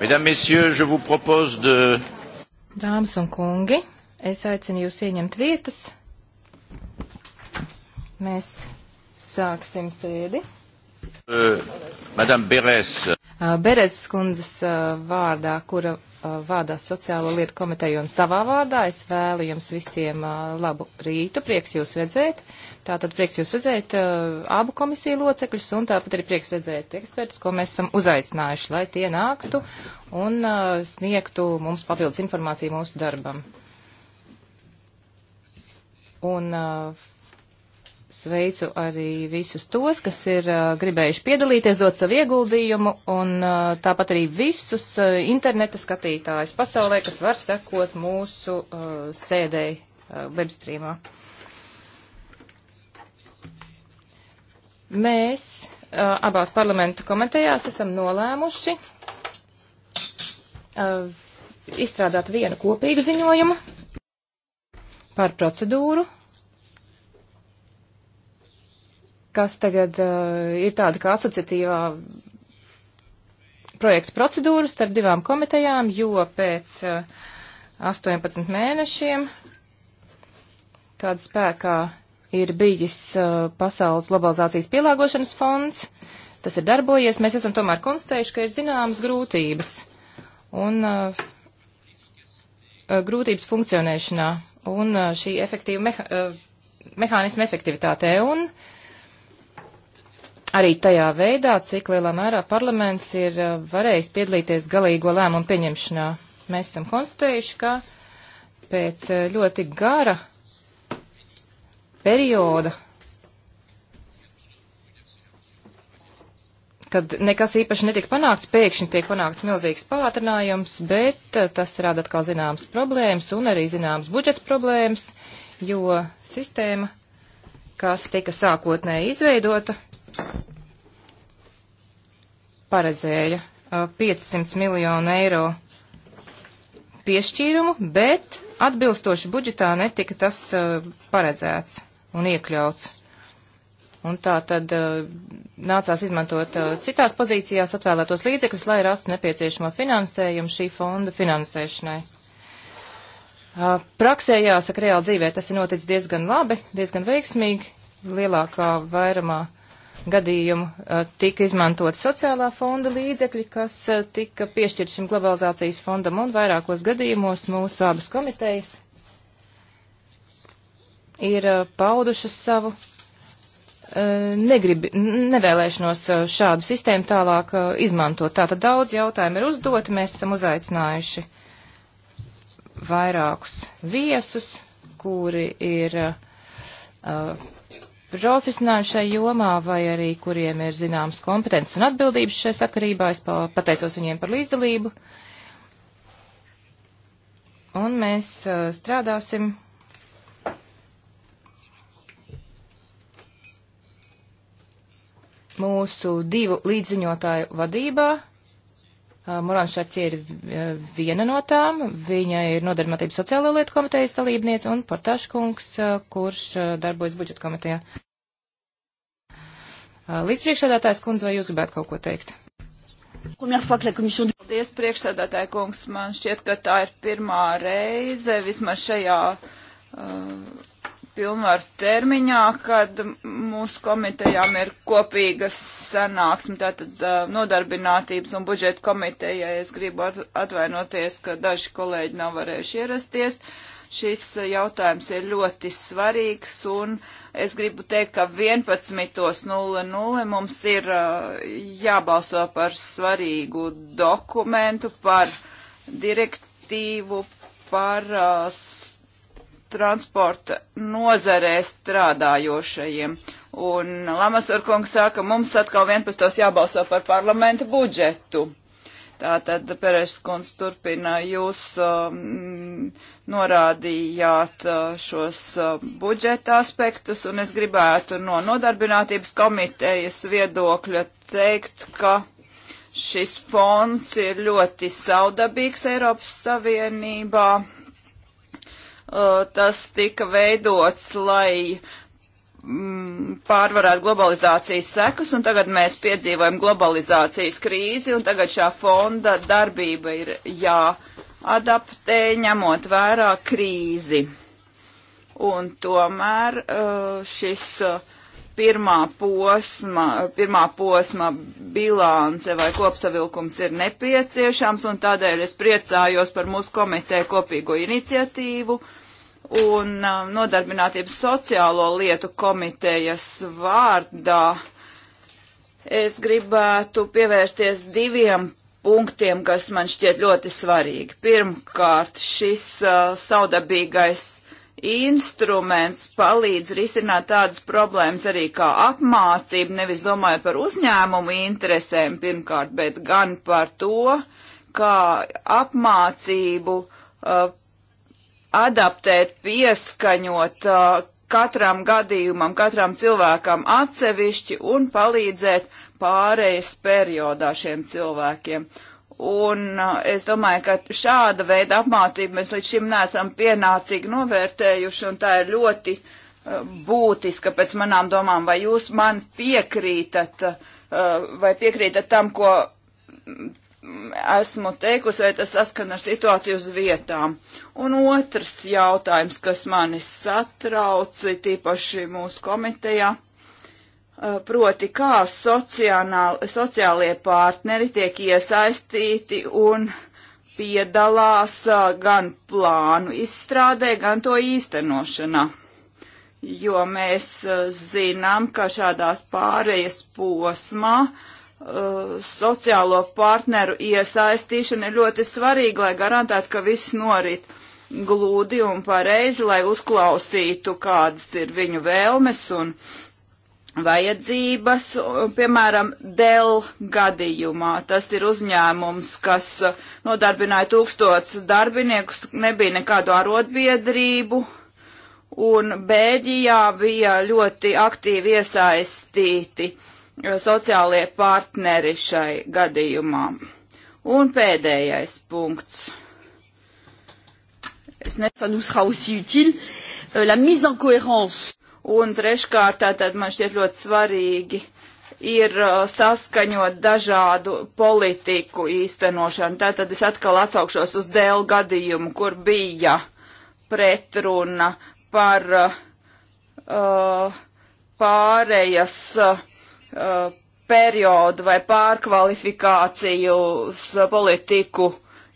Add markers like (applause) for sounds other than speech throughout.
Mesdames, Messieurs, je vous propose de. Dāmas un kungi, es aicinu jūs ieņemt vietas. Mēs sāksim sēdi. Uh, Madame Beres. Uh, Beres kundzes uh, vārdā, kura Uh, vārdā sociālo lietu komiteju un savā vārdā. Es vēlu jums visiem uh, labu rītu, prieks jūs redzēt. Tātad prieks jūs redzēt uh, abu komisiju locekļus un tāpat arī prieks redzēt ekspertus, ko mēs esam uzaicinājuši, lai tie nāktu un sniegtu mums papildus informāciju mūsu darbam. Un uh, sveicu arī visus tos, kas ir uh, gribējuši piedalīties, dot savu ieguldījumu, un uh, tāpat arī visus uh, interneta skatītājus pasaulē, kas var sekot mūsu uh, sēdēji uh, webstrīmā. Mēs uh, abās parlamenta komitejās esam nolēmuši uh, izstrādāt vienu kopīgu ziņojumu par procedūru kas tagad uh, ir tāda kā asociatīvā projekta procedūra starp divām komitejām, jo pēc uh, eh, 18 mēnešiem, kāda spēkā ir bijis uh, Pasaules globalizācijas pielāgošanas fonds, tas ir darbojies, mēs esam tomēr konstatējuši, ka ir zināmas grūtības un uh, grūtības funkcionēšanā un uh, šī efektīva meha mehānisma efektivitātē. Un arī tajā veidā, cik lielā mērā parlaments ir eh, varējis piedalīties galīgo lēmumu pieņemšanā. Mēs esam konstatējuši, ka pēc eh, ļoti gara perioda, kad nekas īpaši netika panākts, pēkšņi tiek panākts milzīgs pātrinājums, bet eh, tas rada atkal zināmas problēmas un arī zināmas budžeta problēmas, jo sistēma, kas tika sākotnēji izveidota, paredzēja 500 uh, miljonu eiro piešķīrumu, bet atbilstoši budžetā netika tas uh, paredzēts un iekļauts. Un tā tad uh, nācās izmantot citās pozīcijās atvēlētos līdzekļus, lai rastu nepieciešamo finansējumu šī fonda finansēšanai. Praksē jāsaka, reāli dzīvē tas ir noticis diezgan labi, diezgan veiksmīgi. Lielākā vairumā uh, gadījumu eh, tika izmantot sociālā fonda līdzekļi, kas eh, tika piešķirti šim globalizācijas fondam un vairākos gadījumos mūsu abas komitejas ir eh, paudušas savu negrib, nevēlēšanos šādu sistēmu tālāk izmantot. Tātad daudz jautājumu ir uzdoti, mēs esam uzaicinājuši vairākus viesus, kuri ir uh, profesionāļi šai jomā vai arī kuriem ir zināmas kompetences un atbildības šai sakarībā. Es pateicos viņiem par līdzdalību. Un mēs uh, strādāsim. Mūsu divu līdziņotāju vadībā Uh, Morāns Šarķie ir uh, viena no tām, viņa ir nodarbinātības sociālo lietu komitejas dalībniece un Portaškungs, uh, kurš darbojas budžeta komitejā. Līdz priekšsēdētājs kundze, vai jūs gribētu kaut ko teikt? Paldies, priekšsēdētāja kungs, man šķiet, ka tā ir pirmā reize vismaz šajā uh, pilnvaru termiņā, kad mūsu komitejām ir kopīgas sanāksme, tātad nodarbinātības un budžeta komiteja. Es gribu atvainoties, ka daži kolēģi nav varējuši ierasties. Šis jautājums ir ļoti svarīgs un es gribu teikt, ka 11.00 mums ir jābalso par svarīgu dokumentu, par direktīvu, par uh, transporta nozarē strādājošajiem. Un Lamasurkungs saka, mums atkal 11. jābalso par parlamenta budžetu. Tātad Perešskunds turpina, jūs um, norādījāt uh, šos uh, budžeta aspektus, un es gribētu no nodarbinātības komitejas viedokļa teikt, ka šis fonds ir ļoti saudabīgs Eiropas Savienībā Uh, tas tika veidots, lai mm, pārvarēt globalizācijas sekas, un tagad mēs piedzīvojam globalizācijas krīzi, un tagad šā fonda darbība ir jāadaptē, ņemot vērā krīzi. Un tomēr uh, šis uh, pirmā posma, pirmā posma bilance vai kopsavilkums ir nepieciešams, un tādēļ es priecājos par mūsu komiteju kopīgo iniciatīvu, uh, un uh, nodarbinātības sociālo lietu komitejas vārdā es gribētu pievērsties diviem punktiem, kas man šķiet ļoti svarīgi. Pirmkārt, šis uh, saudabīgais instruments palīdz risināt tādas problēmas arī kā apmācība, nevis domājot par uzņēmumu interesēm pirmkārt, bet gan par to, kā apmācību uh, adaptēt, pieskaņot uh, katram gadījumam, katram cilvēkam atsevišķi un palīdzēt pārējais periodā šiem cilvēkiem. Un uh, es domāju, ka šāda veida apmācību mēs līdz šim neesam pienācīgi novērtējuši, un tā ir ļoti uh, būtiska pēc manām domām. Vai jūs man piekrītat, uh, vai piekrītat tam, ko esmu teikusi, vai tas saskana ar situāciju uz vietām. Un otrs jautājums, kas mani satrauc, tīpaši mūsu komitejā, eh, proti, kā sociālie partneri tiek iesaistīti un piedalās eh, gan plānu izstrādē, gan to īstenošanā jo mēs eh, zinām, ka šādās pārējas posmā Uh, sociālo partneru iesaistīšana ir ļoti svarīga, lai garantētu, ka viss norit glūdi un pareizi, lai uzklausītu, kādas ir viņu vēlmes un vajadzības. Piemēram, Dell gadījumā tas ir uzņēmums, kas uh, nodarbināja tūkstots darbiniekus, nebija nekādu arotbiedrību, un Bēģijā bija ļoti aktīvi iesaistīti uh, Eh, sociālie partneri šai gadījumā. Un pēdējais punkts. Ça nous sera aussi utile. Euh, la mise en cohérence. Un treškārt, tātad man šķiet ļoti svarīgi ir eh, saskaņot dažādu politiku īstenošanu. Tātad es atkal atsaukšos uz dēlu gadījumu, kur bija pretruna par uh, pārējas uh, uh, periodu vai pārkvalifikāciju politiku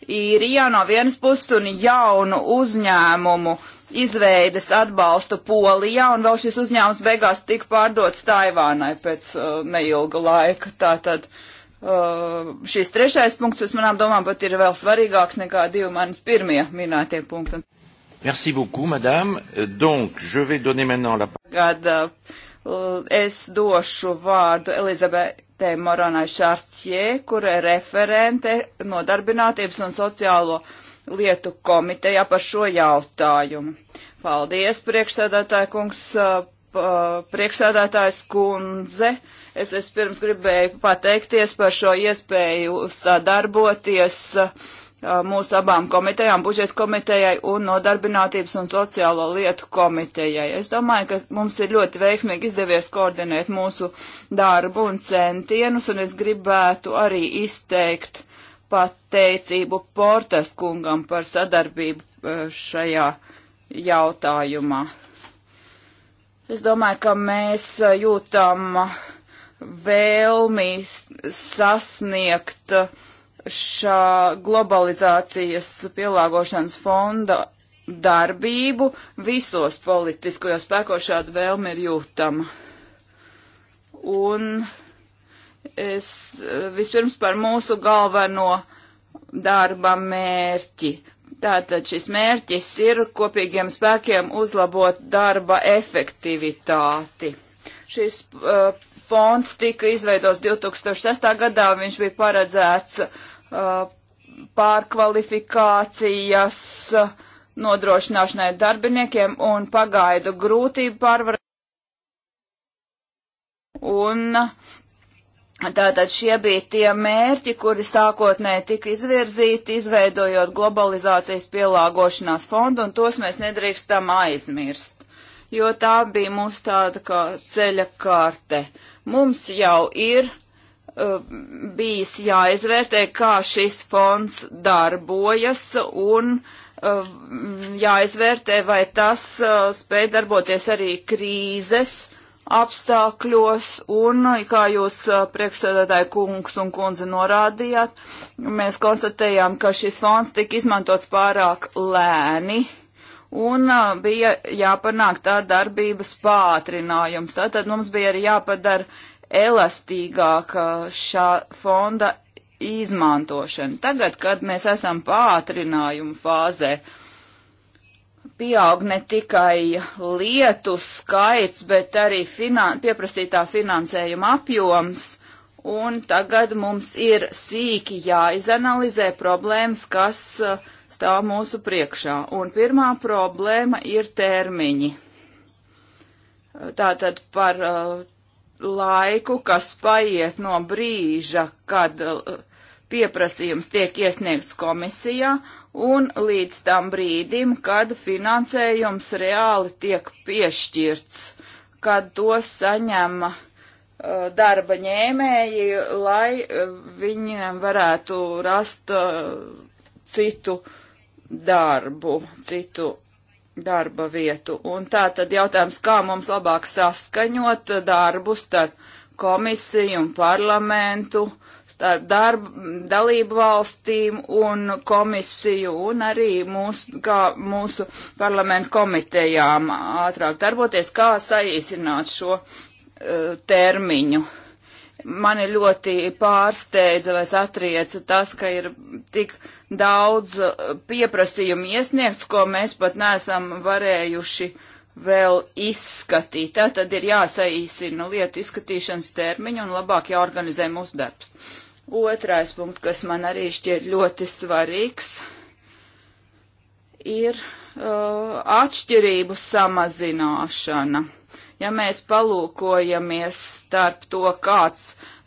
īrijā no vienas puses un jaunu uzņēmumu izveides atbalstu Polijā, un vēl šis uzņēmums beigās tika pārdots Taivānai pēc uh, neilga laika. Tātad uh, šis trešais punkts, pēc manām domām, pat ir vēl svarīgāks nekā divi manis pirmie minētie punkti. Merci beaucoup, madame. Euh, donc, je vais donner maintenant la parole. Eh, es došu vārdu Elizabetei Moronai Šārķie, kura ir referente no Darbinātības un sociālo lietu komitejā par šo jautājumu. Paldies, priekšsēdētāja kungs, eh, eh, priekšsēdētājs kundze. Es vispirms gribēju pateikties par šo iespēju sadarboties uh, mūsu abām komitejām, budžeta komitejai un nodarbinātības un sociālo lietu komitejai. Es domāju, ka mums ir ļoti veiksmīgi izdevies koordinēt mūsu darbu un centienus, un es gribētu arī izteikt pateicību Portas kungam par sadarbību šajā jautājumā. Es domāju, ka mēs jūtam vēlmi sasniegt uh, šā globalizācijas pielāgošanas fonda darbību visos politiskajos spēkos šāda vēlme ir jūtama. Un es vispirms par mūsu galveno darba mērķi. Tātad šis mērķis ir kopīgiem spēkiem uzlabot darba efektivitāti. Šis uh, fonds tika izveidots 2006. gadā, viņš bija paredzēts uh, pārkvalifikācijas nodrošināšanai darbiniekiem un pagaidu grūtību pārvar. Un tātad šie bija tie mērķi, kuri sākotnēji tika izvirzīti, izveidojot globalizācijas pielāgošanās fondu, un tos mēs nedrīkstam aizmirst, jo tā bija mūsu tāda kā ceļa kārte. Mums jau ir Eh, bijis jāizvērtē, kā šis fonds darbojas un eh, jāizvērtē, vai tas eh, spēj darboties arī krīzes apstākļos, un kā jūs priekšsēdētāji kungs un kundze norādījāt, mēs konstatējām, ka šis fonds tika izmantots pārāk lēni, un bija jāpanāk tā darbības pātrinājums. Tātad mums bija arī jāpadara elastīgāka šā fonda izmantošana. Tagad, kad mēs esam pātrinājumu fāzē, pieaug ne tikai lietu skaits, bet arī finan pieprasītā finansējuma apjoms. Un tagad mums ir sīki jāizanalizē problēmas, kas uh, stāv mūsu priekšā. Un pirmā problēma ir termiņi. Tātad par uh, laiku, kas paiet no brīža, kad uh, pieprasījums tiek iesniegts komisijā, un līdz tam brīdim, kad finansējums reāli tiek piešķirts, kad to saņem uh, darba ņēmēji, lai uh, viņiem varētu rast uh, citu darbu, citu darba vietu. Un tā tad jautājums, kā mums labāk saskaņot darbu starp komisiju un parlamentu, starp darb, dalību valstīm un komisiju un arī mūsu, kā mūsu parlamentu komitejām ātrāk darboties, kā saīsināt šo uh, termiņu. Uh, mani ļoti pārsteidza vai satrieca tas, ka ir tik daudz uh, pieprasījumu iesniegts, ko mēs pat neesam varējuši vēl izskatīt. Tā tad ir jāsaīsina lietu izskatīšanas termiņu un labāk jāorganizē mūsu darbs. Otrais punkts, kas man arī šķiet ļoti svarīgs, ir uh, atšķirību samazināšana. Uh, Ja mēs palūkojamies starp to, kāds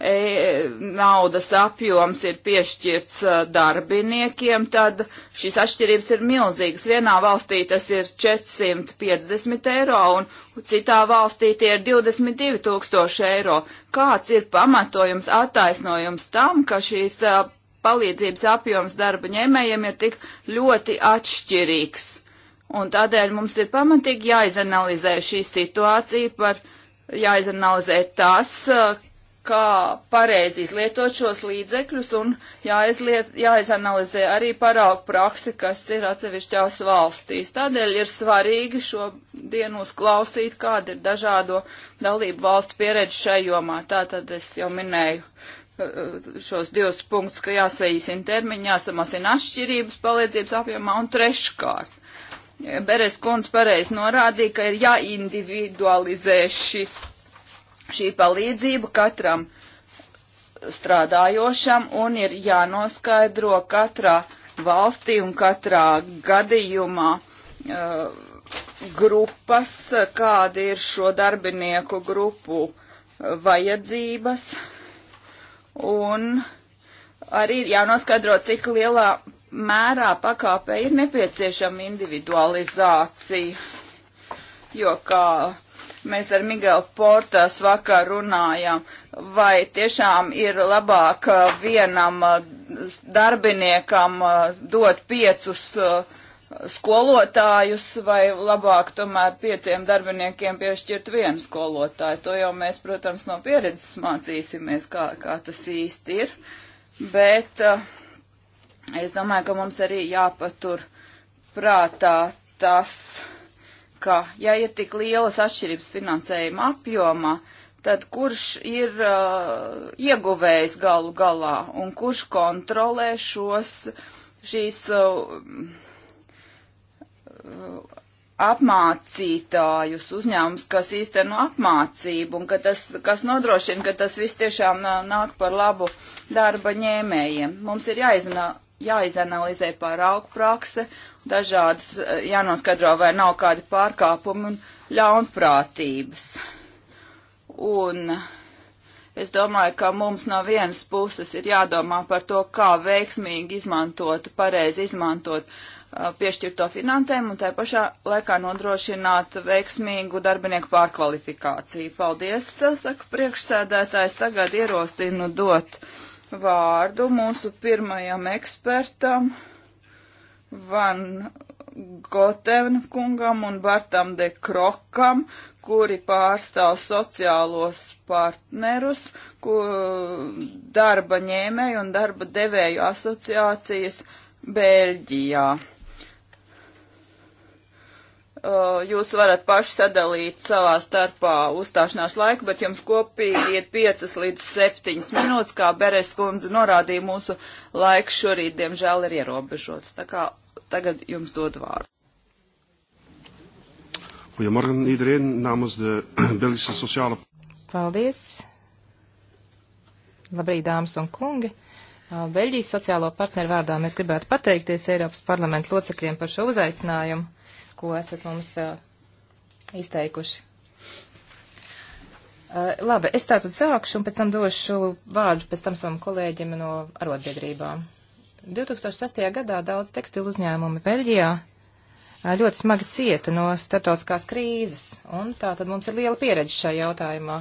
e, naudas apjoms ir piešķirts e, darbiniekiem, tad šīs atšķirības ir milzīgas. Vienā valstī tas ir 450 eiro un citā valstī tie ir 22 tūkstoši eiro. Kāds ir pamatojums, attaisnojums tam, ka šīs e, palīdzības apjoms darba ņēmējiem ir tik ļoti atšķirīgs? Un tādēļ mums ir pamatīgi jāizanalizē šī situācija, par, jāizanalizē tas, kā pareizi izlietot šos līdzekļus un jāizliet, jāizanalizē arī paraugu praksi, kas ir atsevišķās valstīs. Tādēļ ir svarīgi šodien uzklausīt, kāda ir dažādo dalību valstu pieredze šai jomā. Tātad es jau minēju šos divus punktus, ka jāsaīsina termiņi, jāsamasina atšķirības palīdzības apjomā un treškārt Beres kundze pareizi norādīja, ka ir jāindividualizē šis, šī palīdzība katram strādājošam un ir jānoskaidro katrā valstī un katrā gadījumā uh, grupas, kādi ir šo darbinieku grupu uh, vajadzības un arī ir jānoskaidro, cik lielā mērā pakāpē ir nepieciešama individualizācija, jo kā mēs ar Miguelu Portas vakar runājām, vai tiešām ir labāk uh, vienam uh, darbiniekam uh, dot piecus skolotājus, vai labāk tomēr pieciem darbiniekiem piešķirt vienu skolotāju. To jau mēs, protams, no pieredzes mācīsimies, kā, kā tas īsti ir. Bet uh, Es domāju, ka mums arī jāpatur prātā tas, ka, ja ir tik lielas atšķirības finansējuma apjomā, tad kurš ir uh, ieguvējis galu galā un kurš kontrolē šos, šīs uh, uh apmācītājus uzņēmums, kas īsteno apmācību un ka tas, kas nodrošina, ka tas viss tiešām uh, nāk par labu darba ņēmējiem. Mums ir jāizna, jāizanalizē pāraugu prakse, dažādas eh, jānoskadro, vai nav kādi pārkāpumi un ļaunprātības. Un es domāju, ka mums no vienas puses ir jādomā par to, kā veiksmīgi izmantot, pareizi izmantot eh, piešķirto finansējumu un tā pašā laikā nodrošināt veiksmīgu darbinieku pārkvalifikāciju. Paldies, saka priekšsēdētājs, tagad ierosinu dot vārdu mūsu pirmajam ekspertam Van Goten kungam un Bartam de Krokam, kuri pārstāv sociālos partnerus, ku darba ņēmēju un darba devēju asociācijas Bēļģijā. Uh, jūs varat paši sadalīt savā starpā uzstāšanās laiku, bet jums kopīgi ir 5 līdz 7 minūtes, kā Beres kundze norādīja, mūsu laiks šorīt, diemžēl, ir ierobežots. Tā kā tagad jums dod vārdu. Goedemorgen iedereen namens de (clears throat) Belgische Sociale. Paldies. Labrīt, dāmas un kungi. Uh, Beļģijas sociālo partneru vārdā mēs gribētu pateikties Eiropas parlamentu locekļiem par šo uzaicinājumu ko esat mums izteikuši. Labi, es tātad sākšu un pēc tam došu vārdu pēc tam savam kolēģim no arotbiedrībām. 2006. gadā daudz tekstilu uzņēmumi Beļģijā ļoti smagi cieta no starptautiskās krīzes, un tā tad mums ir liela pieredze šajā jautājumā.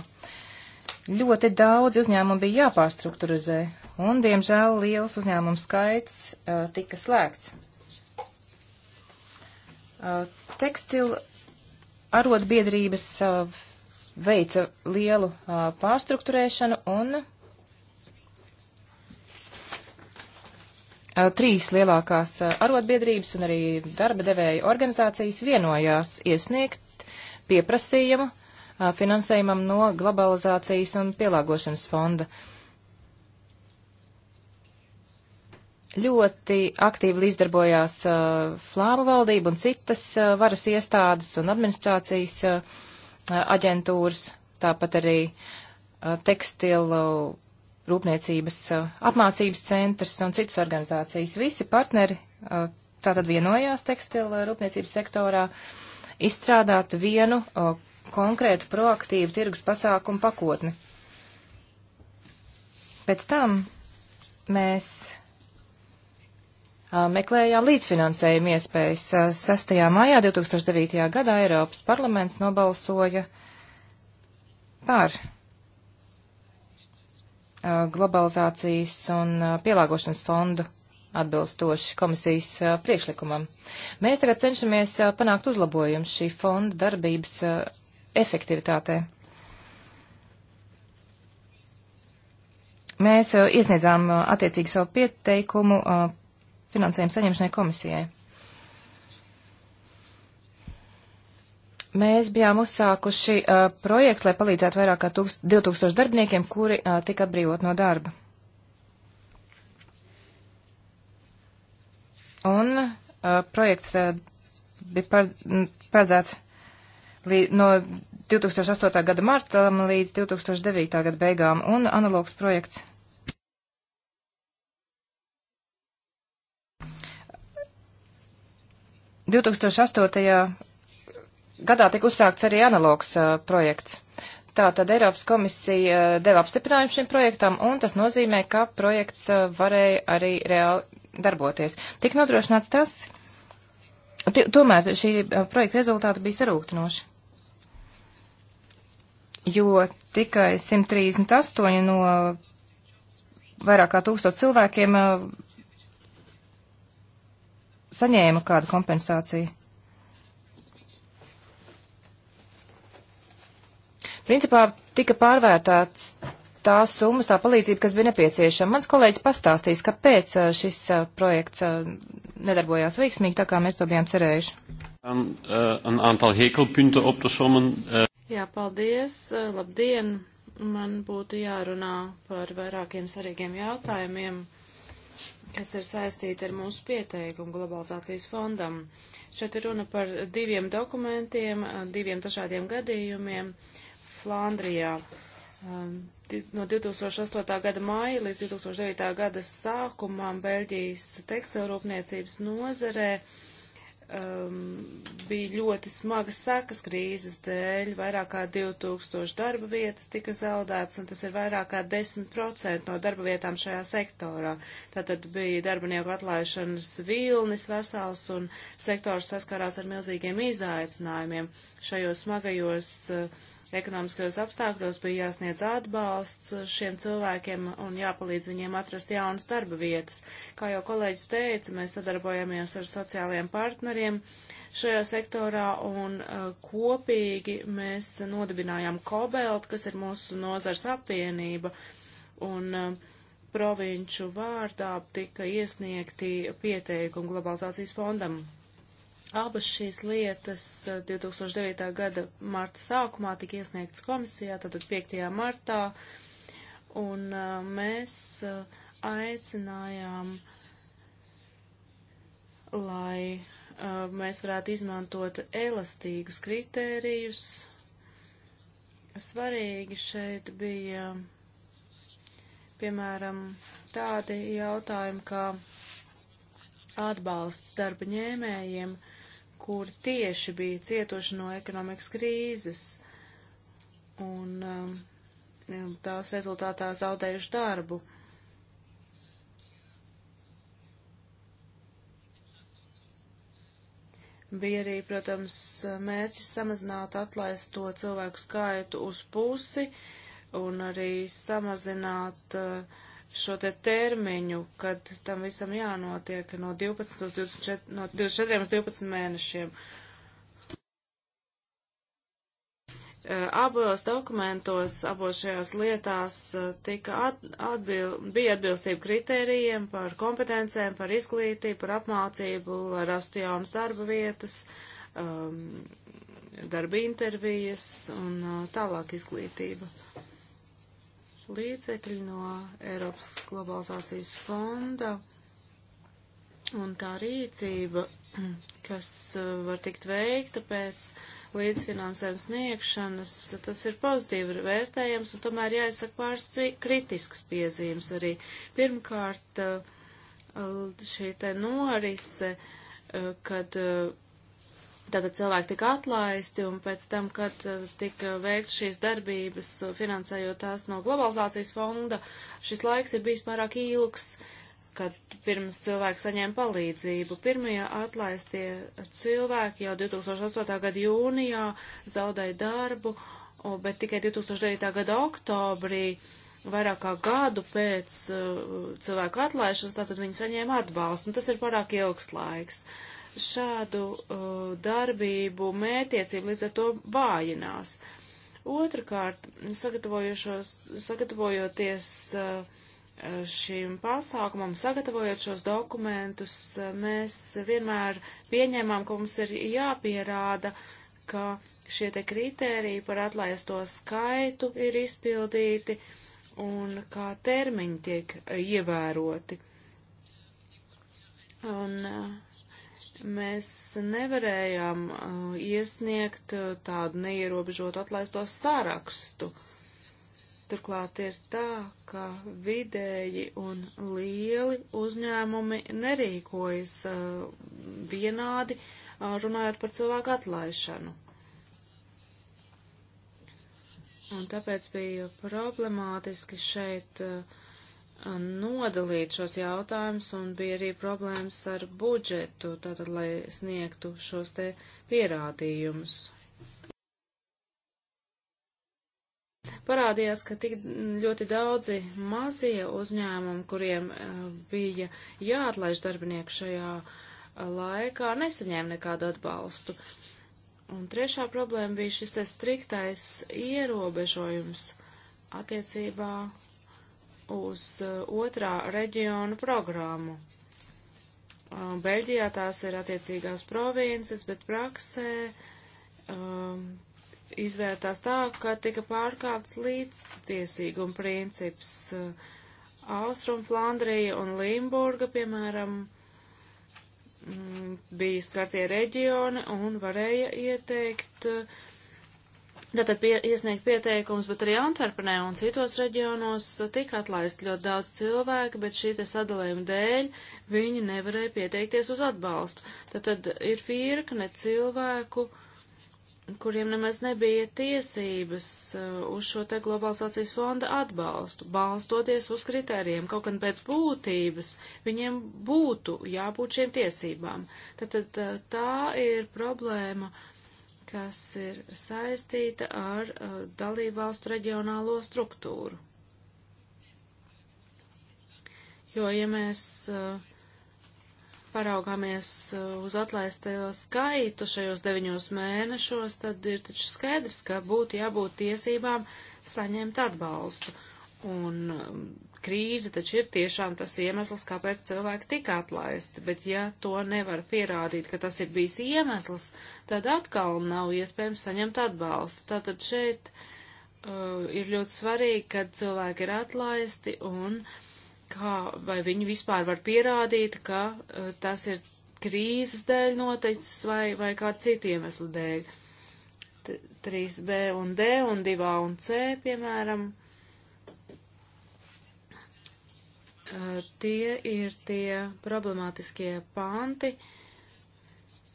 Ļoti daudz uzņēmumu bija jāpārstrukturizē, un, diemžēl, liels uzņēmumu skaits uh, tika slēgts. Uh, Tekstilu arotbiedrības uh, veica lielu uh, pārstruktūrēšanu un trīs lielākās arotbiedrības un arī darba devēja organizācijas vienojās iesniegt pieprasījumu finansējumam no globalizācijas un pielāgošanas fonda. Uh, ļoti aktīvi līdzdarbojās uh, Flāmu valdība un citas uh, varas iestādes un administrācijas uh, uh aģentūras, tāpat arī uh, tekstilu rūpniecības uh, apmācības centrs un citas organizācijas. Visi partneri tātad vienojās tekstilu rūpniecības sektorā izstrādāt vienu konkrētu proaktīvu tirgus pasākumu pakotni. Pēc tam mēs meklējām līdzfinansējuma iespējas. 6. maijā 2009. gadā Eiropas parlaments nobalsoja par globalizācijas un pielāgošanas fondu atbilstoši komisijas priekšlikumam. Mēs tagad cenšamies panākt uzlabojumu šī fonda darbības efektivitātē. Mēs iesniedzām attiecīgi savu pieteikumu finansējuma saņemšanai komisijai. Mēs bijām uzsākuši uh, projektu, lai palīdzētu vairāk kā 2000 darbiniekiem, kuri uh, tika atbrīvot no darba. Un uh, projekts uh, bija par, paredzēts no 2008. gada marta līdz 2009. gada beigām, un analogs projekts 2008. gadā tika uzsākts arī analogs uh, projekts. Tātad Eiropas komisija uh, deva apstiprinājumu šim projektam, un tas nozīmē, ka projekts uh, varēja arī reāli darboties. Tik nodrošināts tas, tomēr šī projekta rezultāti bija sarūktinoši, jo tikai 138 no vairāk kā tūkstot cilvēkiem saņēma kādu kompensāciju? Principā tika pārvērtāts tās summas, tā palīdzība, kas bija nepieciešama. Mans kolēģis pastāstīs, kāpēc uh, šis uh, projekts uh, nedarbojās veiksmīgi, tā kā mēs to bijām cerējuši. An, an antal hekelpunte op te sommen. Jā, paldies, labdien! Man būtu jārunā par vairākiem svarīgiem jautājumiem kas ir saistīti ar mūsu pieteikumu globalizācijas fondam. Šeit ir runa par diviem dokumentiem, diviem dažādiem gadījumiem Flandrijā. Um, no 2008. gada māja līdz 2009. gada sākumam Beļģijas tekstilrūpniecības nozarē uh, um, bija ļoti smagas sekas krīzes dēļ, vairāk kā 2000 darba vietas tika zaudētas, un tas ir vairāk kā 10% no darba vietām šajā sektorā. Tātad bija darbinieku atlaišanas vilnis vesels, un sektors saskarās ar milzīgiem izaicinājumiem šajos smagajos uh, ekonomiskajos apstākļos bija jāsniedz atbalsts šiem cilvēkiem un jāpalīdz viņiem atrast jaunas darba vietas. Kā jau kolēģis teica, mēs sadarbojamies ar sociālajiem partneriem šajā sektorā un uh, kopīgi mēs nodibinājām Kobelt, kas ir mūsu nozars apvienība. Un, uh, provinču vārdā tika iesniegti pieteikumi globalizācijas fondam Abas šīs lietas 2009. Eh, gada marta sākumā tika iesniegtas komisijā, tātad 5. martā, un eh, mēs eh, aicinājām, lai mēs varētu izmantot elastīgus kritērijus. Svarīgi šeit bija, piemēram, tādi jautājumi kā atbalsts darba ņēmējiem, uh, kur tieši bija cietuši no ekonomikas krīzes un um, um, tās rezultātā zaudējuši darbu. Bija arī, protams, mērķis samazināt atlaisto cilvēku skaitu uz pusi un arī samazināt uh, šo te termiņu, kad tam visam jānotiek no 12 uz 24, no 24 uz 12 mēnešiem. Eh, abos dokumentos, abos šajās lietās eh, tika at, atbil, bija atbilstība kritērijiem par kompetencēm, par izglītību, par apmācību, lai rastu jaunas darba vietas, um, darba intervijas un eh, tālāk izglītība līdzekļi no Eiropas globalizācijas fonda un tā rīcība, (clears throat) kas uh, var tikt veikta pēc līdzfinansējuma sniegšanas, tas ir pozitīvi vērtējams un tomēr jāizsaka pāris kritiskas piezīmes arī. Pirmkārt, uh, uh, šī te norise, kad Tātad cilvēki tika atlaisti, un pēc tam, kad eh, tika veikt šīs darbības, eh, finansējot tās no globalizācijas fonda, šis laiks ir bijis pārāk ilgs, kad pirms cilvēki saņēma palīdzību. Pirmie atlaistie cilvēki jau 2008. gada jūnijā zaudēja darbu, bet tikai 2009. gada oktobrī, vairāk kā gadu pēc eh, cilvēku atlaišanas, tātad viņi saņēma atbalstu, un tas ir pārāk ilgs laiks. Uh, šādu uh, darbību mētiecība līdz ar to vājinās. Otrakārt, sagatavojoties uh, šīm pasākumam, sagatavojot šos dokumentus, uh, mēs vienmēr pieņēmām, ka mums ir jāpierāda, ka šie te kritēriji par atlaisto skaitu ir izpildīti un kā termiņi tiek uh, ievēroti. Un uh, mēs nevarējām uh, iesniegt uh, tādu neierobežotu atlaisto sārakstu. Turklāt ir tā, ka vidēji un lieli uzņēmumi nerīkojas uh, vienādi, uh, runājot par cilvēku atlaišanu. Un tāpēc bija problemātiski šeit uh, nodalīt šos jautājumus, un bija arī problēmas ar budžetu, tātad, lai sniegtu šos te pierādījumus. Parādījās, ka tik ļoti daudzi mazie uzņēmumi, kuriem eh, bija jāatlaiž darbinieku šajā eh, laikā, nesaņēma nekādu atbalstu. Un trešā problēma bija šis te striktais ierobežojums attiecībā uz uh, otrā reģiona programmu. Uh, Beļģijā tās ir attiecīgās provinces, bet praksē um, izvērtās tā, ka tika pārkāpts līdztiesīguma princips. Uh, Austrum Flandrija un Limburga, piemēram, mm, bija skartie reģioni un varēja ieteikt uh, Tātad pie, iesniegt pieteikums, bet arī Antverpenē un citos reģionos tika atlaist ļoti daudz cilvēku, bet šī te sadalījuma dēļ viņi nevarēja pieteikties uz atbalstu. Tātad ir virkne cilvēku, kuriem nemaz nebija tiesības uh, uz šo te globalizācijas fonda atbalstu, balstoties uz kritērijiem, kaut gan pēc būtības viņiem būtu jābūt šiem tiesībām. Tātad uh, tā ir problēma kas ir saistīta ar uh, dalībvalstu reģionālo struktūru. Jo, ja mēs uh, paraugāmies uh, uz atlaistajo skaitu šajos deviņos mēnešos, tad ir taču skaidrs, ka būtu jābūt tiesībām saņemt atbalstu. Un um, krīze taču ir tiešām tas iemesls, kāpēc cilvēki tika atlaisti, bet ja to nevar pierādīt, ka tas ir bijis iemesls, tad atkal nav iespējams saņemt atbalstu. Tātad šeit uh, ir ļoti svarīgi, kad cilvēki ir atlaisti un kā, vai viņi vispār var pierādīt, ka uh, tas ir krīzes dēļ noteicis vai, vai kāda cita iemesla dēļ. T 3B un D un 2A un C, piemēram, uh, Eh, tie ir tie problemātiskie panti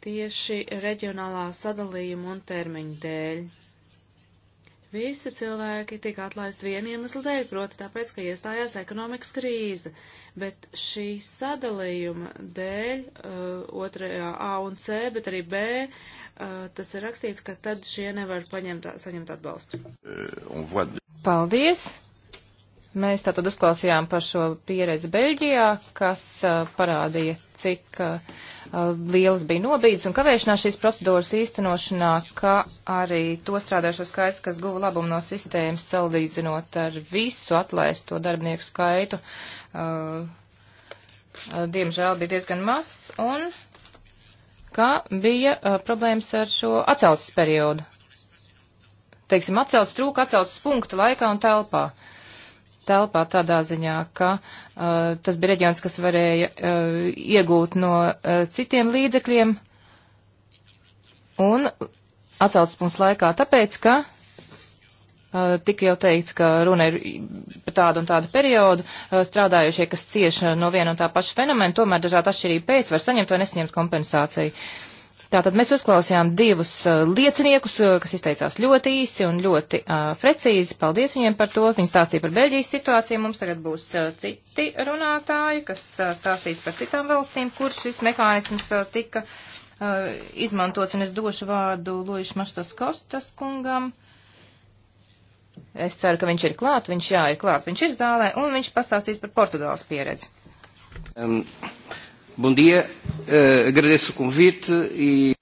tieši reģionālā sadalījuma un termiņu dēļ. Visi cilvēki tika atlaisti vienu iemeslu dēļ, proti tāpēc, ka iestājās ekonomikas krīze, bet šī sadalījuma dēļ, uh, eh, otrajā A un C, bet arī B, uh, tas ir rakstīts, ka tad šie nevar paņemt, saņemt atbalstu. Paldies! Mēs tātad uzklausījām par šo pieredzi Beļģijā, kas uh, parādīja, cik uh, liels bija nobīdes un kavēšanās šīs procedūras īstenošanā, ka arī to strādājušo skaits, kas guva labumu no sistēmas, salīdzinot ar visu atlaisto darbinieku skaitu, uh, diemžēl bija diezgan mazs un ka bija problēmas ar šo atsaucas periodu. Teiksim, atsaucas trūka atsaucas punktu laikā un telpā telpā tādā ziņā, ka uh, tas bija reģions, kas varēja uh, iegūt no uh, citiem līdzekļiem un atsaucas punkts laikā, tāpēc, ka uh, tika jau teikts, ka runa ir par tādu un tādu periodu, uh, strādājušie, kas cieši no viena un tā paša fenomena, tomēr dažādi atšķirība pēc var saņemt vai nesaņemt kompensāciju. Uh, Tātad mēs uzklausījām divus uh, lieciniekus, uh, kas izteicās ļoti īsi un ļoti uh, precīzi. Paldies viņiem par to. Viņi stāstīja par Beļģijas situāciju. Mums tagad būs uh, citi runātāji, kas uh, stāstīs par citām valstīm, kur šis mehānisms uh, tika uh, izmantots. Un es došu vārdu Lojušu Maštas Kostas kungam. Es ceru, ka viņš ir klāt. Viņš jā, ir klāt. Viņš ir zālē un viņš pastāstīs par Portugāles pieredzi. Um. Bom dia, uh, agradeço o convite e.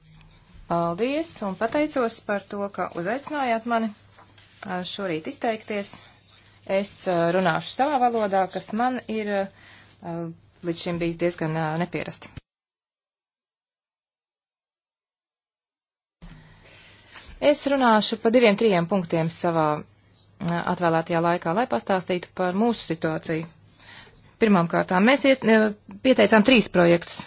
Paldies un pateicos par to, ka uzaicinājāt mani eh, šorīt izteikties. Es eh, runāšu savā valodā, kas man ir līdz šim bijis diezgan neparasti. Es runāšu pa diviem, trijiem punktiem savā atvēlētajā laikā, lai pastāstītu par mūsu situāciju Pirmām kārtām mēs iet, eh, pieteicām trīs projektus.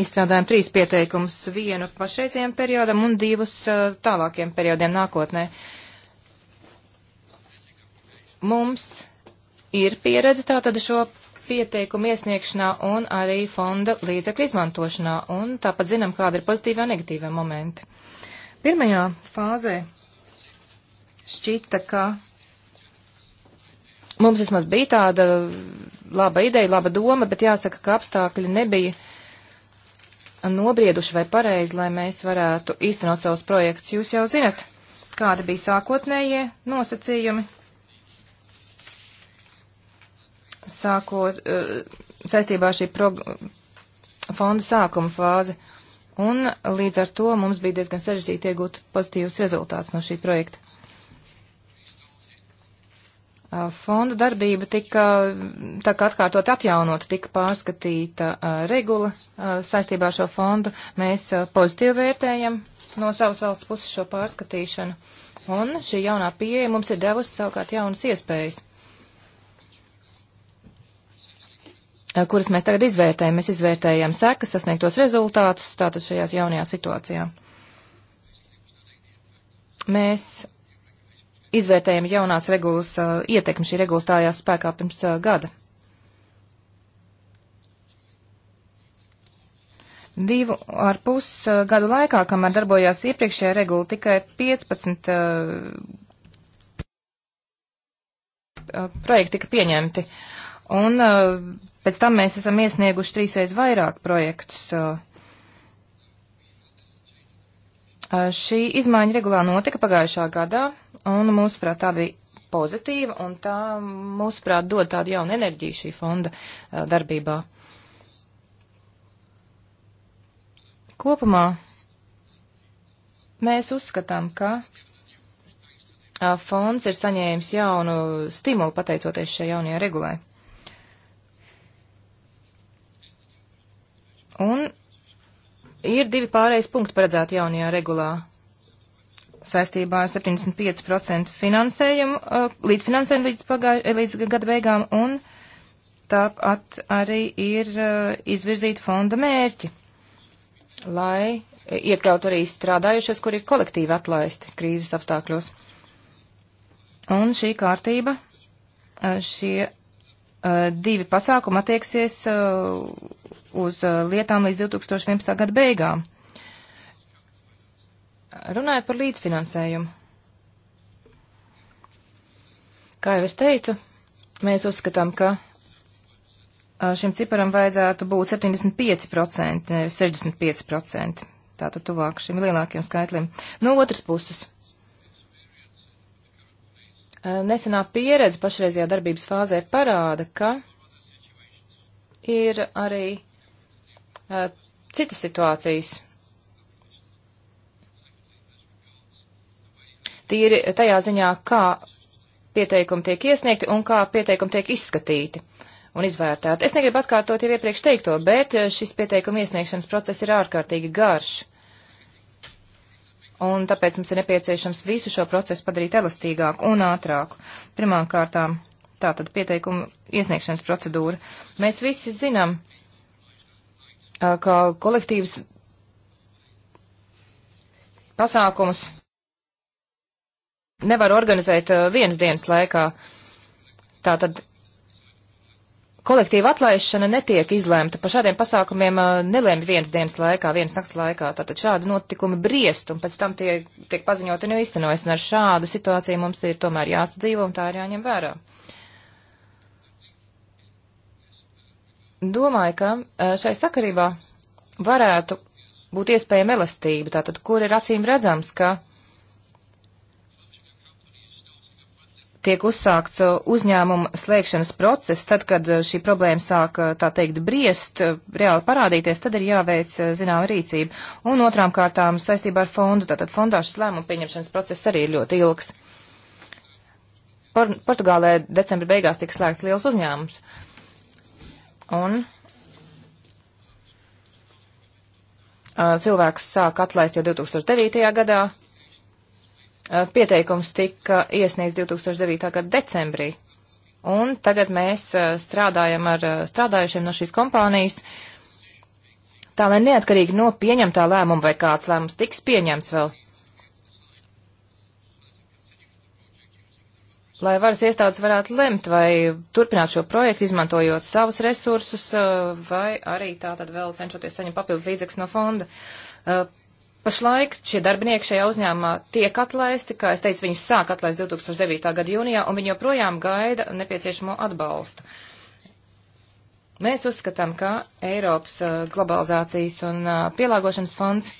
Izstrādājam trīs pieteikumus vienu pašreizējiem periodam un divus eh, tālākiem periodiem nākotnē. Mums ir pieredze tātad šo pieteikumu iesniegšanā un arī fonda līdzekļu izmantošanā, un tāpat zinām, kāda ir pozitīvā un negatīvā momenti. Pirmajā fāzē šķita, ka Mums vismaz bija tāda laba ideja, laba doma, bet jāsaka, ka apstākļi nebija nobrieduši vai pareizi, lai mēs varētu īstenot savus projektus. Jūs jau zinat, kāda bija sākotnējie nosacījumi. Sākot eh, saistībā ar šī fonda sākuma fāzi. Un līdz ar to mums bija diezgan sarežģīti iegūt pozitīvus rezultātus no šī projekta. Fonda darbība tika tā kā atkārtot atjaunot, tika pārskatīta regula saistībā ar šo fondu. Mēs pozitīvi vērtējam no savas valsts puses šo pārskatīšanu. Un šī jaunā pieeja mums ir devusi savukārt jaunas iespējas, kuras mēs tagad izvērtējam. Mēs izvērtējam sekas, sasniegtos rezultātus, tātad šajās jaunajā situācijā. Mēs izvērtējam jaunās regulas uh, ietekmi. Šī regula stājās spēkā pirms uh, gada. Divu ar pus uh, gadu laikā, kamēr darbojās iepriekšējā regula, tikai 15 uh, uh, projekti tika pieņemti. Un uh, pēc tam mēs esam iesnieguši trīsreiz vairāk projektus. Šī izmaiņa regulā notika pagājušā gadā un mūsuprāt tā bija pozitīva, un tā, mūsuprāt, dod tādu jaunu enerģiju šī fonda uh, darbībā. Kopumā mēs uzskatām, ka uh, fonds ir saņēmis jaunu stimulu pateicoties šai jaunajai regulai. Un ir divi pārējais punkti paredzēti jaunajā regulā saistībā ar 75% finansējumu, eh, līdzfinansējumu līdz, pagā, eh, līdz gada beigām, un tāpat arī ir eh, izvirzīta fonda mērķi, lai iekļaut arī strādājušos, kuri ir kolektīvi atlaisti krīzes apstākļos. Un šī kārtība, šie divi pasākumi attieksies uz lietām līdz 2011. gada beigām. Runājot par līdzfinansējumu. Kā jau es teicu, mēs uzskatām, ka šim ciparam vajadzētu būt 75%, nevis 65%. Tātad tuvāk šim lielākiem skaitlim. No otras puses, nesenā pieredze pašreizajā darbības fāzē parāda, ka ir arī citas situācijas, tīri tajā ziņā, kā pieteikumi tiek iesniegti un kā pieteikumi tiek izskatīti un izvērtēti. Es negribu atkārtot jau iepriekš teikto, bet eh, šis pieteikuma iesniegšanas process ir ārkārtīgi garš. Un tāpēc mums ir nepieciešams visu šo procesu padarīt elastīgāku un ātrāku. Pirmām kārtām tātad pieteikuma iesniegšanas procedūra. Mēs visi zinām, eh, ka kolektīvs pasākumus nevar organizēt uh, vienas dienas laikā. Tātad kolektīva atlaišana netiek izlēmta. Par šādiem pasākumiem uh, nelēma vienas dienas laikā, vienas nakts laikā. Tātad šādi notikumi briest un pēc tam tie tiek paziņoti un īstenojas. Un ar šādu situāciju mums ir tomēr jāsadzīvo un tā ir jāņem vērā. Domāju, ka uh, šai sakarībā varētu būt iespējama elastība, tātad kur ir acīm redzams, ka tiek uzsākts uh, uzņēmuma slēgšanas process, tad, kad uh, šī problēma sāk, uh, tā teikt, briest, reāli parādīties, tad ir jāveic zināma rīcība. Un otrām kārtām saistībā ar fondu, tātad fondāšas lēmumu pieņemšanas process arī ir ļoti ilgs. Por Portugālē decembra beigās tika slēgts liels uzņēmums. Un cilvēkus sāk atlaist jau 2009. gadā. Eh, pieteikums tika iesniegts 2009. gada decembrī, un tagad mēs eh, strādājam ar eh, strādājušiem no šīs kompānijas, tā lai neatkarīgi no pieņemtā lēmuma vai kāds lēmums tiks pieņemts vēl, lai varas iestādes varētu lemt vai turpināt šo projektu, izmantojot savus resursus, vai arī tā tad vēl cenšoties saņemt papildus līdzekļus no fonda. Pašlaik šie darbinieki šajā uzņēmumā tiek atlaisti, kā es teicu, viņus sāk atlaist 2009. gada jūnijā, un viņi joprojām gaida nepieciešamo atbalstu. Mēs uzskatām, ka Eiropas uh, globalizācijas un uh, pielāgošanas fonds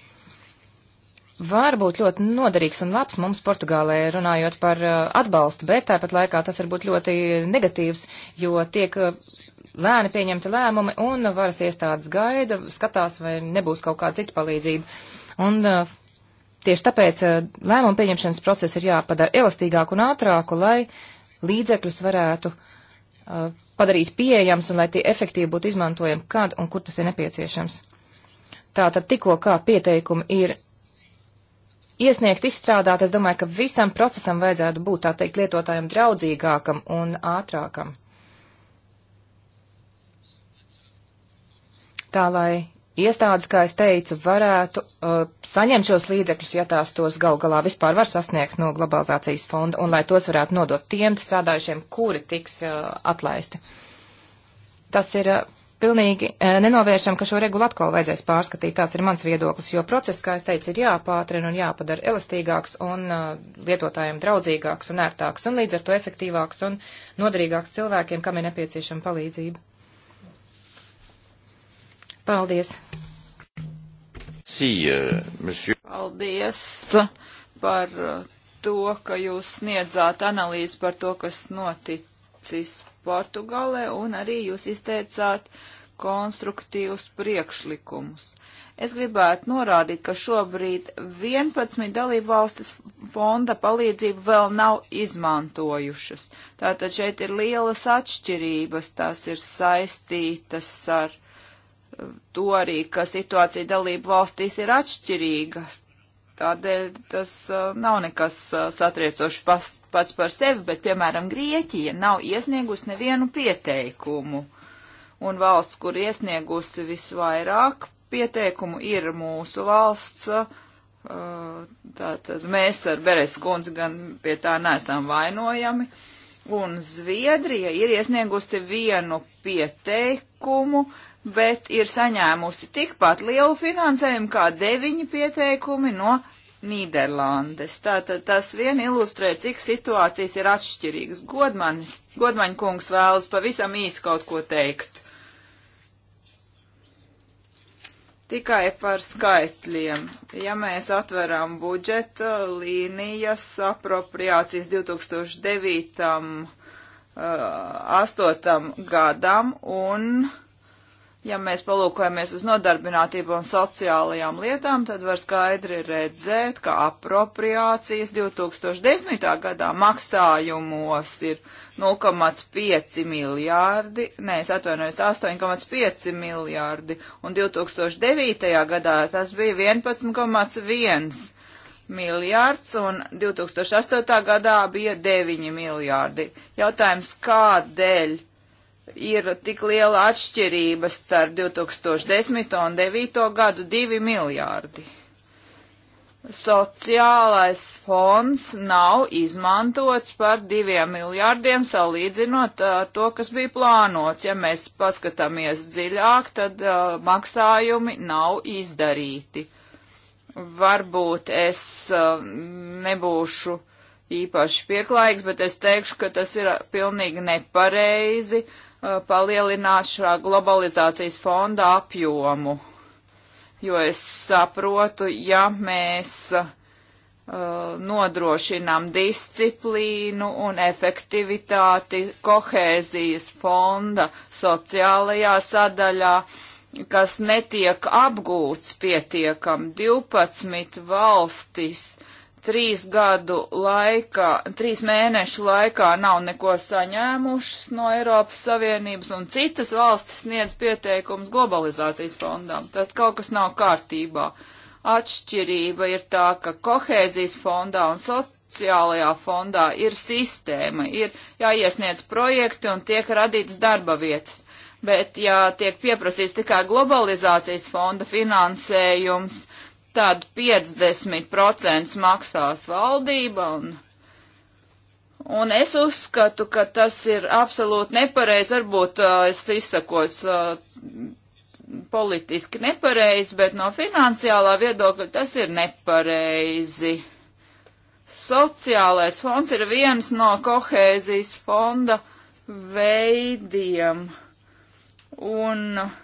var būt ļoti noderīgs un labs mums Portugālē, runājot par uh, atbalstu, bet tāpat laikā tas var būt ļoti negatīvs, jo tiek uh, lēni pieņemti lēmumi un varas iestādes gaida, skatās, vai nebūs kaut kāda cita palīdzība. Un tieši tāpēc lēmumu pieņemšanas procesu ir jāpadara elastīgāku un ātrāku, lai līdzekļus varētu padarīt pieejams un lai tie efektīvi būtu izmantojami, kad un kur tas ir nepieciešams. Tātad tikko kā pieteikumi ir iesniegt, izstrādāt, es domāju, ka visam procesam vajadzētu būt, tā teikt, lietotājiem draudzīgākam un ātrākam. Tā lai iestādes, kā es teicu, varētu uh, saņemt šos līdzekļus, ja tās tos gal galā vispār var sasniegt no globalizācijas fonda, un lai tos varētu nodot tiem strādājušiem, kuri tiks uh, atlaisti. Tas ir uh, pilnīgi uh, nenovēršam, ka šo regulu atkal vajadzēs pārskatīt, tāds ir mans viedoklis, jo process, kā es teicu, ir jāpātrina un jāpadara elastīgāks un uh, lietotājiem draudzīgāks un ērtāks, un līdz ar to efektīvāks un noderīgāks cilvēkiem, kam ir nepieciešama palīdzība. Paldies! Sī, eh, monsieur. Paldies par eh, to, ka jūs sniedzāt analīzi par to, kas noticis Portugālē, un arī jūs izteicāt konstruktīvus priekšlikumus. Es gribētu norādīt, ka šobrīd 11 dalībvalstis fonda palīdzību vēl nav izmantojušas. Tātad šeit ir lielas atšķirības, tās ir saistītas ar to arī, ka situācija dalību valstīs ir atšķirīga. Tādēļ tas uh, nav nekas uh, satriecošs pas, pats par sevi, bet, piemēram, Grieķija nav iesniegusi nevienu pieteikumu. Un valsts, kur iesniegusi visvairāk pieteikumu, ir mūsu valsts. Uh, Tātad mēs ar Beres kundzi gan pie tā neesam vainojami. Un Zviedrija ir iesniegusi vienu pieteikumu, bet ir saņēmusi tikpat lielu finansējumu kā deviņi pieteikumi no Nīderlandes. Tātad tas vien ilustrē, cik situācijas ir atšķirīgas. Godmanis, Godmaņa kungs vēlas pavisam īsi kaut ko teikt. Tikai par skaitļiem. Ja mēs atveram budžeta līnijas apropriācijas 2009. Uh, 8. gadam un uh, Ja mēs palūkojamies uz nodarbinātību un sociālajām lietām, tad var skaidri redzēt, ka apropriācijas 2010. gadā maksājumos ir 0,5 miljārdi, nē, es atvainojos, 8,5 miljārdi, un 2009. gadā tas bija 11,1 miljārds, un 2008. gadā bija 9 miljārdi. Jautājums, kādēļ? ir tik liela atšķirība starp 2010 un 2009 gadu 2 miljārdi. Sociālais fonds nav izmantots par diviem miljārdiem, salīdzinot ar uh, to, kas bija plānots. Ja mēs paskatāmies dziļāk, tad uh, maksājumi nav izdarīti. Varbūt es uh, nebūšu īpaši pieklājīgs, bet es teikšu, ka tas ir pilnīgi nepareizi. Uh, Uh, palielināt šā globalizācijas fonda apjomu. Jo es saprotu, ja mēs uh, nodrošinām disciplīnu un efektivitāti kohēzijas fonda sociālajā sadaļā, kas netiek apgūts pietiekam 12 valstis trīs gadu laikā, trīs mēnešu laikā nav neko saņēmušas no Eiropas Savienības un citas valstis sniedz pieteikums globalizācijas fondam. Tas kaut kas nav kārtībā. Atšķirība ir tā, ka kohēzijas fondā un sociālajā fondā ir sistēma, ir jāiesniedz projekti un tiek radītas darba vietas. Bet, ja tiek pieprasīts tikai globalizācijas fonda finansējums, uh, tad 50% maksās valdība un, un es uzskatu, ka tas ir absolūti nepareizi, varbūt uh, es izsakos uh, politiski nepareizi, bet no finansiālā viedokļa tas ir nepareizi. Sociālais fonds ir viens no kohēzijas fonda veidiem. Un uh,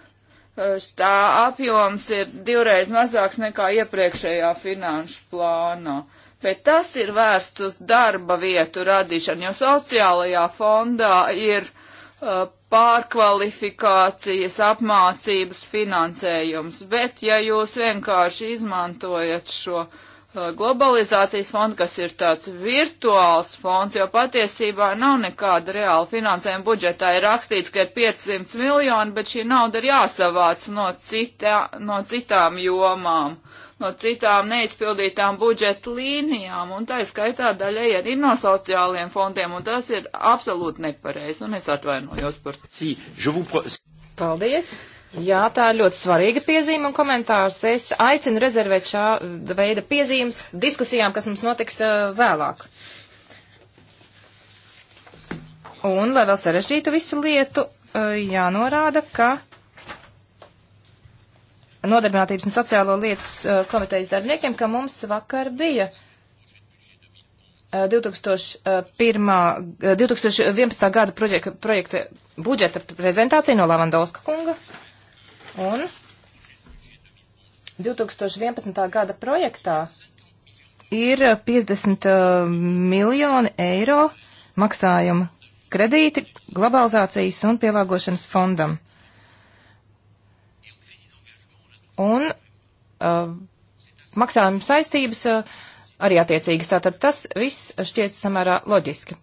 tā apjoms ir divreiz mazāks nekā iepriekšējā finanšu plānā. Bet tas ir vērsts uz darba vietu radīšanu, jo sociālajā fondā ir uh, pārkvalifikācijas, apmācības finansējums. Bet ja jūs vienkārši izmantojat šo uh, Uh, globalizācijas fondu, kas ir tāds virtuāls fonds, jo patiesībā nav nekāda reāla finansējuma budžetā. Ir rakstīts, ka ir 500 miljoni, bet šī nauda ir jāsavāc no, cita, no citām jomām, no citām neizpildītām budžeta līnijām, un tā ir skaitā daļai arī no sociāliem fondiem, un tas ir absolūti nepareizi, un es atvainojos par to. Paldies! Jā, tā ir ļoti svarīga piezīme un komentārs. Es aicinu rezervēt šā veida piezīmes diskusijām, kas mums notiks uh, vēlāk. Un, lai vēl sarežģītu visu lietu, uh, jānorāda, ka Nodarbinātības un sociālo lietu uh, komitejas darbiniekiem, ka mums vakar bija 2001, 2011. gada projekta, projekta budžeta prezentācija no Lavandovska kunga. Un 2011. gada projektā ir 50 eh, miljoni eiro maksājuma kredīti globalizācijas un pielāgošanas fondam. Un uh, maksājuma saistības uh, arī attiecīgas. Tātad tas viss šķiet samērā loģiski.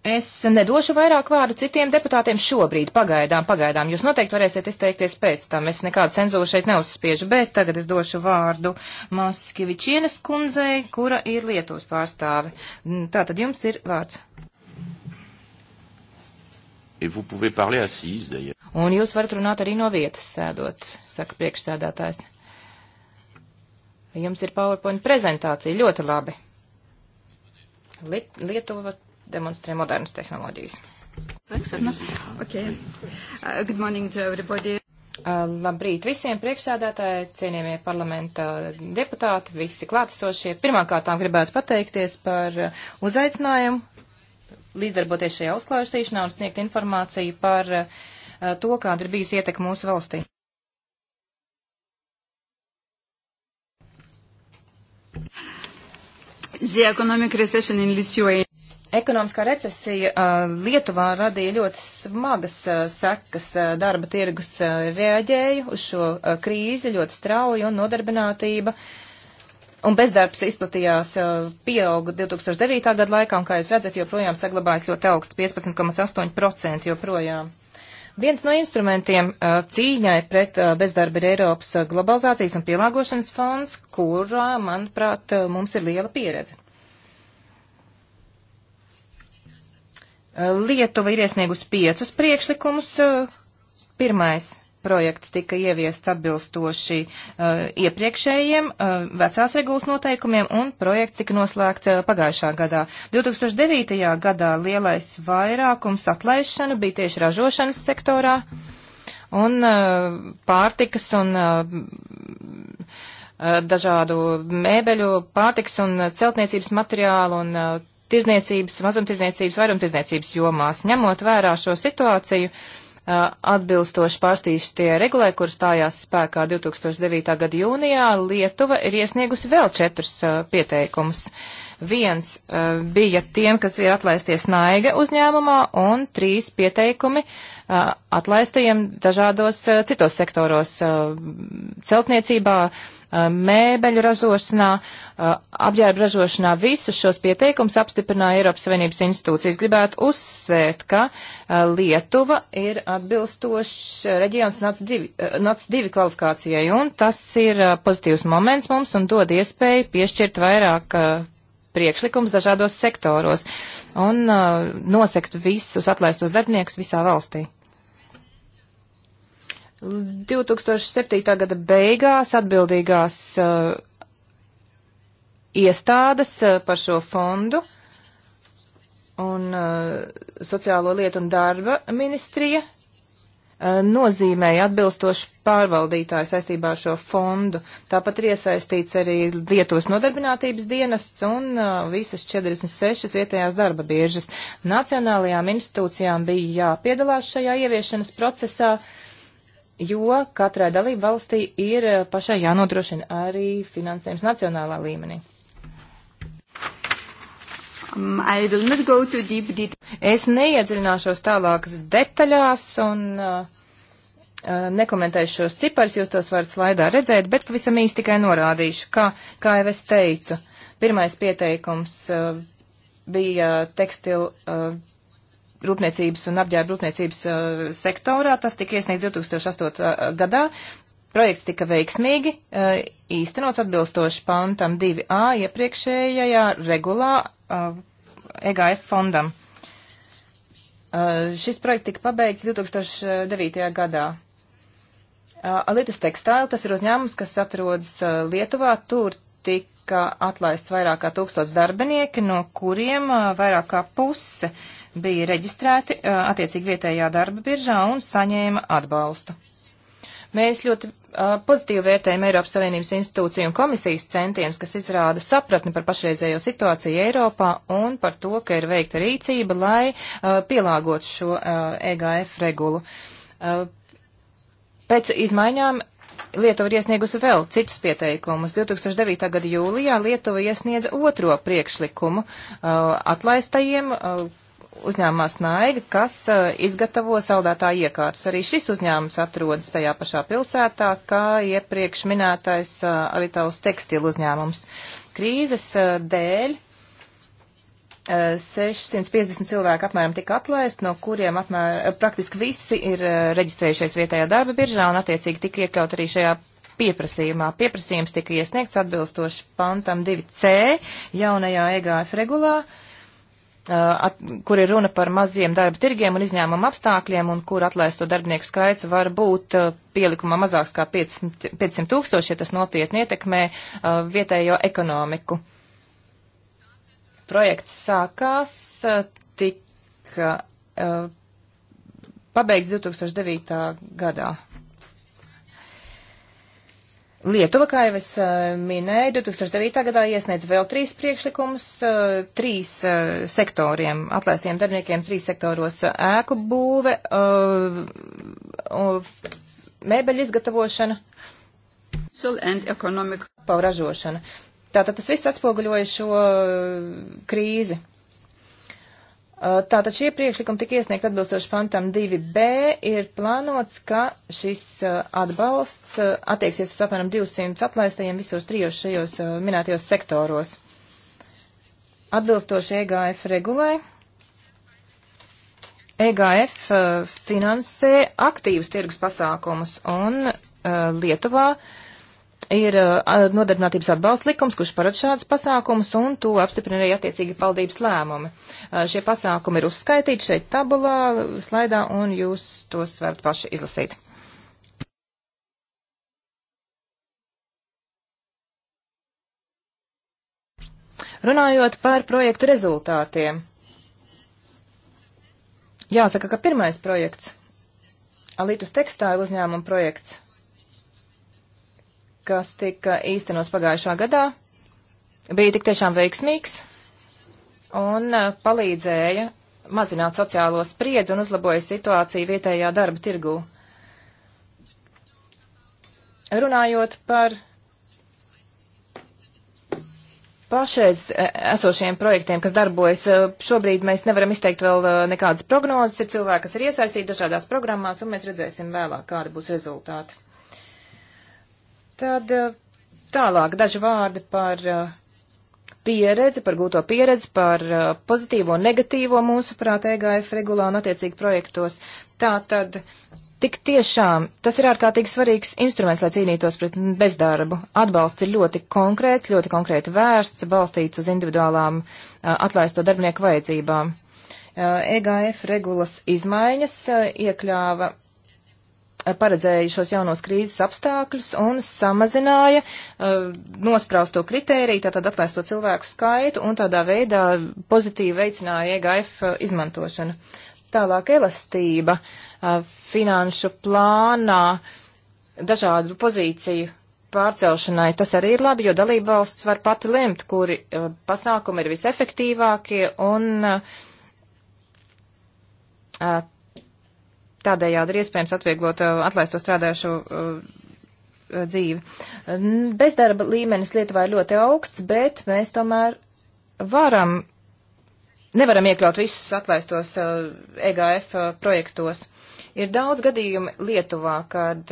Es nedošu vairāk vārdu citiem deputātiem šobrīd, pagaidām, pagaidām. Jūs noteikti varēsiet izteikties pēc tam. Es nekādu cenzūru šeit neuzspiežu, bet tagad es došu vārdu Maskivičienes kundzei, kura ir Lietuvas pārstāve. Mm, Tātad jums ir vārds. Assis, Un jūs varat runāt arī no vietas sēdot, saka priekšsēdētājs. Jums ir PowerPoint prezentācija ļoti labi. Liet Lietuva demonstrē modernas tehnoloģijas. Okay. Uh, good morning to everybody. Uh, labrīt visiem priekšsādātāji, cienījamie parlamenta deputāti, visi klātesošie. Pirmkārtām gribētu pateikties par uh, uzaicinājumu līdzdarboties šajā uzklausīšanā un sniegt informāciju par to, kāda ir bijusi ietekme mūsu valstī. The economic recession in Lithuania. Ekonomiskā recesija uh, Lietuvā radīja ļoti smagas uh, sekas uh, darba tirgus reaģēju uz šo krīzi ļoti strauji un nodarbinātība. Un bezdarbs izplatījās, pieauga 2009. gada laikā, un, kā jūs redzat, joprojām saglabājas ļoti augsts 15,8% joprojām. Viens no instrumentiem cīņai pret bezdarbu ir Eiropas globalizācijas un pielāgošanas fonds, kurā, manuprāt, mums ir liela pieredze. Lietuva ir iesniegusi piecus priekšlikumus. Pirmais projekts tika ieviests atbilstoši uh, iepriekšējiem uh, vecās regulas noteikumiem, un projekts tika noslēgts uh, pagājušā gadā. 2009. gadā lielais vairākums atlaišanu bija tieši ražošanas sektorā un uh, pārtikas un uh, dažādu mēbeļu, pārtikas un celtniecības materiālu un uh, tirzniecības, mazumtirzniecības, vairumtirzniecības jomās. Ņemot vērā šo situāciju, atbilstoši pārstīstie regulē, kur stājās spēkā 2009. gada jūnijā, Lietuva ir iesniegusi vēl četrus pieteikumus. Viens bija tiem, kas ir atlaisties naiga uzņēmumā, un trīs pieteikumi uh, atlaistajiem dažādos citos sektoros - celtniecībā, mēbeļu ražošanā, apģērba ražošanā. Visus šos pieteikumus apstiprināja Eiropas Savienības institūcijas. Gribētu uzsvērt, ka Lietuva ir atbilstošs reģions NAC 2, NAC 2 kvalifikācijai, un tas ir pozitīvs moments mums un dod iespēju piešķirt vairāk priekšlikums dažādos sektoros un uh, nosekt visus atlaistos darbiniekus visā valstī. 2007. gada beigās atbildīgās uh, iestādes uh, par šo fondu un uh, sociālo lietu un darba ministrija uh, nozīmēja atbilstoši pārvaldītāju saistībā ar šo fondu. Tāpat ir iesaistīts arī Lietuvas nodarbinātības dienests un uh, visas 46 vietējās darba biežas. Nacionālajām institūcijām bija jāpiedalās šajā ieviešanas procesā. Uh, jo katrai dalību valstī ir eh, pašai jānodrošina arī finansējums nacionālā līmenī. Um, es neiedziļināšos tālākas detaļās un uh, nekomentēšu šos ciparus, jūs tos varat slaidā redzēt, bet pavisam īsti tikai norādīšu, kā, kā jau es teicu, pirmais pieteikums uh, bija tekstilu uh, rūpniecības un apģērba rūpniecības uh, sektorā. Tas tika iesniegts 2008. Uh, gadā. Projekts tika veiksmīgi uh, īstenots atbilstoši pantam 2a iepriekšējajā regulā uh, EGF fondam. Uh, šis projekts tika pabeigts 2009. gadā. Uh, Alitus Textile, tas ir uzņēmums, kas atrodas Lietuvā, tur tika atlaists vairāk kā tūkstots darbinieki, no kuriem vairāk kā puse uh, bija reģistrēti attiecīgi vietējā darba biržā un saņēma atbalstu. Mēs ļoti uh, pozitīvi vērtējam Eiropas Savienības institūciju un komisijas centienus, kas izrāda sapratni par pašreizējo situāciju Eiropā un par to, ka ir veikta rīcība, lai uh, pielāgotu šo uh, EGF regulu. Uh, pēc izmaiņām Lietuva ir iesniegusi vēl citus pieteikumus. 2009. gada jūlijā Lietuva iesniedza otro priekšlikumu uh, atlaistajiem. Uh, uzņēmumā Snaiga, kas uh, izgatavo saldētāju iekārtas. Arī šis uzņēmums atrodas tajā pašā pilsētā, kā iepriekš minētais uh, eh, Alitāvas tekstilu uzņēmums. Krīzes uh, dēļ 650 cilvēki apmēram tika atlaist, no kuriem apmēram, praktiski visi ir reģistrējušies vietējā darba biržā un attiecīgi tika iekļaut arī šajā pieprasījumā. Pieprasījums tika iesniegts atbilstoši pantam 2C jaunajā EGF regulā. Uh, at, kur ir runa par maziem darba tirgiem un izņēmumu apstākļiem, un kur atlaisto darbinieku skaits var būt uh, pielikumā mazāks kā 500, 500 tūkstoši, ja tas nopietni ietekmē uh, vietējo ekonomiku. Projekts sākās, uh, tika pabeigts 2009. gadā. Lietuva, kā jau es eh, minēju, 2009. gadā iesniedz vēl trīs priekšlikumus eh, trīs eh, sektoriem, atlaistiem darbiniekiem trīs sektoros - ēku būve, mēbeļu izgatavošana, pauražošana. Tātad tas viss atspoguļoja šo krīzi. Uh, tātad šie priekšlikumi tika iesniegt atbilstoši pantam 2b, ir plānots, ka šis uh, atbalsts uh, attieksies uz apmēram 200 atlaistajiem visos trijos šajos minētajos sektoros. Atbilstoši EGF regulē, EGF finansē aktīvus tirgus pasākumus un Lietuvā uh, ir nodarbinātības atbalsta likums, kurš paredz šādus pasākumus, un to apstiprina arī attiecīgi valdības lēmumi. Šie pasākumi ir uzskaitīti šeit tabulā, slaidā, un jūs tos varat paši izlasīt. Runājot par projektu rezultātiem, jāsaka, ka pirmais projekts Alītus tekstāla uzņēmuma projekts kas tika īstenots pagājušā gadā, bija tik tiešām veiksmīgs un eh, palīdzēja mazināt sociālo spriedzi un uzlaboja situāciju vietējā darba tirgū. Runājot par pašreiz eh, esošiem projektiem, kas darbojas, eh, šobrīd mēs nevaram izteikt vēl nekādas prognozes. Ir cilvēki, kas ir iesaistīti dažādās programmās, un mēs redzēsim vēlāk, kādi būs rezultāti. Tad eh, tālāk daži vārdi par eh, pieredzi, par gūto pieredzi, par eh, pozitīvo un negatīvo mūsuprāt EGF regulā un attiecīgi projektos. Tā tad tik tiešām tas ir ārkārtīgi svarīgs instruments, lai cīnītos pret bezdarbu. Atbalsts ir ļoti konkrēts, ļoti konkrēti vērsts, balstīts uz individuālām atlaisto darbinieku vajadzībām. EGF e regulas izmaiņas iekļāva Eh, paredzēja šos jaunos krīzes apstākļus un samazināja uh, eh, nospraustu kritēriju, tātad atlaisto cilvēku skaitu un tādā veidā pozitīvi veicināja EGF eh, izmantošanu. Tālāk elastība uh, finanšu plānā dažādu pozīciju pārcelšanai. Tas arī ir labi, jo dalība valsts var pati lemt, kuri uh, pasākumi ir visefektīvākie un Tādējādi ir iespējams atvieglot uh, atlaisto strādājušo uh, uh, dzīvi. Bezdarba līmenis Lietuvā ir ļoti augsts, bet mēs tomēr varam, nevaram iekļaut visus atlaistos EGF projektos. Ir daudz gadījumu Lietuvā, kad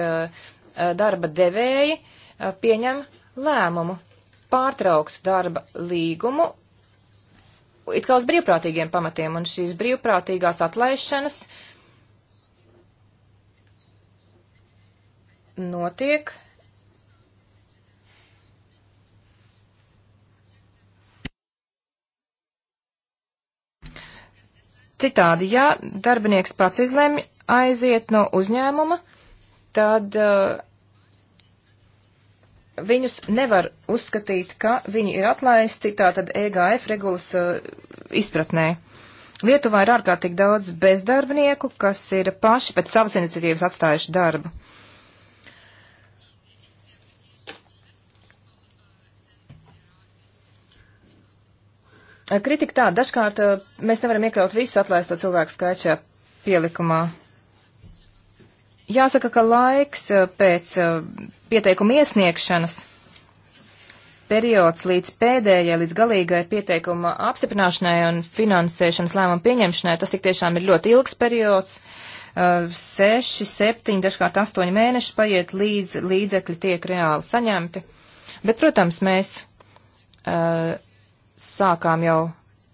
darba devēji pieņem lēmumu pārtraukt darba līgumu it kā uz brīvprātīgiem pamatiem, un šīs brīvprātīgās atlaišanas uh, notiek. Citādi, ja darbinieks pats izlemj aiziet no uzņēmuma, tad uh, viņus nevar uzskatīt, ka viņi ir atlaisti tātad EGF regulas uh, izpratnē. Lietuvā ir ārkārtīgi daudz bezdarbnieku, kas ir paši pēc savas iniciatīvas atstājuši darbu. Uh, Kritika tā, dažkārt eh, mēs nevaram iekļaut visu atlaisto cilvēku skaitu šajā pielikumā. Jāsaka, ka laiks eh, pēc eh, pieteikuma iesniegšanas periods līdz pēdējai, līdz galīgai pieteikuma apstiprināšanai un finansēšanas lēmumu pieņemšanai, tas tik tiešām ir ļoti ilgs periods. Seši, septiņi, dažkārt astoņi mēneši paiet līdz līdzekļi tiek reāli saņemti. Bet, protams, mēs sākām jau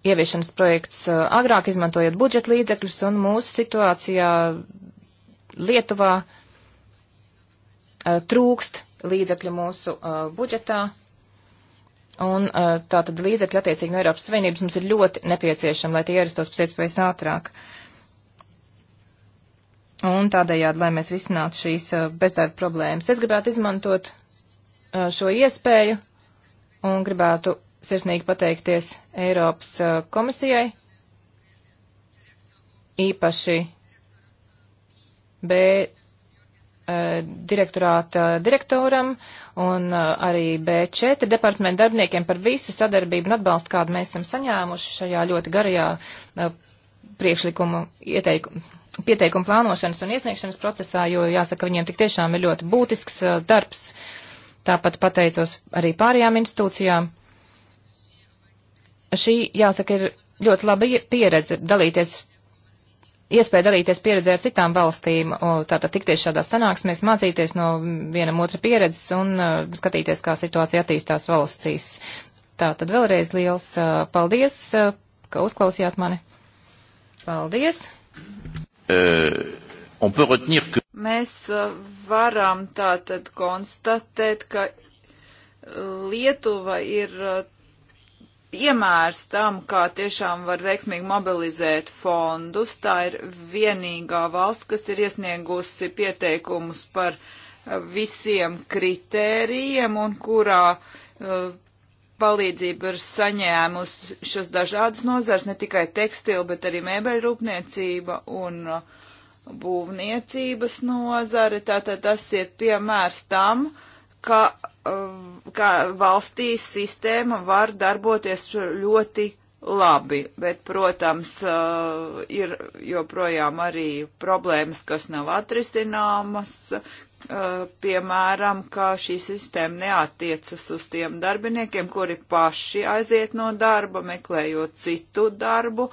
ieviešanas projekts uh, agrāk, izmantojot budžeta līdzekļus, un mūsu situācijā Lietuvā uh, trūkst līdzekļu mūsu uh, budžetā. Un tā tad līdzekļi attiecīgi no Eiropas Savienības mums ir ļoti nepieciešami, lai tie ierastos pēc iespējas ātrāk. Un tādējādi, lai mēs risinātu šīs bezdarba problēmas, es gribētu izmantot šo iespēju un gribētu sirsnīgi pateikties Eiropas komisijai, īpaši B direktorāta direktoram un arī B4 departamentu darbiniekiem par visu sadarbību un atbalstu, kādu mēs esam saņēmuši šajā ļoti garajā priekšlikumu ieteikumu pieteikumu plānošanas un iesniegšanas procesā, jo jāsaka, viņiem tik tiešām ir ļoti būtisks darbs. Tāpat pateicos arī pārējām institūcijām šī, jāsaka, ir ļoti laba pieredze dalīties, iespēja dalīties pieredzē ar citām valstīm, tātad tikties šādās sanāksmēs, mācīties no vienam otra pieredzes un uh, skatīties, kā situācija attīstās valstīs. Tātad vēlreiz liels uh, paldies, uh, ka uzklausījāt mani. Paldies! Uh. Mēs varam tātad konstatēt, ka Lietuva ir piemērs tam, kā tiešām var veiksmīgi mobilizēt fondus. Tā ir vienīgā valsts, kas ir iesniegusi pieteikumus par eh, visiem kritērijiem un kurā uh, palīdzību ir saņēmusi šas dažādas nozars, ne tikai tekstila, bet arī mēbeļrūpniecība un uh, būvniecības nozare. Tātad tas ir piemērs tam, ka Um, ka valstīs sistēma var darboties ļoti labi, bet, protams, uh, ir joprojām arī problēmas, kas nav atrisināmas, uh, piemēram, ka šī sistēma neatiecas uz tiem darbiniekiem, kuri paši aiziet no darba, meklējot citu darbu,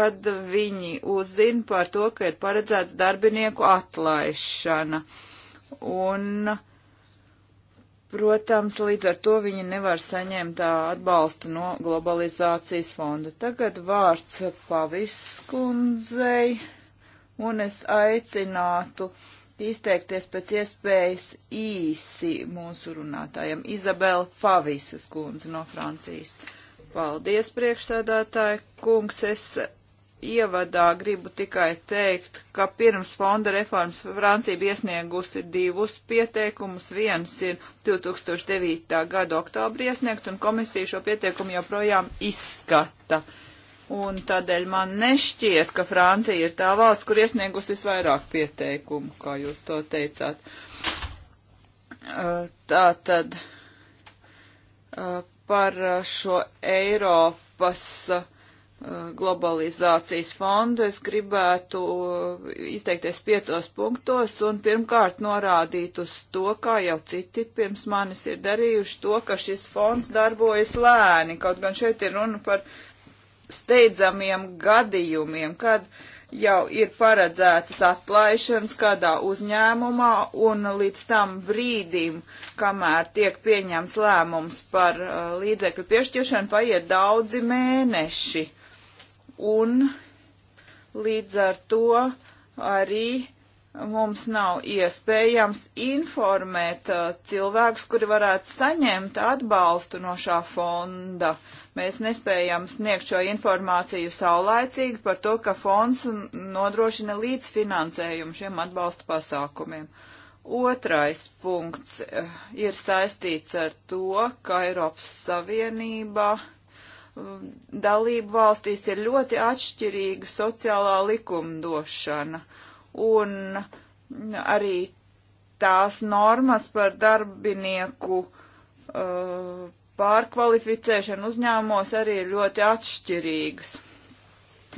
kad viņi uzzina par to, ka ir paredzēts darbinieku atlaišana. Un uh, Protams, līdz ar to viņi nevar saņemt atbalstu no globalizācijas fonda. Tagad vārds paviskundzei, un es aicinātu izteikties pēc iespējas īsi mūsu runātājiem. Izabela Pavisas kundze no Francijas. Paldies, priekšsēdētāji kungs, es ievadā gribu tikai teikt, ka pirms fonda reformas Francija iesniegusi divus pieteikumus. Viens ir 2009. gada oktobri iesniegts, un komisija šo pieteikumu joprojām izskata. Un tādēļ man nešķiet, ka Francija ir tā valsts, kur iesniegusi visvairāk pieteikumu, kā jūs to teicāt. Eh, tā tad eh, par šo Eiropas eh, globalizācijas fondu, es gribētu uh, izteikties piecos punktos un pirmkārt norādīt uz to, kā jau citi pirms manis ir darījuši, to, ka šis fonds darbojas lēni, kaut gan šeit ir runa par steidzamiem gadījumiem, kad jau ir paredzētas atlaišanas kādā uzņēmumā un līdz tam brīdim, kamēr tiek pieņems lēmums par uh, līdzekļu piešķiršanu, paiet daudzi mēneši un līdz ar to arī mums nav iespējams informēt uh, cilvēkus, kuri varētu saņemt atbalstu no šā fonda. Mēs nespējam sniegt šo informāciju saulaicīgi par to, ka fonds nodrošina līdzfinansējumu šiem atbalsta pasākumiem. Otrais punkts uh, ir saistīts ar to, ka Eiropas Savienībā uh, dalību valstīs ir ļoti atšķirīga sociālā likumdošana un arī tās normas par darbinieku uh, pārkvalificēšanu uzņēmumos arī ir ļoti atšķirīgas.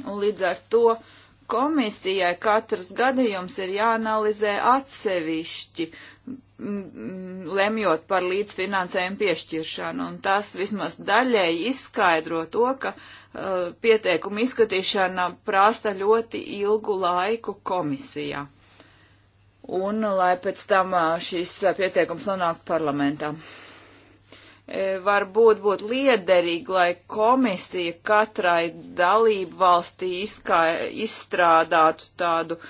Un līdz ar to komisijai katrs gadījums ir jāanalizē atsevišķi, lemjot par līdzfinansējumu piešķiršanu. Un tas vismaz daļēji izskaidro to, ka uh, pieteikuma izskatīšana prasa ļoti ilgu laiku komisijā. Un uh, lai pēc tam uh, šis uh, pieteikums nonāktu parlamentā. E, varbūt būtu liederīgi, lai komisija katrai dalību valstī izstrādātu tādu uh,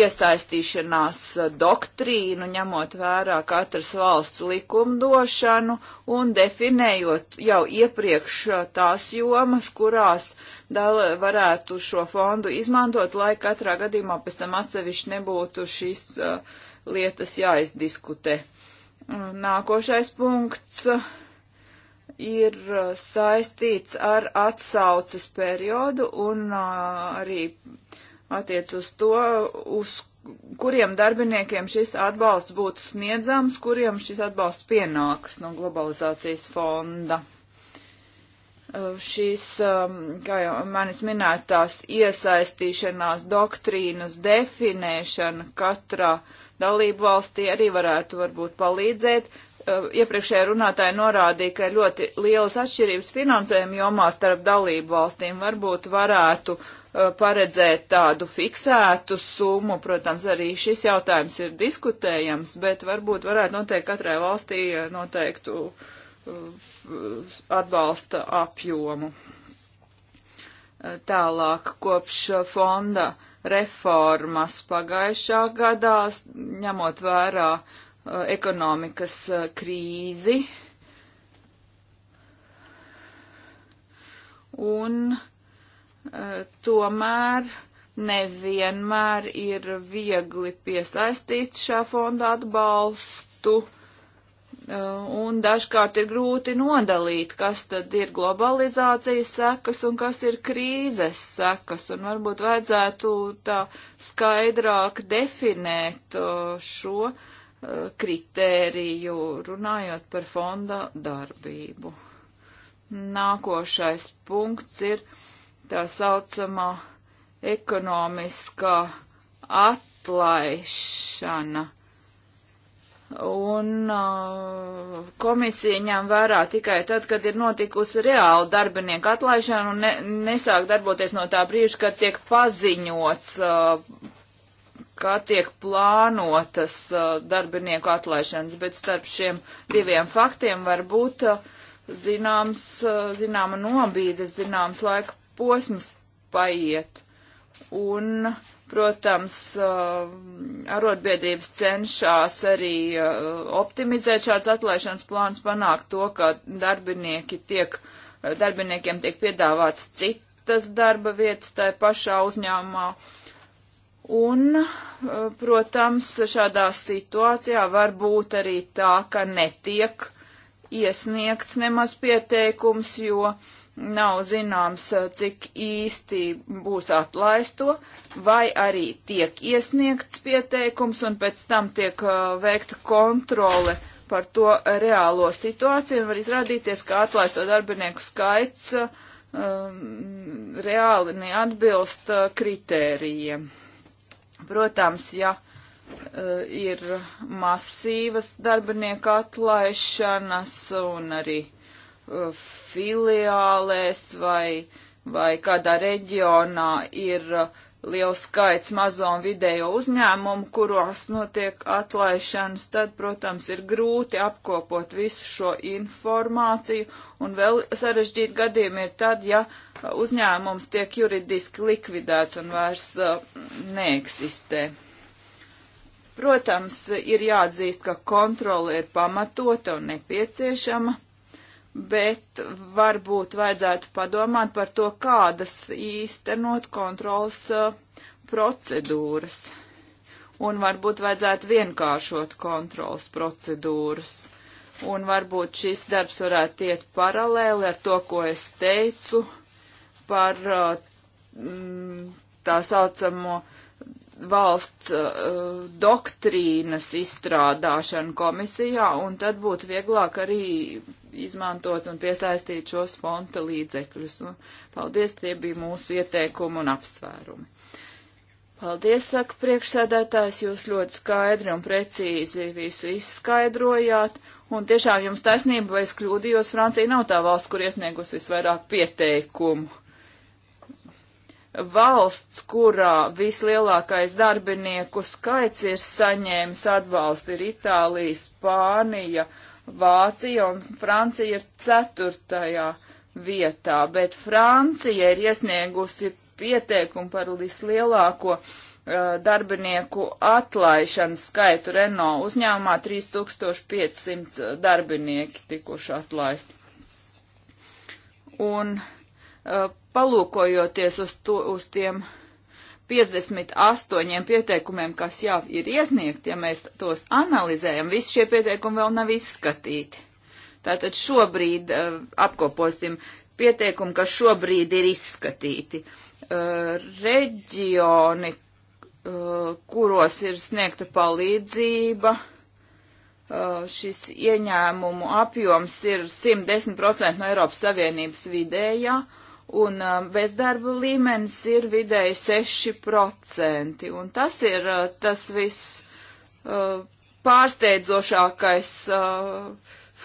iesaistīšanās eh, doktrīnu, ņemot vērā katras valsts likumdošanu un definējot jau iepriekš eh, tās jomas, kurās varētu šo fondu izmantot, lai katrā gadījumā pēc tam atsevišķi nebūtu šīs uh, lietas jāizdiskutē. Nākošais punkts ir saistīts ar atsauces periodu un uh, arī attiec uz to, uz kuriem darbiniekiem šis atbalsts būtu sniedzams, kuriem šis atbalsts pienākas no globalizācijas fonda. Uh, Šīs, um, kā jau manis minētās, iesaistīšanās doktrīnas definēšana katrā dalību valstī arī varētu varbūt palīdzēt. Uh, iepriekšējā runātāja norādīja, ka ir ļoti lielas atšķirības finansējuma jomā starp dalību valstīm. Varbūt varētu uh, Uh, paredzēt tādu fiksētu summu. Protams, arī šis jautājums ir diskutējams, bet varbūt varētu noteikt katrai valstī uh, noteiktu uh, atbalsta apjomu. Tālāk kopš fonda reformas pagājušā gadā, ņemot vērā ekonomikas krīzi. Un uh, Eh, tomēr nevienmēr ir viegli piesaistīt šā fonda atbalstu, eh, un dažkārt ir grūti nodalīt, kas tad ir globalizācijas sekas un kas ir krīzes sekas, un varbūt vajadzētu tā skaidrāk definēt eh, šo kritēriju, runājot par fonda darbību. Nākošais punkts ir tā saucamā ekonomiskā atlaišana. Un uh, komisija ņem vērā tikai tad, kad ir notikusi reāla darbinieka atlaišana un ne, nesāk darboties no tā brīža, kad tiek paziņots, uh, kā tiek plānotas uh, darbinieku atlaišanas, bet starp šiem diviem faktiem var būt uh, zināms, uh, zināma nobīde, zināms laika posms paiet. Un, protams, uh, arotbiedrības cenšas arī uh, optimizēt šāds atlaišanas plāns, panākt to, ka darbinieki tiek, darbiniekiem tiek piedāvāts citas darba vietas tajā pašā uzņēmumā. Un, uh, protams, šādā situācijā var būt arī tā, ka netiek iesniegts nemaz pieteikums, jo uh, nav zināms, eh, cik īsti būs atlaisto, vai arī tiek iesniegts pieteikums un pēc tam tiek uh, veikta kontrole par to reālo situāciju un var izrādīties, ka atlaisto darbinieku skaits uh, reāli neatbilst uh, kritērijiem. Protams, ja ir masīvas darbinieku atlaišanas un arī filiālēs vai, vai kādā reģionā ir uh, liels skaits mazo un vidējo uzņēmumu, kuros notiek atlaišanas, tad, protams, ir grūti apkopot visu šo informāciju, un vēl sarežģīt gadījumi ir tad, ja uzņēmums tiek juridiski likvidēts un vairs uh, neeksistē. Protams, ir jāatzīst, ka kontrole ir pamatota un nepieciešama bet varbūt vajadzētu padomāt par to, kādas īstenot kontrolas uh, procedūras. Un varbūt vajadzētu vienkāršot kontrolas procedūras. Un varbūt šis darbs varētu iet paralēli ar to, ko es teicu par uh, mm, tā saucamo valsts uh, doktrīnas izstrādāšanu komisijā, un tad būtu vieglāk arī izmantot un piesaistīt šos fonta līdzekļus. Un paldies, tie bija mūsu ieteikumi un apsvērumi. Paldies, saka priekšsēdētājs, jūs ļoti skaidri un precīzi visu izskaidrojāt. Un tiešām jums taisnība, vai es kļūdījos, Francija nav tā valsts, kur iesniegus visvairāk pieteikumu. Valsts, kurā vislielākais darbinieku skaits ir saņēmis atbalstu, ir Itālija, Spānija, uh, Vācija un Francija ir ceturtajā vietā, bet Francija ir iesniegusi pieteikumu par vislielāko eh, darbinieku atlaišanas skaitu Renault uzņēmumā 3500 darbinieki tikuši atlaisti. Un eh, palūkojoties uz, to, uz tiem uh, 58 pieteikumiem, kas jau ir iesniegti, ja mēs tos analizējam, visi šie pieteikumi vēl nav izskatīti. Tātad šobrīd uh, apkoposim pieteikumu, kas šobrīd ir izskatīti. Uh, reģioni, uh, kuros ir sniegta palīdzība, šis ieņēmumu apjoms ir 110% no Eiropas Savienības vidējā. Ja? un uh, bezdarba līmenis ir vidēji 6%, un tas ir uh, tas viss uh, pārsteidzošākais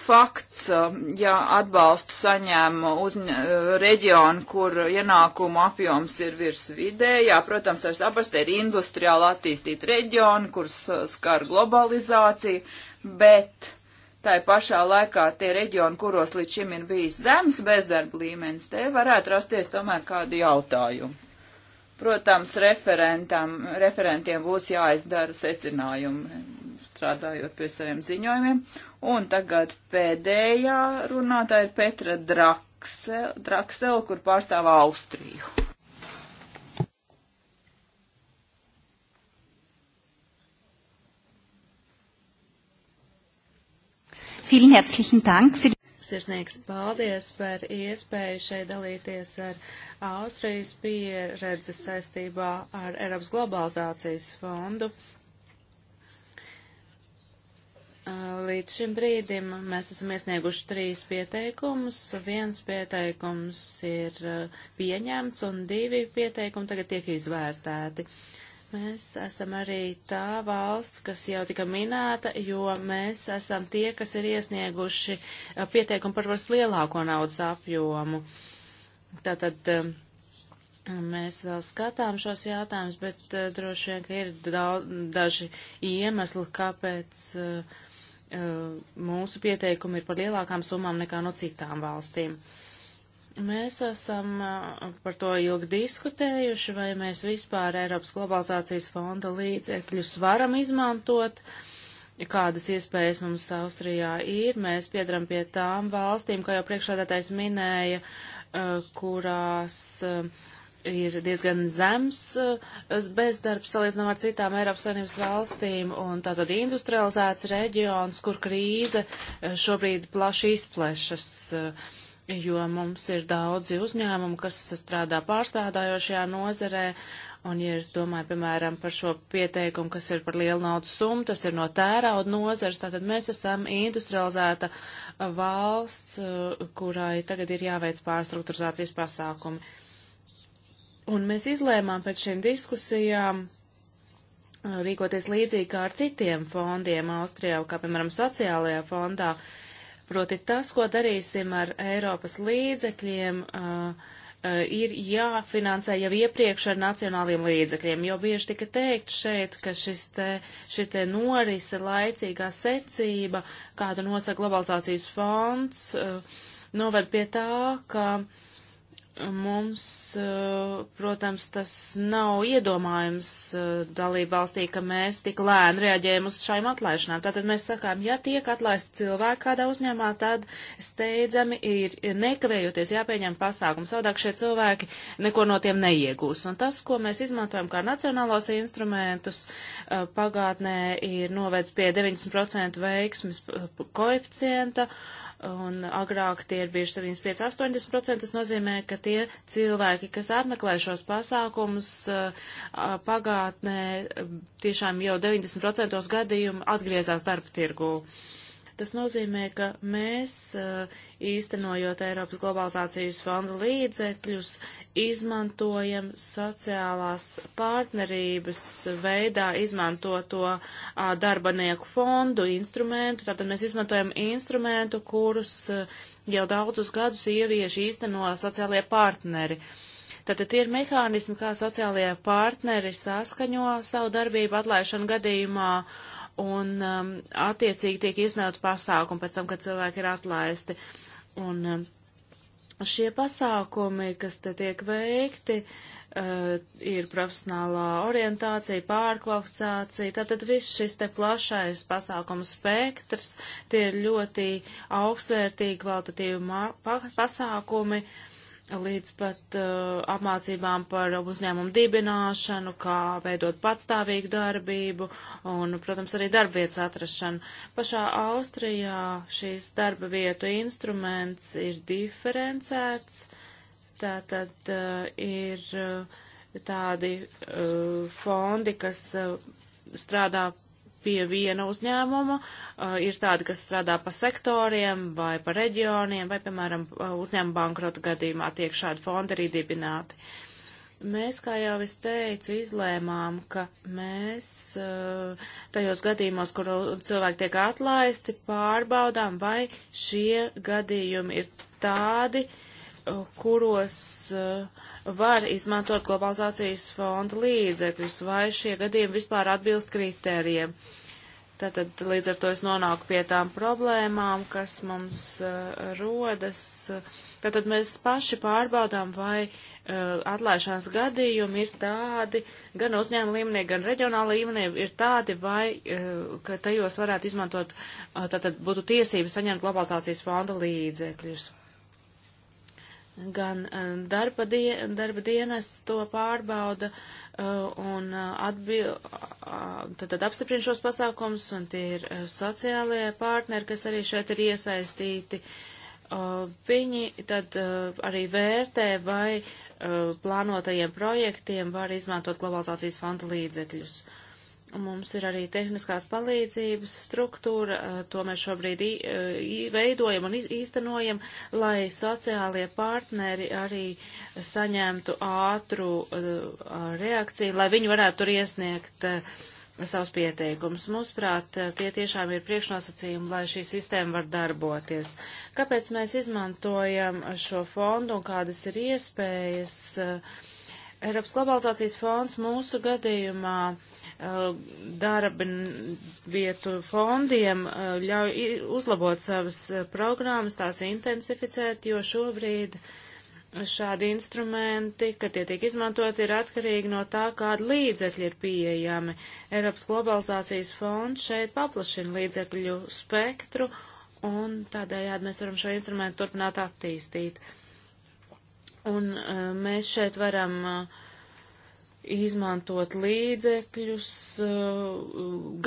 fakts, um, ja atbalstu saņēma uzņa, reģionu, kur ienākumu apjoms ir virs vidējā. Protams, ar saprast, ir industriāli attīstīti reģioni, kuras skar globalizāciju, bet Tā ir pašā laikā tie reģioni, kuros līdz šim ir bijis zemes bezdarba līmenis, te varētu rasties tomēr kādi jautājumi. Protams, referentiem būs jāizdara secinājumi, strādājot pie saviem ziņojumiem. Un tagad pēdējā runātāja ir Petra Draksel, Draksel kur pārstāv Austriju. Vielen herzlichen Dank für Sirsnieks paldies par iespēju šeit dalīties ar Austrijas pieredzi saistībā ar Eiropas globalizācijas fondu. Līdz šim brīdim mēs esam iesnieguši trīs pieteikumus. Viens pieteikums ir pieņemts un divi pieteikumi tagad tiek izvērtēti. Uh, Mēs esam arī tā valsts, kas jau tika minēta, jo mēs esam tie, kas ir iesnieguši uh, pieteikumu par vairs lielāko naudas apjomu. Tātad um, mēs vēl skatām šos jautājumus, bet uh, droši vien, ka ir daudz, daži iemesli, kāpēc uh, mūsu pieteikumi ir par lielākām summām nekā no citām valstīm. Uh, Mēs esam par to ilgi diskutējuši, vai mēs vispār Eiropas globalizācijas fonda līdzekļus varam izmantot, kādas iespējas mums Austrijā ir. Mēs piedaram pie tām valstīm, kā jau priekšādātais minēja, kurās ir diezgan zems bezdarbs salīdzinām ar citām Eiropas Savienības valstīm, un tātad industrializēts reģions, kur krīze šobrīd plaši izplešas jo mums ir daudzi uzņēmumi, kas strādā pārstrādājošajā nozarē, un, ja es domāju, piemēram, par šo pieteikumu, kas ir par lielu naudas summu, tas ir no tērauda nozars, tātad mēs esam industrializēta valsts, kurai tagad ir jāveic pārstruktūrizācijas pasākumi. Un mēs izlēmām pēc šīm diskusijām uh, rīkoties līdzīgi kā ar citiem fondiem Austrijā, kā piemēram sociālajā fondā, uh, Proti tas, ko darīsim ar Eiropas līdzekļiem, uh, uh, ir jāfinansē jau iepriekš ar nacionāliem līdzekļiem, jo bieži tika teikt šeit, ka šis te, šī te norise laicīgā secība, kādu nosaka globalizācijas fonds, uh, noved pie tā, ka uh, Mums, eh, protams, tas nav iedomājums eh, dalība valstī, ka mēs tik lēni reaģējam uz šīm atlaišanām. Tātad mēs sakām, ja tiek atlaisti cilvēki kādā uzņēmumā, tad steidzami ir nekavējoties jāpieņem pasākums. Savādāk šie cilvēki neko no tiem neiegūs. Un tas, ko mēs izmantojam kā nacionālos instrumentus, eh, pagātnē ir novēdz pie 90% veiksmes koeficienta. Uh, un agrāk tie ir bijuši 75-80%, tas nozīmē, ka tie cilvēki, kas apmeklē šos pasākumus pagātnē, tiešām jau 90% gadījumu atgriezās darba tirgū. Uh, Tas nozīmē, ka mēs, eh, īstenojot Eiropas globalizācijas fonda līdzekļus, izmantojam sociālās partnerības veidā izmantoto darbanieku fondu instrumentu. Tātad mēs izmantojam instrumentu, kurus eh, jau daudzus gadus ievieši īsteno sociālie partneri. Tātad tie ir mehānismi, kā sociālajie partneri saskaņo savu darbību atlaišanu gadījumā, un um, attiecīgi tiek iznāta pasākumi pēc tam, kad cilvēki ir atlaisti. Un um, šie pasākumi, kas te tiek veikti, uh, ir profesionālā orientācija, pārkvalifikācija, tātad viss šis te plašais pasākumu spektrs, tie ir ļoti augstvērtīgi, kvalitatīvi pasākumi. Uh, līdz pat uh, apmācībām par uzņēmumu dibināšanu, kā veidot patstāvīgu darbību un, protams, arī darbvietas atrašanu. Pašā Austrijā šīs darba vietu instruments ir diferencēts, tātad uh, ir uh, tādi uh, fondi, kas uh, strādā pie viena uzņēmuma, uh, ir tādi, kas strādā pa sektoriem vai pa reģioniem, vai, piemēram, uh, uzņēmuma bankrota gadījumā tiek šādi fondi arī dibināti. Mēs, kā jau es teicu, izlēmām, ka mēs uh, tajos gadījumos, kur cilvēki tiek atlaisti, pārbaudām, vai šie gadījumi ir tādi, uh, kuros uh, var izmantot globalizācijas fonda līdzekļus, vai šie gadījumi vispār atbilst kritērijiem. Tātad līdz ar to es nonāku pie tām problēmām, kas mums uh, rodas. Tātad mēs paši pārbaudām, vai uh, eh, atlaišanas gadījumi ir tādi, gan uzņēmuma līmenī, gan reģionāla līmenī ir tādi, vai eh, ka tajos varētu izmantot, tātad būtu tiesības saņemt globalizācijas fonda līdzekļus gan eh, darba, die, darba dienas to pārbauda eh, un eh, atbil, tad, tad apstiprina šos pasākums, un tie ir sociālie partneri, kas arī šeit ir iesaistīti. Viņi tad arī vērtē, vai plānotajiem projektiem var izmantot globalizācijas fonda līdzekļus. Uh, Mums ir arī tehniskās palīdzības struktūra, eh, to mēs šobrīd eh, veidojam un īstenojam, lai sociālie partneri arī saņemtu ātru eh, reakciju, lai viņi varētu tur iesniegt savus pieteikumus. Mūsuprāt, tie tiešām ir priekšnosacījumi, lai šī sistēma var darboties. Kāpēc mēs izmantojam šo fondu un kādas ir iespējas? Eiropas globalizācijas fonds mūsu gadījumā uh, Eh, darba vietu fondiem eh, ļauj uzlabot savas eh, programmas, tās intensificēt, jo šobrīd šādi instrumenti, kad tie tiek izmantoti, ir atkarīgi no tā, kāda līdzekļi ir pieejami. Eiropas globalizācijas fonds šeit paplašina līdzekļu spektru, un tādējādi mēs varam šo instrumentu turpināt attīstīt. Un mēs šeit varam uh, izmantot līdzekļus uh,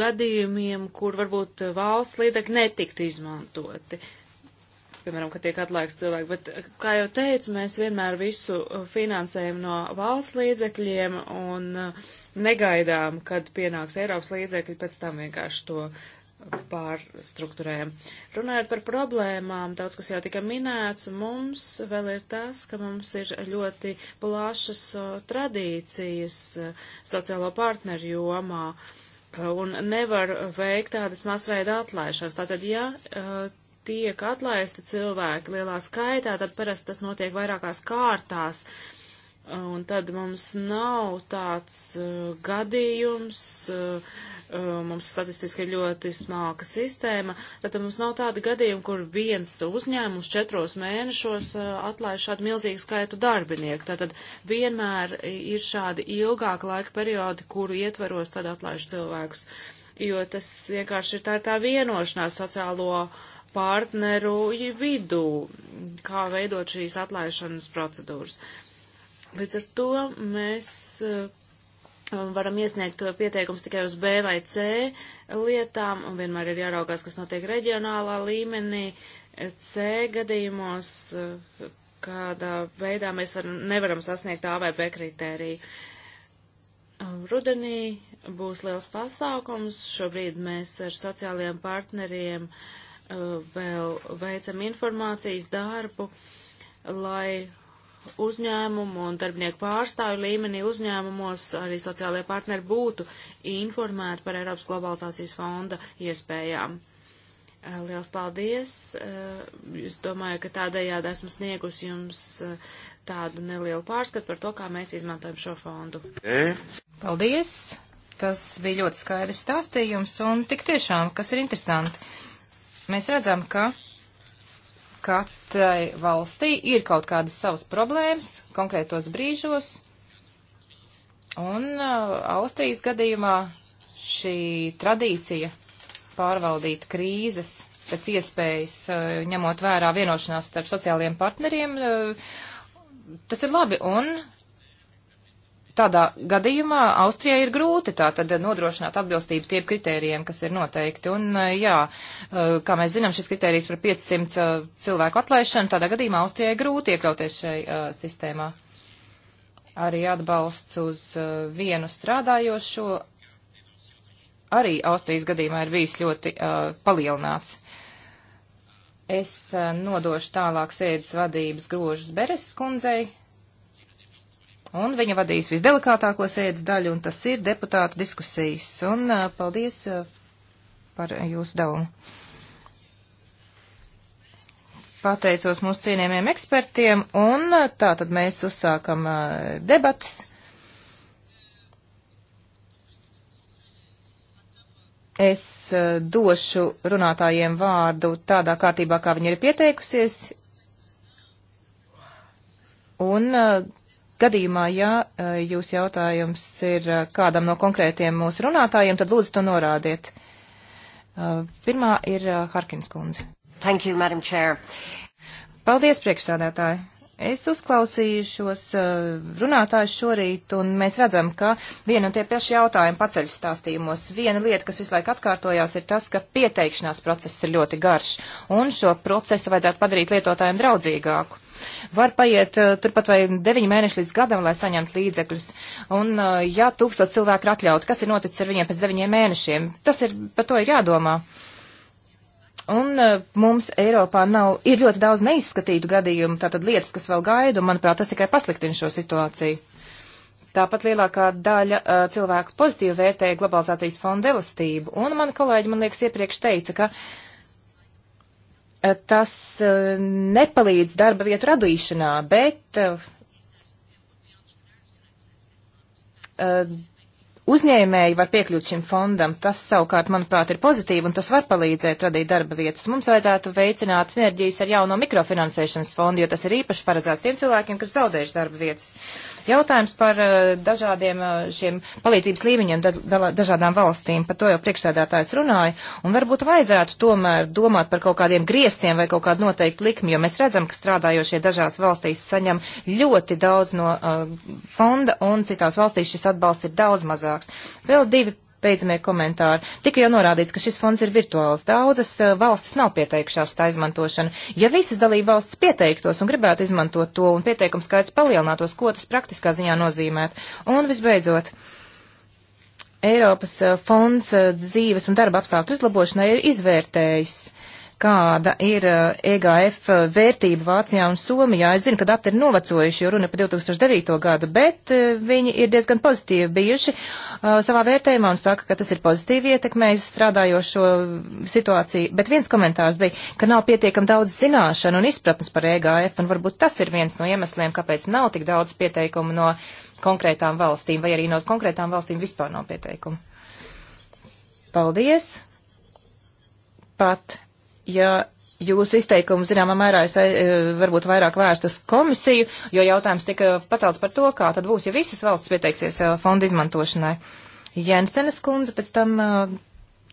gadījumiem, kur varbūt valsts līdzekļi netiktu izmantoti. Piemēram, ka tiek atlaiks cilvēki, bet, uh, kā jau teicu, mēs vienmēr visu uh, finansējam no valsts līdzekļiem un uh, negaidām, kad pienāks Eiropas līdzekļi, pēc tam vienkārši to pārstruktūrējam. Runājot par problēmām, daudz kas jau tika minēts, mums vēl ir tas, ka mums ir ļoti plašas tradīcijas sociālo partneru jomā un nevar veikt tādas masveida atlaišanas. Tātad, ja tiek atlaisti cilvēki lielā skaitā, tad parasti tas notiek vairākās kārtās. Un tad mums nav tāds uh, gadījums, uh, Uh, mums statistiski ir ļoti smalka sistēma, tad mums nav tāda gadījuma, kur viens uzņēmums četros mēnešos uh, atlaiž šādu milzīgu skaitu darbinieku. Tātad vienmēr ir šādi ilgāka laika periodi, kuru ietveros tad atlaiž cilvēkus, jo tas vienkārši ir tā, tā vienošanās sociālo partneru vidū, kā veidot šīs atlaišanas procedūras. Līdz ar to mēs uh, varam iesniegt pieteikums tikai uz B vai C lietām, un vienmēr ir jāraugās, kas notiek reģionālā līmenī. C gadījumos, kādā veidā mēs var, nevaram sasniegt A vai B kritēriju. Rudenī būs liels pasākums. Šobrīd mēs ar sociālajiem partneriem uh, vēl veicam informācijas darbu, lai uzņēmumu un darbinieku pārstāvju līmenī uzņēmumos arī sociālajie partneri būtu informēti par Eiropas globalizācijas fonda iespējām. Eh, liels paldies! Eh, es domāju, ka tādējādi esmu sniegus jums eh, tādu nelielu pārskatu par to, kā mēs izmantojam šo fondu. E? Paldies! Tas bija ļoti skaidrs stāstījums un tik tiešām, kas ir interesanti. Mēs redzam, ka katrai valstī ir kaut kādas savas problēmas konkrētos brīžos, un uh, Austrijas gadījumā šī tradīcija pārvaldīt krīzes pēc iespējas uh, ņemot vērā vienošanās starp sociālajiem partneriem, uh, tas ir labi, un Tādā gadījumā Austrijai ir grūti tātad nodrošināt atbilstību tiem kritērijiem, kas ir noteikti. Un eh, jā, eh, kā mēs zinām, šis kritērijs par 500 eh, cilvēku atlaišanu, tādā gadījumā Austrijai grūti iekļauties šai uh, sistēmā. Arī atbalsts uz uh, vienu strādājošo arī Austrijas gadījumā ir bijis ļoti uh, palielināts. Es nodošu tālāk sēdes vadības grožas Beres kundzei un viņa vadīs visdelikātāko sēdes daļu, un tas ir deputātu diskusijas. Un paldies par jūsu devumu. Pateicos mūsu cienījumiem ekspertiem, un tā tad mēs uzsākam debatas. Es došu runātājiem vārdu tādā kārtībā, kā viņi ir pieteikusies, un gadījumā, ja e, jūs jautājums ir e, kādam no konkrētiem mūsu runātājiem, tad lūdzu to norādiet. E, pirmā ir Harkins kundze. Thank you, Madam Chair. Paldies, priekšsādātāji. Es uzklausīju šos runātājus šorīt, un mēs redzam, ka viena un tie paši jautājumi paceļ stāstījumos. Viena lieta, kas visu laiku atkārtojās, ir tas, ka pieteikšanās process ir ļoti garš, un šo procesu vajadzētu padarīt lietotājiem draudzīgāku. Var paiet eh, turpat vai 9 mēneši līdz gadam, lai saņemtu līdzekļus. Un eh, ja tūkstot cilvēku ir atļauti, kas ir noticis ar viņiem pēc 9 mēnešiem? Tas ir, par to ir jādomā. Un eh, mums Eiropā nav, ir ļoti daudz neizskatītu gadījumu, tātad lietas, kas vēl gaida, un manuprāt, tas tikai pasliktina šo situāciju. Tāpat lielākā daļa uh, cilvēku pozitīvi vērtēja globalizācijas fonda elastību, un mani kolēģi, man liekas, iepriekš teica, ka uh, tas e, nepalīdz darba vietu radīšanā, bet e, uzņēmēji var piekļūt šim fondam. Tas savukārt, manuprāt, ir pozitīvi un tas var palīdzēt radīt darba vietas. Mums vajadzētu veicināt sinerģijas ar jauno mikrofinansēšanas fondu, jo tas ir īpaši paredzēts tiem cilvēkiem, kas zaudējuši darba vietas. Uh, Jautājums par eh, dažādiem eh, šiem palīdzības līmeņiem dažādām valstīm, par to jau priekšsēdētājs runāja, un varbūt vajadzētu tomēr domāt par kaut kādiem griestiem vai kaut kādu noteiktu likmi, jo mēs redzam, ka strādājošie dažās valstīs saņem ļoti daudz no uh, fonda, un citās valstīs šis atbalsts ir daudz mazāks. Vēl divi beidzamie komentāri. Tika jau norādīts, ka šis fonds ir virtuāls. Daudzas eh, valstis nav pieteikušās tā izmantošana. Ja visas dalība valsts pieteiktos un gribētu izmantot to un pieteikums skaits palielinātos, ko tas praktiskā ziņā nozīmētu? Un visbeidzot. Eiropas eh, fonds eh, dzīves un darba apstākļu uzlabošanai ir izvērtējis kāda ir EGF eh, e eh, vērtība Vācijā un Somijā. Es zinu, ka dati ir novecojuši, jo runa par 2009. gadu, bet eh, viņi ir diezgan pozitīvi bijuši savā vērtējumā un saka, ka tas ir pozitīvi ietekmējis strādājošo situāciju. Bet viens komentārs bija, ka nav pietiekam daudz zināšanu un izpratnes par EGF, un varbūt tas ir viens no iemesliem, kāpēc nav tik daudz pieteikumu no konkrētām valstīm, vai arī no konkrētām valstīm vispār nav pieteikumu. Paldies! Pat ja jūsu izteikumu zināmā mērā es eh, varbūt vairāk vērst uz komisiju, jo jautājums tika pacelts par to, kā tad būs, ja visas valsts pieteiksies eh, fonda izmantošanai. Jensenes kundze, pēc tam eh,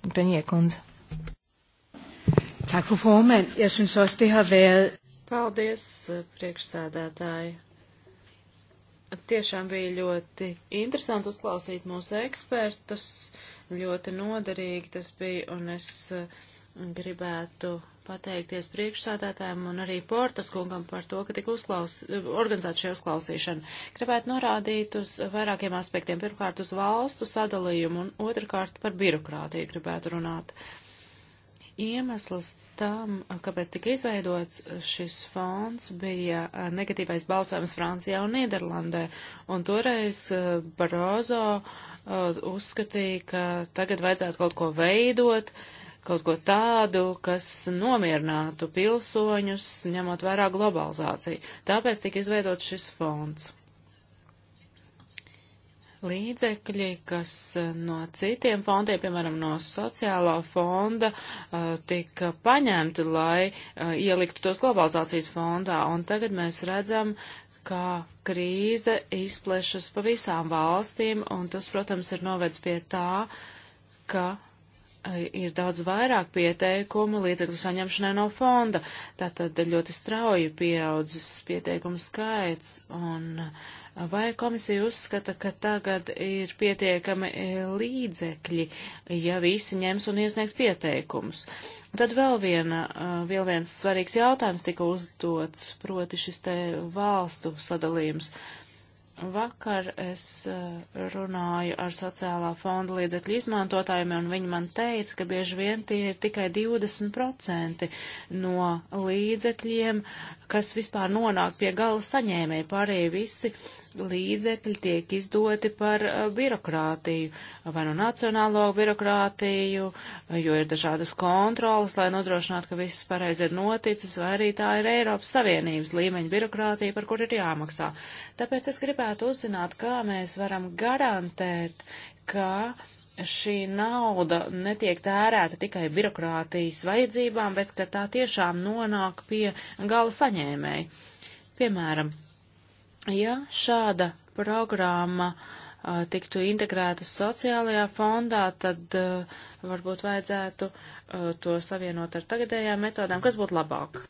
Brunje kundze. Tak for formand. Jeg synes også, det har været... Paldies, priekšsēdētāji. Tiešām bija ļoti interesanti uzklausīt mūsu ekspertus, ļoti noderīgi tas bija, un es uh, gribētu pateikties priekšsādātājiem un arī Portas kungam par to, ka tika uzklaus, organizēta šī uzklausīšana. Gribētu norādīt uz vairākiem aspektiem. Pirmkārt, uz valstu sadalījumu un otrkārt par birokrātiju gribētu runāt. Iemesls tam, kāpēc tika izveidots šis fonds, bija eh, negatīvais balsojums Francijā un Nīderlandē. Un toreiz eh, Barozo eh, uzskatīja, ka tagad vajadzētu kaut ko veidot, uh, kaut ko tādu, kas nomierinātu pilsoņus, ņemot vērā globalizāciju. Tāpēc tika izveidots šis fonds. Līdzekļi, kas eh, no citiem fondiem, piemēram, no sociālā fonda, eh, tika paņemti, lai eh, ieliktu tos globalizācijas fondā. Un tagad mēs redzam, ka krīze izplešas pa visām valstīm, un tas, protams, ir novedis pie tā, ka ir daudz vairāk pieteikumu līdzekļu saņemšanai no fonda. Tātad ļoti strauji pieaudzis pieteikumu skaits. Un vai komisija uzskata, ka tagad ir pietiekami e, līdzekļi, ja visi ņems un iesniegs pieteikumus? Un tad vēl, viena, vēl viens svarīgs jautājums tika uzdots, proti šis te valstu sadalījums. Uh, Vakar es eh, runāju ar sociālā fonda līdzekļu izmantotājiem, un viņi man teica, ka bieži vien tie ir tikai 20% no līdzekļiem, kas vispār nonāk pie gala saņēmēja. Pārējie visi līdzekļi tiek izdoti par uh, birokrātiju, vai no nu nacionālo birokrātiju, jo ir dažādas kontrolas, lai nodrošinātu, ka viss pareizi ir noticis, vai arī tā ir Eiropas Savienības līmeņa birokrātija, par kur ir jāmaksā. Tāpēc es gribētu uzzināt, kā mēs varam garantēt, ka šī nauda netiek tērēta tikai birokrātijas vajadzībām, bet ka tā tiešām nonāk pie gala saņēmēji. Piemēram, Ja šāda programma uh, tiktu integrēta sociālajā fondā, tad uh, varbūt vajadzētu uh, to savienot ar tagadējām metodām, kas būtu labāk.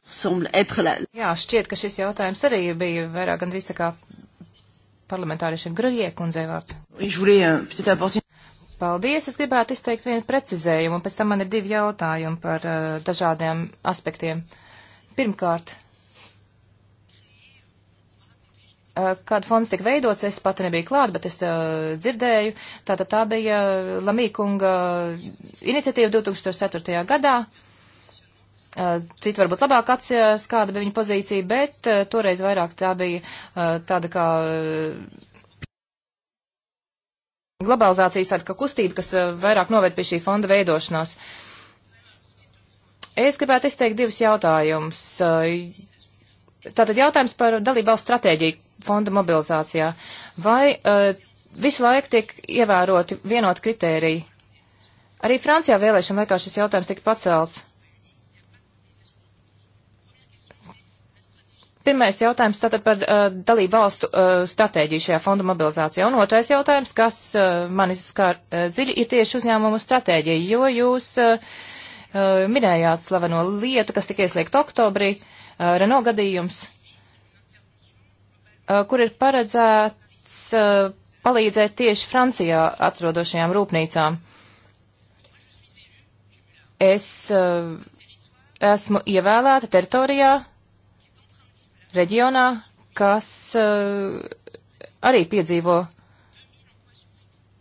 Jā, šķiet, ka šis jautājums arī bija vairāk gandrīz tā kā parlamentāriešiem Gruļie kundzei vārds. Euh, Paldies, es gribētu izteikt vienu precizējumu, un pēc tam man ir divi jautājumi par uh, dažādiem aspektiem. Pirmkārt, uh, Eh, kad fonds tika veidots, es pati nebiju klāt, bet es uh, dzirdēju, tātad tā bija Lamīkunga iniciatīva 2004. gadā. Uh, Citi varbūt labāk atceras, kāda bija viņa pozīcija, bet uh, toreiz vairāk tā bija uh, tāda kā globalizācijas tāda kā kustība, kas vairāk noved pie šī fonda veidošanās. Es gribētu izteikt divus jautājumus. Tātad jautājums par dalībvalstu stratēģiju fonda mobilizācijā. Vai uh, visu laiku tiek ievēroti vienot kritēriji? Arī Francijā vēlēšana laikā šis jautājums tika pacelts. Pirmais jautājums tātad par uh, dalību valstu uh, stratēģiju šajā fonda mobilizācijā. Un otrais jautājums, kas uh, mani skar uh, dziļi, ir tieši uzņēmumu stratēģija, jo jūs uh, uh, minējāt slaveno lietu, kas tika ieslēgta oktobrī, uh, Renault gadījums. Uh, Uh, kur ir paredzēts uh, palīdzēt tieši Francijā atrodošajām rūpnīcām. Es uh, esmu ievēlēta teritorijā, reģionā, kas arī piedzīvo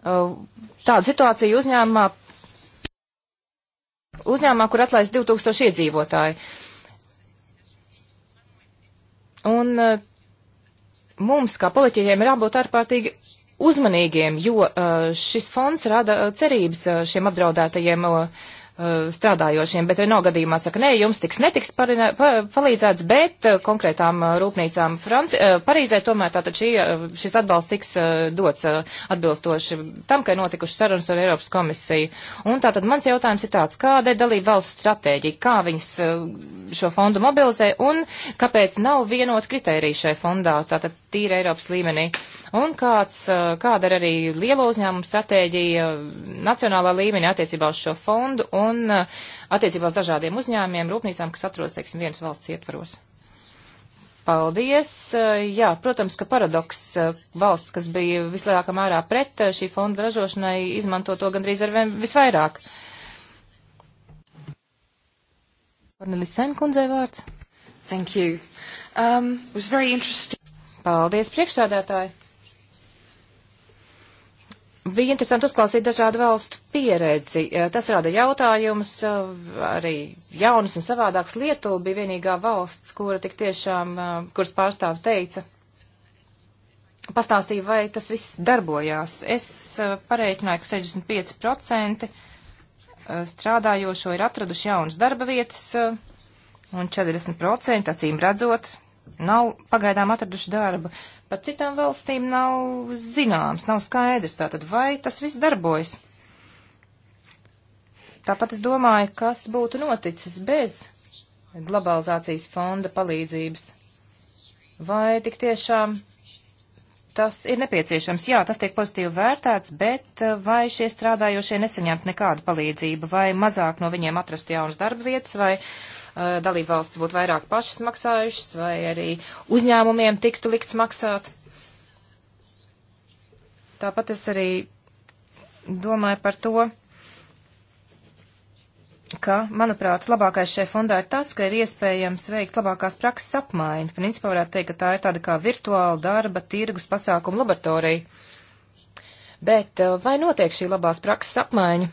tādu situāciju uzņēmumā, uzņēmumā, kur atlaist 2000 iedzīvotāji. Un mums, kā politiķiem, ir jābūt ārkārtīgi uzmanīgiem, jo uh, šis fonds rada uh, cerības uh, šiem apdraudētajiem Eh, strādājošiem, bet Renault gadījumā saka, nē, jums tiks netiks pari, pa, palīdzēts, bet eh, konkrētām eh, rūpnīcām Franci, Parīzē tomēr tātad šī, šis atbalsts tiks dots atbilstoši tam, ka ir notikuši sarunas ar Eiropas komisiju. Un tātad mans jautājums ir tāds, kāda ir dalība valsts stratēģija, kā viņas šo fondu mobilizē un kāpēc nav vienot kritēriju šai fondā, tātad tīri Eiropas līmenī. Un kāds, kāda ir arī lielo uzņēmumu stratēģija nacionālā līmenī attiecībā uz šo fondu. Un un eh, attiecībā uz dažādiem uzņēmiem, rūpnīcām, kas atrodas, teiksim, vienas valsts ietvaros. Paldies. Eh, jā, protams, ka paradoks eh, valsts, kas bija vislielākā mērā pret šī fonda ražošanai, izmanto to gandrīz ar vien visvairāk. Kornelis Senkundzei vārds. Thank you. Um, was very interesting. Paldies, priekšsādātāji. Bija interesanti uzklausīt dažādu valstu pieredzi. Eh, tas rada jautājumus, eh, arī jaunas un savādākas Lietuva bija vienīgā valsts, kura tik tiešām, eh, kuras pārstāv teica, pastāstīja, vai tas viss darbojās. Es pareiķināju, ka 65% strādājošo ir atraduši jaunas darba vietas, un 40% acīm redzot nav pagaidām atraduši darbu, pat citām valstīm nav zināms, nav skaidrs, tātad vai tas viss darbojas. Tāpat es domāju, kas būtu noticis bez globalizācijas fonda palīdzības. Vai tik tiešām tas ir nepieciešams? Jā, tas tiek pozitīvi vērtēts, bet eh, vai šie strādājošie nesaņemt nekādu palīdzību, vai mazāk no viņiem atrast jaunas darba vietas, vai uh, dalībvalstis būtu vairāk pašas maksājušas vai arī uzņēmumiem tiktu likts maksāt. Tāpat es arī domāju par to, ka, manuprāt, labākais šai fondā ir tas, ka ir iespējams veikt labākās prakses apmaiņu. Principā varētu teikt, ka tā ir tāda kā virtuāla darba, tirgus pasākuma laboratorija. Bet vai notiek šī labās prakses apmaiņa?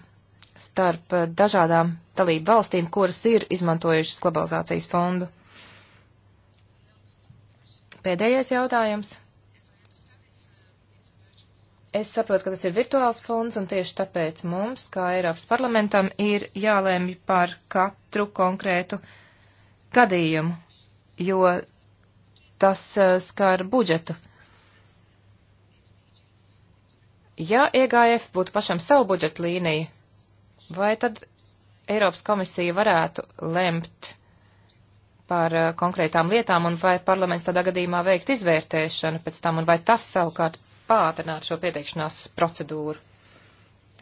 starp eh, dažādām dalību valstīm, kuras ir izmantojušas globalizācijas fondu. Pēdējais jautājums. Es saprotu, ka tas ir virtuāls fonds, un tieši tāpēc mums, kā Eiropas parlamentam, ir jālēmj par katru konkrētu gadījumu, jo tas uh, skar budžetu. Ja EGF būtu pašam savu budžetu līniju, Vai tad Eiropas komisija varētu lemt par uh, konkrētām lietām un vai parlaments tādā gadījumā veikt izvērtēšanu pēc tam un vai tas savukārt pātrināt šo pieteikšanās procedūru?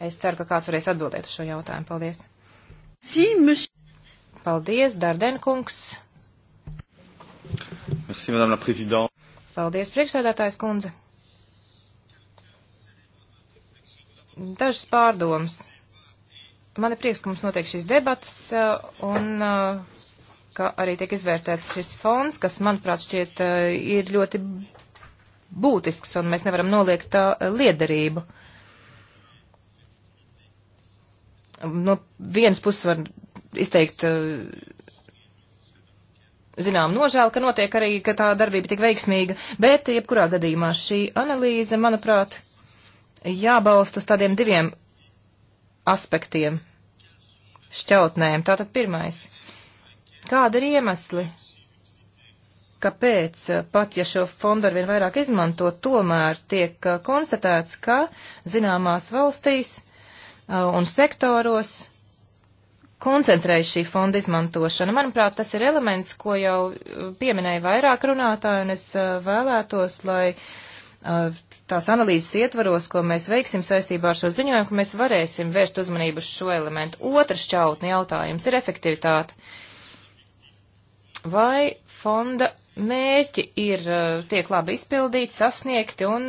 Es ceru, ka kāds varēs atbildēt uz šo jautājumu. Paldies. Paldies, Dardenkungs. Merci, madame la présidente. Paldies, priekšsēdētājs kundze. Dažas pārdomas. Man ir prieks, ka mums notiek šīs debatas eh, un eh, ka arī tiek izvērtēts šis fonds, kas, manuprāt, šķiet eh, ir ļoti būtisks un mēs nevaram noliegt tā liederību. No vienas puses var izteikt zinām nožēlu, ka notiek arī, ka tā darbība tik veiksmīga, bet jebkurā gadījumā šī analīze, manuprāt, jābalst uz tādiem diviem aspektiem, šķautnēm. Tātad pirmais. Kāda ir iemesli, kāpēc, eh, pat ja šo fondu arvien vairāk izmanto, tomēr tiek eh, konstatēts, ka zināmās valstīs eh, un sektoros koncentrējas šī fonda izmantošana. Manuprāt, tas ir elements, ko jau pieminēja vairāk runātāji, un es vēlētos, lai uh, tās analīzes ietvaros, ko mēs veiksim saistībā ar šo ziņojumu, ka mēs varēsim vērst uzmanību uz šo elementu. Otrs čautni jautājums ir efektivitāte. Vai fonda mērķi ir, tiek labi izpildīti, sasniegti un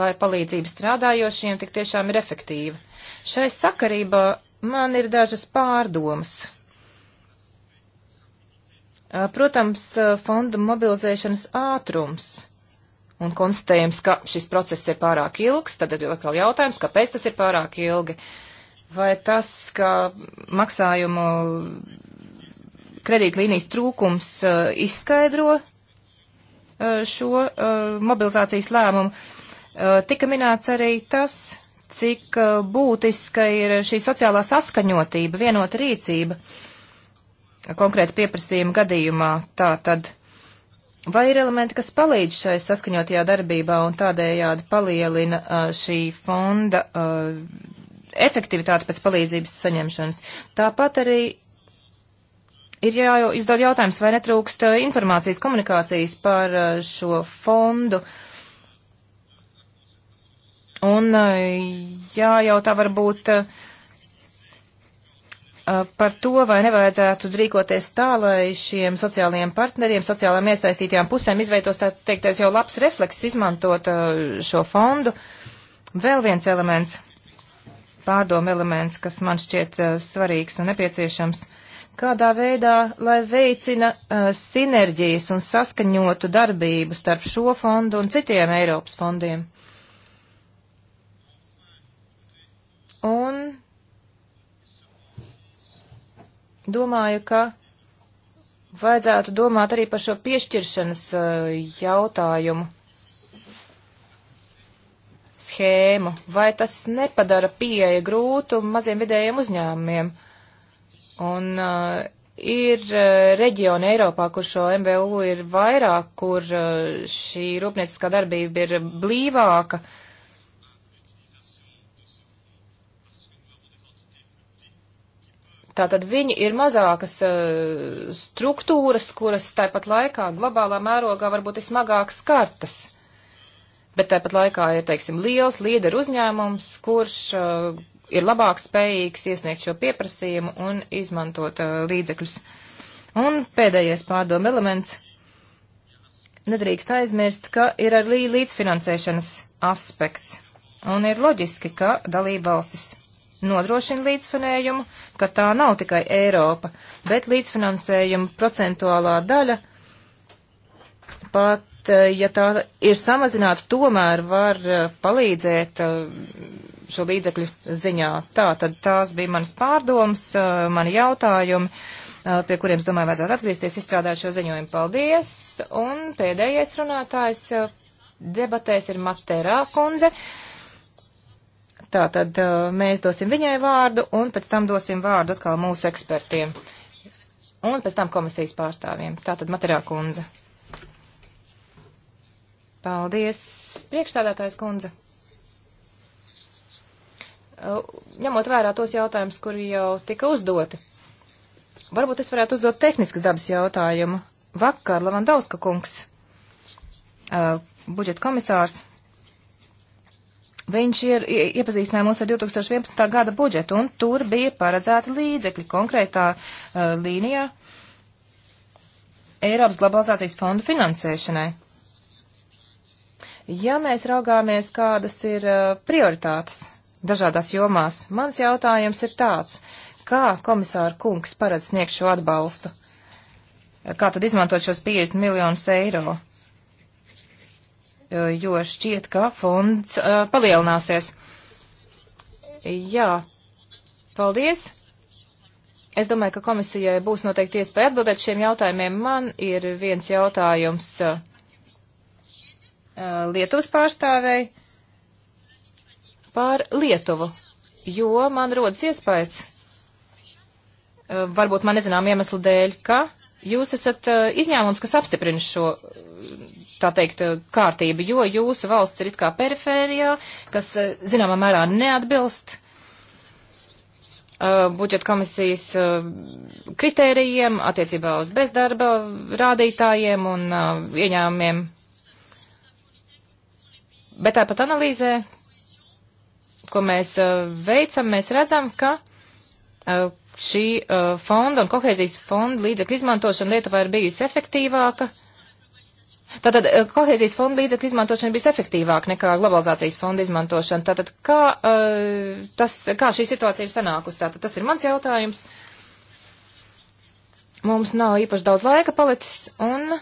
vai palīdzība strādājošiem tik tiešām ir efektīva? Šai sakarībā man ir dažas pārdomas. Protams, fonda mobilizēšanas ātrums un konstatējams, ka šis process ir pārāk ilgs, tad ir atkal jautājums, kāpēc tas ir pārāk ilgi. Vai tas, ka maksājumu kredītlīnijas trūkums uh, izskaidro uh, šo uh, mobilizācijas lēmumu, tika minēts arī tas, cik būtiska ir šī sociālā saskaņotība, vienota rīcība konkrēta pieprasījuma gadījumā. Tā tad Vai ir elementi, kas palīdz šai saskaņotajā darbībā un tādējādi palielina uh, šī fonda uh, efektivitāti pēc palīdzības saņemšanas? Tāpat arī ir jāizdod jautājums, vai netrūkst uh, informācijas komunikācijas par uh, šo fondu. Un uh, jājautā varbūt. Uh, par to, vai nevajadzētu rīkoties tā, lai šiem sociālajiem partneriem, sociālajiem iesaistītajām pusēm izveidos tā teiktais jau labs refleks izmantot šo fondu. Vēl viens elements, pārdomu elements, kas man šķiet svarīgs un nepieciešams, kādā veidā, lai veicina sinerģijas un saskaņotu darbību starp šo fondu un citiem Eiropas fondiem. Un domāju, ka vajadzētu domāt arī par šo piešķiršanas uh, jautājumu schēmu. Vai tas nepadara pieeja grūtu maziem vidējiem uzņēmumiem? Un uh, ir uh, reģioni Eiropā, kur šo MVU ir vairāk, kur uh, šī rūpnieciskā darbība ir blīvāka. Uh, Tātad viņi ir mazākas uh, struktūras, kuras tāpat laikā globālā mērogā varbūt ir smagākas kartas. Bet tāpat laikā ir, teiksim, liels līderu uzņēmums, kurš uh, ir labāk spējīgs iesniegt šo pieprasījumu un izmantot uh, līdzekļus. Un pēdējais pārdomu elements. Nedrīkst aizmirst, ka ir arī līdzfinansēšanas aspekts. Un ir loģiski, ka dalība valstis nodrošina līdzfinējumu, ka tā nav tikai Eiropa, bet līdzfinansējuma procentuālā daļa, pat eh, ja tā ir samazināta, tomēr var eh, palīdzēt eh, šo līdzekļu ziņā. Tā tad tās bija manas pārdomas, mani jautājumi, pie kuriem, es domāju, vajadzētu atgriezties, izstrādāt šo ziņojumu. Paldies! Un pēdējais runātājs debatēs ir Materā kundze. Uh, Tātad mēs dosim viņai vārdu un pēc tam dosim vārdu atkal mūsu ekspertiem un pēc tam komisijas pārstāvjiem. Tātad Materā kundze. Paldies, priekšstādātājs kundze. Ņemot vērā tos jautājumus, kuri jau tika uzdoti, varbūt es varētu uzdot tehniskas dabas jautājumu. Vakar Lavandauska kungs, budžeta komisārs, Viņš ir iepazīstināja mūs ar 2011. gada budžetu, un tur bija paredzēti līdzekļi konkrētā uh, līnijā Eiropas globalizācijas fonda finansēšanai. Ja mēs raugāmies, kādas ir uh, prioritātes dažādās jomās, mans jautājums ir tāds, kā komisāra kungs paredz sniegt šo atbalstu? Kā tad izmantot šos 50 miljonus eiro? jo šķiet, ka fonds uh, palielināsies. Jā, paldies. Es domāju, ka komisijai būs noteikti iespēja atbildēt šiem jautājumiem. Man ir viens jautājums uh, uh Lietuvas pārstāvei par Lietuvu, jo man rodas iespējas, uh, varbūt man nezinām iemeslu dēļ, ka jūs esat uh, izņēmums, kas apstiprina šo tā teikt, kārtība, jo jūsu valsts ir it kā perifērijā, kas, eh, zināmā mērā, neatbilst uh, budžeta komisijas uh, kritērijiem attiecībā uz bezdarba rādītājiem un uh, ieņēmumiem. Bet tāpat analīzē, ko mēs veicam, mēs redzam, ka šī fonda un kohēzijas fonda līdzekļu izmantošana Lietuvā ir bijusi efektīvāka Tātad eh, kohēzijas fonda līdzekļu izmantošana bija efektīvāka nekā globalizācijas fonda izmantošana. Tātad kā, uh, tas, kā šī situācija ir sanākusi? Tātad tas ir mans jautājums. Mums nav īpaši daudz laika palicis un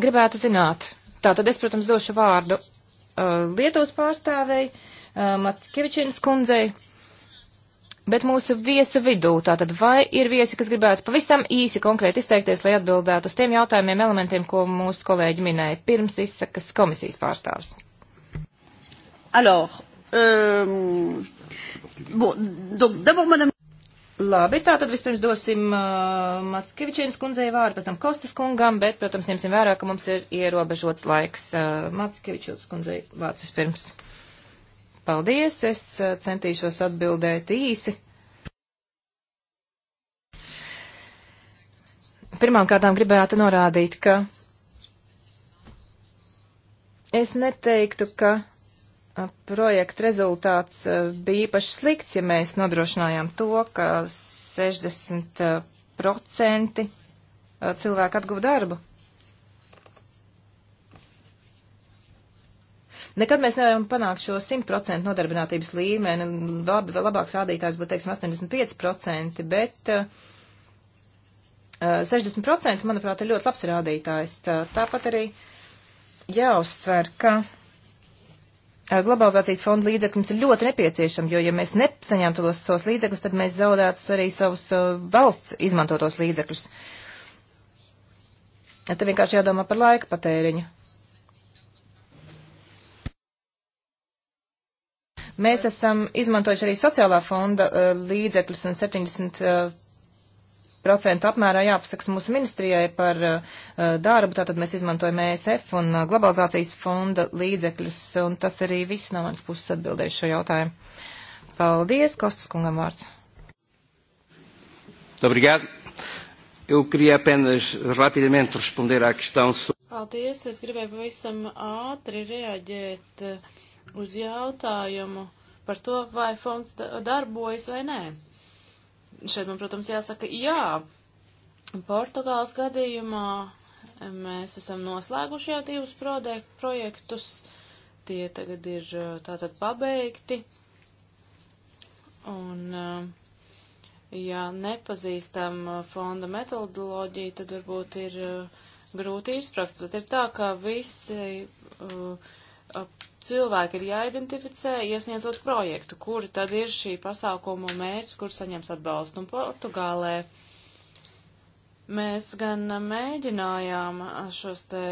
gribētu zināt. Tātad es, protams, došu vārdu uh, Lietuvas pārstāvei uh, Matskevičīnas kundzei. Uh, bet mūsu viesu vidū. Tātad vai ir viesi, kas gribētu pavisam īsi konkrēti izteikties, lai atbildētu uz tiem jautājumiem, elementiem, ko mūsu kolēģi minēja pirms izsakas komisijas pārstāvs? Alors, um, bon, donc, d'abord, madame. Labi, tā tad vispirms dosim uh, Matskevičēnas kundzei vārdu, pēc tam Kostas kungam, bet, protams, ņemsim vērā, ka mums ir ierobežots laiks. Uh, Matskevičūtas kundzei vārds vispirms. Paldies, es eh, centīšos atbildēt īsi. Pirmām kārtām gribētu norādīt, ka es neteiktu, ka eh, projekta rezultāts eh, bija īpaši slikts, ja mēs nodrošinājām to, ka 60% cilvēku atguva darbu. Nekad mēs nevaram panākt šo 100% nodarbinātības līmeni, labi, vēl labāks rādītājs būtu, teiksim, 85%, bet uh, eh, 60%, eh, manuprāt, ir ļoti labs rādītājs. Tāpat arī jāuzsver, ka eh, globalizācijas fonda līdzekļums ir ļoti nepieciešams, jo, ja mēs nesaņemtu tos savus līdzekļus, tad mēs zaudētu arī savus uh, valsts izmantotos līdzekļus. Te vienkārši jādomā par laika patēriņu. Mēs esam izmantojuši arī sociālā fonda uh, līdzekļus un 70 uh, procentu apmērā jāpasaks mūsu ministrijai par uh, uh, darbu, tātad mēs izmantojam ESF un uh, globalizācijas fonda līdzekļus, un tas arī viss no manas puses atbildēs šo jautājumu. Paldies, Kostas kungam vārds. Obrigado. Eu queria apenas rapidamente responder à questão sobre. Paldies, es gribēju pavisam ātri reaģēt. Uh, uz jautājumu par to, vai fonds darbojas vai nē. Šeit man, protams, jāsaka jā. Portugāles gadījumā eh, mēs esam noslēguši jau divus projektus. Tie tagad ir eh, tātad pabeigti. Un, eh, ja nepazīstam fonda metodoloģiju, tad varbūt ir grūti izprast. Tad ir tā, ka visi uh, cilvēki ir jāidentificē, iesniedzot projektu, kuri tad ir šī pasākuma mērķis, kur saņems atbalstu. Un nu, Portugālē mēs gan mēģinājām šos te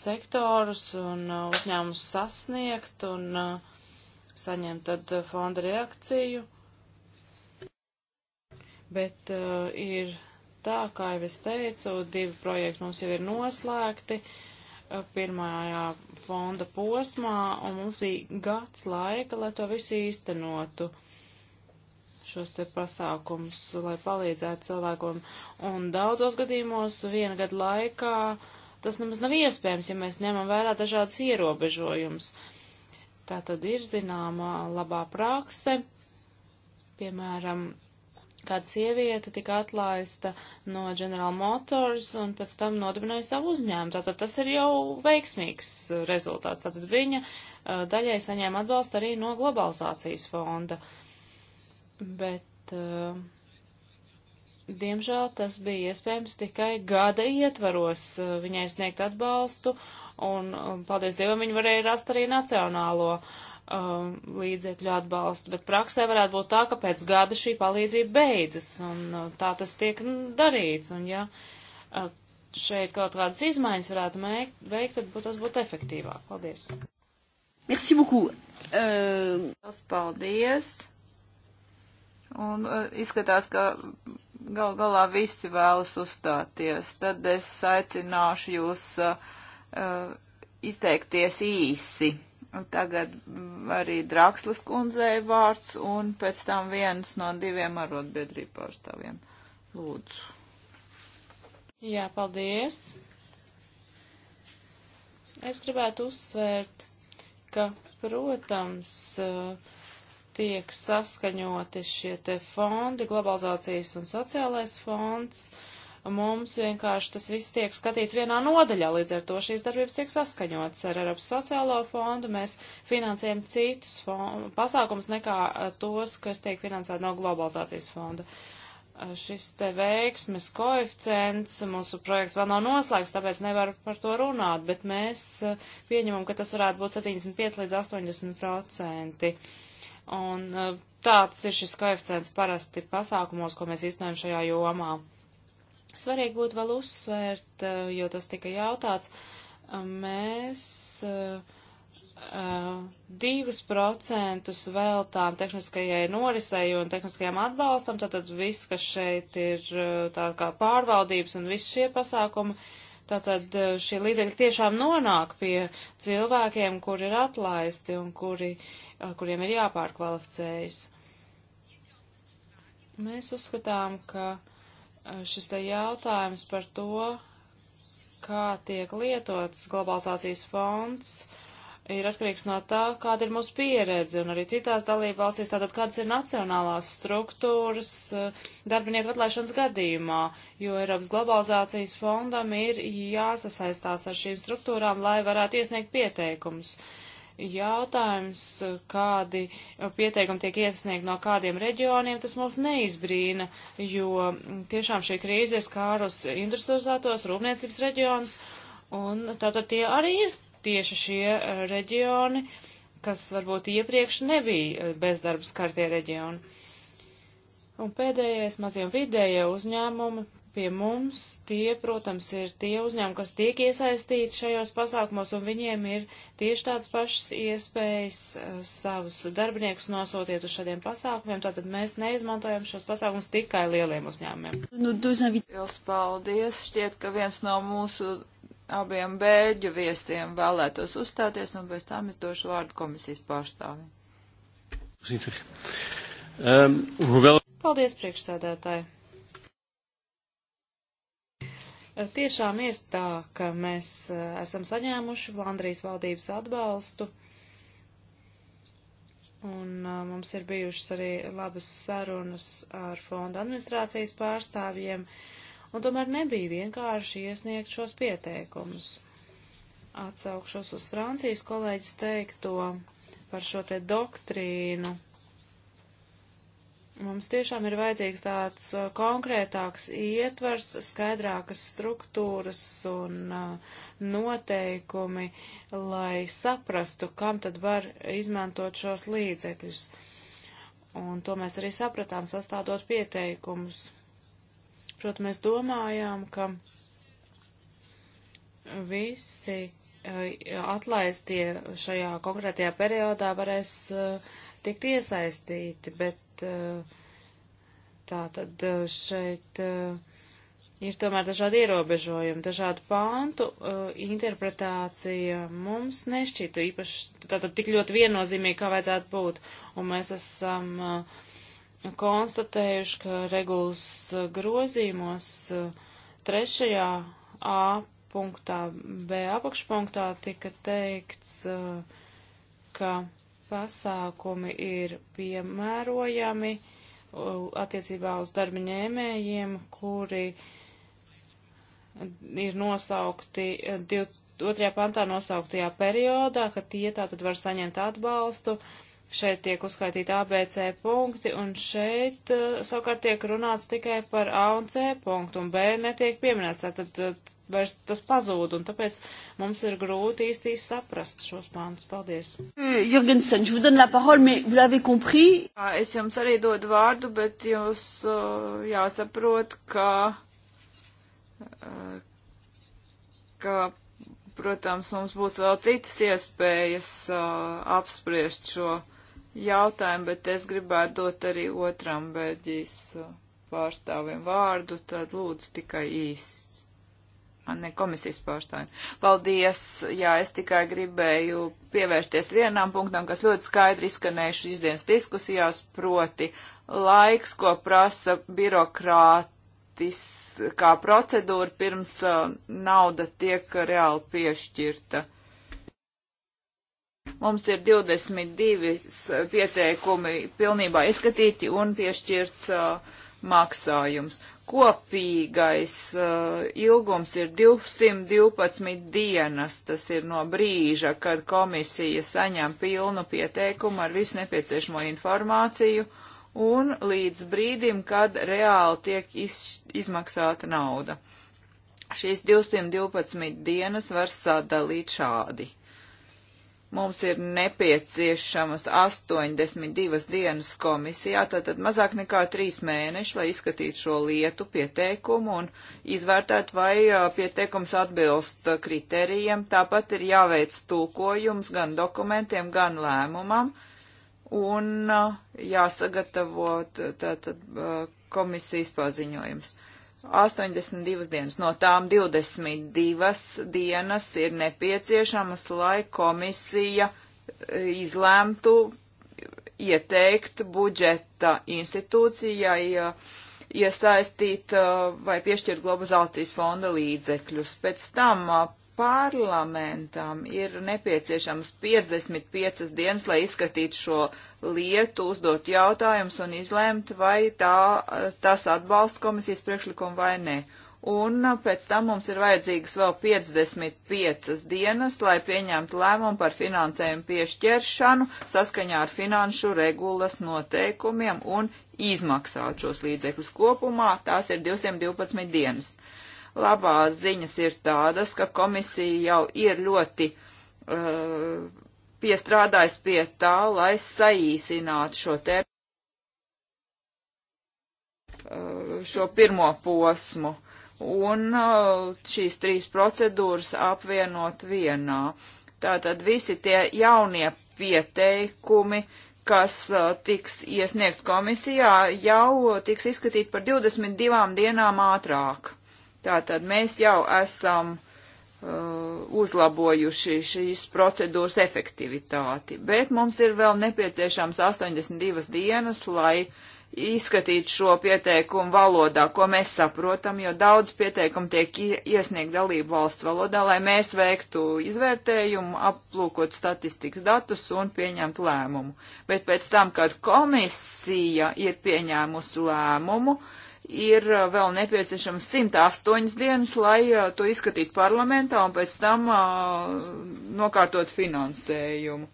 sektorus un uh, uzņēmumus sasniegt un uh, saņemt tad uh, fonda reakciju. Bet uh, ir tā, kā jau es teicu, divi projekti mums jau ir noslēgti. Pirmajā fonda posmā, un mums bija gads laika, lai to visu īstenotu šos te pasākums, lai palīdzētu cilvēkiem. Un daudzos gadījumos viena gada laikā tas nemaz nav iespējams, ja mēs ņemam vērā dažādus ierobežojumus. Tā tad ir zināma labā prakse, piemēram, kāda sieviete tika atlaista no General Motors un pēc tam nodibināja savu uzņēmumu. Tātad tas ir jau veiksmīgs rezultāts. Tātad viņa daļai saņēma atbalstu arī no globalizācijas fonda. Bet, diemžēl, tas bija iespējams tikai gada ietvaros viņai sniegt atbalstu, un, paldies Dievam, viņi varēja rast arī nacionālo uh, um, līdzekļu atbalstu, bet praksē varētu būt tā, ka pēc gada šī palīdzība beidzas, un uh, tā tas tiek nu, darīts, un ja uh, šeit kaut kādas izmaiņas varētu mēkt, veikt, tad būt, tas būtu efektīvāk. Paldies! Merci beaucoup! Uh... Paldies! Un uh, izskatās, ka gal galā visi vēlas uzstāties. Tad es aicināšu jūs uh, uh, izteikties īsi. Tagad arī Drakslas kundzei vārds un pēc tam viens no diviem arotbiedrību pārstāvjiem. Lūdzu. Jā, paldies. Es gribētu uzsvērt, ka, protams, tiek saskaņoti šie te fondi, globalizācijas un sociālais fonds. Uh, Mums vienkārši tas viss tiek skatīts vienā nodaļā, līdz ar to šīs darbības tiek saskaņotas ar Eiropas sociālo fondu. Mēs finansējam citus pasākumus nekā eh, tos, kas tiek finansēti no globalizācijas fonda. Eh, šis te veiksmes koeficients, mūsu projekts vēl nav noslēgts, tāpēc nevaru par to runāt, bet mēs eh, pieņemam, ka tas varētu būt 75 līdz 80 procenti. Un tāds ir šis koeficients parasti pasākumos, ko mēs īstenojam šajā jomā. Svarīgi būtu vēl uzsvērt, eh, jo tas tika jautāts, eh, mēs eh, divus procentus veltām tehniskajai norisei un tehniskajam atbalstam, tātad viss, kas šeit ir tā kā pārvaldības un viss šie pasākumi, tātad šie līdzekļi tiešām nonāk pie cilvēkiem, kuri ir atlaisti un kuri, kuriem ir jāpārkvalificējas. Mēs uzskatām, ka šis te jautājums par to, kā tiek lietots globalizācijas fonds, ir atkarīgs no tā, kāda ir mūsu pieredze un arī citās dalība valstīs, tātad kādas ir nacionālās struktūras eh, darbinieku atlaišanas gadījumā, jo Eiropas globalizācijas fondam ir jāsasaistās ar šīm struktūrām, lai varētu iesniegt pieteikumus. Uh, jautājums, kādi pieteikumi tiek iesniegti no kādiem reģioniem, tas mūs neizbrīna, jo tiešām šī krīze skārus industrializētos rūpniecības reģionus, un tātad tie arī ir tieši šie e, reģioni, kas varbūt iepriekš nebija e, bezdarbas kartie reģioni. Un pēdējais maziem vidējie uzņēmumi, pie mums, tie, protams, ir tie uzņēmumi, kas tiek iesaistīti šajos pasākumos, un viņiem ir tieši tāds pašs iespējas eh, savus darbiniekus nosūtiet uz šādiem pasākumiem, tātad mēs neizmantojam šos pasākumus tikai lieliem uzņēmumiem. Nu, Liels paldies! Šķiet, ka viens no mūsu abiem bēģu viesiem vēlētos uzstāties, un pēc tam es došu vārdu komisijas pārstāvim. Um, vēl... Ehm, paldies, priekšsēdētāji! tiešām ir tā, ka mēs eh, esam saņēmuši Flandrijas valdības atbalstu, un eh, mums ir bijušas arī labas sarunas ar fonda administrācijas pārstāvjiem, un tomēr nebija vienkārši iesniegt šos pieteikumus. Atsaukšos uz Francijas kolēģis teikto par šo te doktrīnu Mums tiešām ir vajadzīgs tāds uh, konkrētāks ietvars, skaidrākas struktūras un uh, noteikumi, lai saprastu, kam tad var izmantot šos līdzekļus. Un to mēs arī sapratām, sastādot pieteikumus. Protams, mēs domājām, ka visi uh, atlaistie šajā konkrētajā periodā varēs uh, tikt iesaistīti, bet eh, tā tad eh, šeit eh, ir tomēr dažādi ierobežojumi, dažādu pāntu interpretācija mums nešķita īpaši tātad tik ļoti viennozīmīgi, kā vajadzētu būt, un mēs esam konstatējuši, ka regulas grozījumos trešajā A punktā B apakšpunktā tika teikts, ka pasākumi ir piemērojami attiecībā uz darba ņēmējiem, kuri ir nosaukti 2. Eh, pantā nosauktajā periodā, ka tie tātad var saņemt atbalstu Šeit tiek uzskaitīti ABC punkti, un šeit uh, savukārt tiek runāts tikai par A un C punktu, un B netiek pieminēts, tātad uh, vairs tas pazūd, un tāpēc mums ir grūti īsti saprast šos pāntus. Paldies. Eh, Jurgensen, je vous donne la parole, mais vous l'avez compris. Es jums arī dodu vārdu, bet jūs uh, jāsaprot, ka, uh, ka protams, mums būs vēl citas iespējas uh, apspriest šo jautājumu, bet es gribētu dot arī otram Beļģijas uh, pārstāvim vārdu, tad lūdzu tikai īsi. Man ne komisijas pārstāvjiem. Paldies, jā, es tikai gribēju pievērsties vienam punktam, kas ļoti skaidri izskanēja šīs dienas diskusijās, proti laiks, ko prasa birokrātis kā procedūra pirms uh, nauda tiek reāli piešķirta. Uh, Mums ir 22 pieteikumi pilnībā izskatīti un piešķirts uh, maksājums. Kopīgais uh, ilgums ir 212 dienas, tas ir no brīža, kad komisija saņem pilnu pieteikumu ar visu nepieciešamo informāciju un līdz brīdim, kad reāli tiek iz, izmaksāta nauda. Šīs 212 dienas var sadalīt šādi mums ir nepieciešamas 82 dienas komisijā, tātad mazāk nekā 3 mēneši, lai izskatītu šo lietu pieteikumu un izvērtētu, vai pieteikums atbilst kriterijiem. Tāpat ir jāveic tulkojums gan dokumentiem, gan lēmumam un jāsagatavot tātad komisijas paziņojums. 82 dienas. No tām 22 dienas ir nepieciešamas, lai komisija e, izlēmtu ieteikt budžeta institūcijai e, iesaistīt e, vai piešķirt globalizācijas fonda līdzekļus. Pēc tam parlamentam ir nepieciešams 55 dienas, lai izskatītu šo lietu, uzdot jautājumus un izlemt, vai tā, tas atbalsta komisijas priekšlikumu vai nē. Un uh, pēc tam mums ir vajadzīgas vēl 55 dienas, lai pieņemtu lēmumu par finansējumu piešķiršanu saskaņā ar finanšu regulas noteikumiem un izmaksāt šos līdzekļus kopumā. Tās ir 212 dienas. Uh, Labās ziņas ir tādas, ka komisija jau ir ļoti uh, piestrādājis pie tā, lai saīsinātu šo te uh, šo pirmo posmu un uh, šīs trīs procedūras apvienot vienā. Tātad visi tie jaunie pieteikumi, kas uh, tiks iesniegt komisijā, jau tiks izskatīti par 22 dienām ātrāk. Tātad mēs jau esam uh, uzlabojuši šīs procedūras efektivitāti, bet mums ir vēl nepieciešams 82 dienas, lai izskatītu šo pieteikumu valodā, ko mēs saprotam, jo daudz pieteikumu tiek iesniegt dalību valsts valodā, lai mēs veiktu izvērtējumu, aplūkot statistikas datus un pieņemtu lēmumu. Bet pēc tam, kad komisija ir pieņēmusi lēmumu, uh, ir vēl nepieciešams 108 dienas, lai to izskatītu parlamentā un pēc tam nokārtot finansējumu.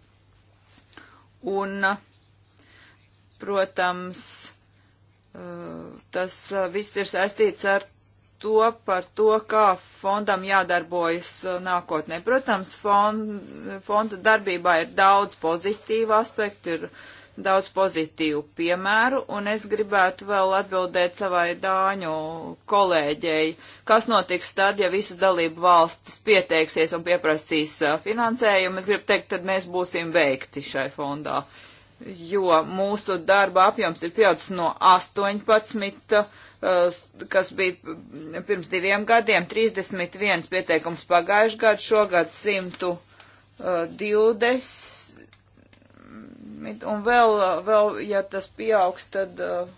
Un, protams, tas viss ir saistīts ar to par to, kā fondam jādarbojas nākotnē. Protams, fond, fonda darbībā ir daudz pozitīvu aspektu, ir daudz pozitīvu piemēru, un es gribētu vēl atbildēt savai dāņu kolēģei, kas notiks tad, ja visas dalību valstis pieteiksies un pieprasīs uh, finansējumu. Es gribu teikt, tad mēs būsim veikti šai fondā, jo mūsu darba apjoms ir pieaudzis no 18 uh, kas bija pirms diviem gadiem, 31 pieteikums pagājušajā gadā, šogad 120 un vēl, vēl, ja tas pieaugs, tad uh,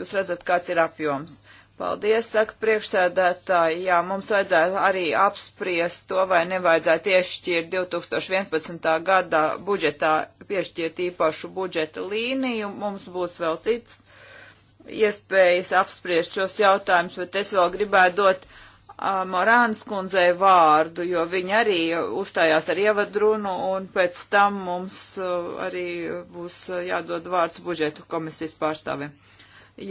jūs redzat, kāds ir apjoms. Paldies, saka priekšsēdētāji. Jā, mums vajadzētu arī apspriest to, vai nevajadzētu iešķirt 2011. gadā budžetā piešķirt īpašu budžeta līniju. Mums būs vēl cits iespējas apspriest šos jautājumus, bet es vēl gribētu dot Morāns kundzei vārdu, jo viņa arī uzstājās ar ievadrunu, un pēc tam mums uh, arī būs uh, jādod vārds budžetu komisijas pārstāvim.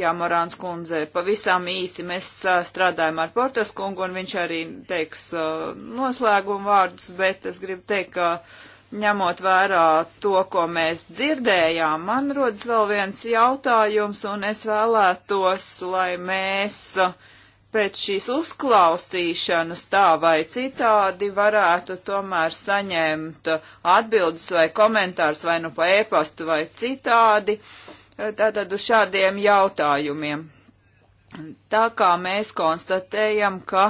Jā, Morāns kundze, pavisam īsi mēs uh, strādājam ar Portas kungu, un viņš arī teiks noslēgumu vārdus, bet es gribu teikt, ka ņemot vērā to, ko mēs dzirdējām, man rodas vēl viens jautājums, un es vēlētos, lai mēs uh, pēc šīs uzklausīšanas tā vai citādi varētu tomēr saņemt atbildes vai komentārus vai nu pa ēpastu vai citādi, eh, tātad uz šādiem jautājumiem. Tā kā mēs konstatējam, ka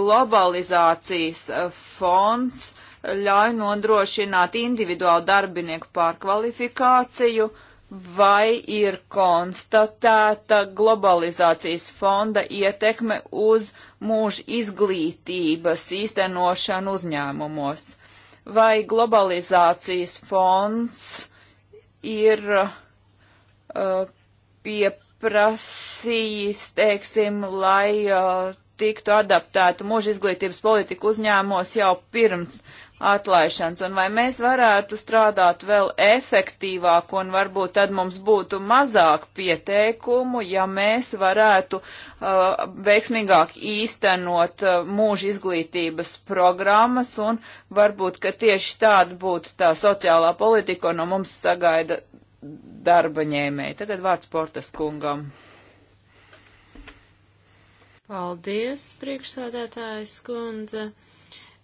globalizācijas eh, fonds ļauj nodrošināt individuālu darbinieku pārkvalifikāciju, uh, vai ir konstatēta globalizācijas fonda ietekme uz mūža izglītības īstenošanu uzņēmumos? Vai globalizācijas fonds ir uh, pieprasījis, teiksim, lai uh, tiktu adaptēta mūža izglītības politika uzņēmos jau pirms atlaišanas, un vai mēs varētu strādāt vēl efektīvāk, un varbūt tad mums būtu mazāk pieteikumu, ja mēs varētu uh, veiksmīgāk īstenot uh, mūža izglītības programmas, un varbūt, ka tieši tāda būtu tā sociālā politika, un no mums sagaida darba ņēmēji. Tagad vārds sportas kungam. Paldies, priekšsādātājs kundze.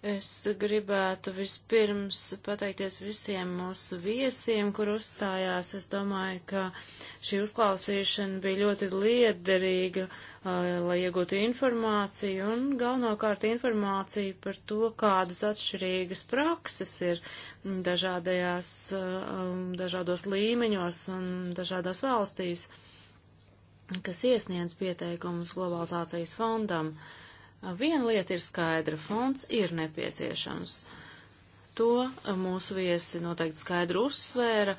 Es gribētu vispirms pateikties visiem mūsu viesiem, kur uzstājās. Es domāju, ka šī uzklausīšana bija ļoti liederīga, uh, lai iegūtu informāciju un galvenokārt informāciju par to, kādas atšķirīgas prakses ir dažādajās, uh, um, dažādos līmeņos un dažādās valstīs, kas iesniedz pieteikumus globalizācijas fondam. Uh, Viena lieta ir skaidra, fonds ir nepieciešams. To mūsu viesi noteikti skaidri uzsvēra,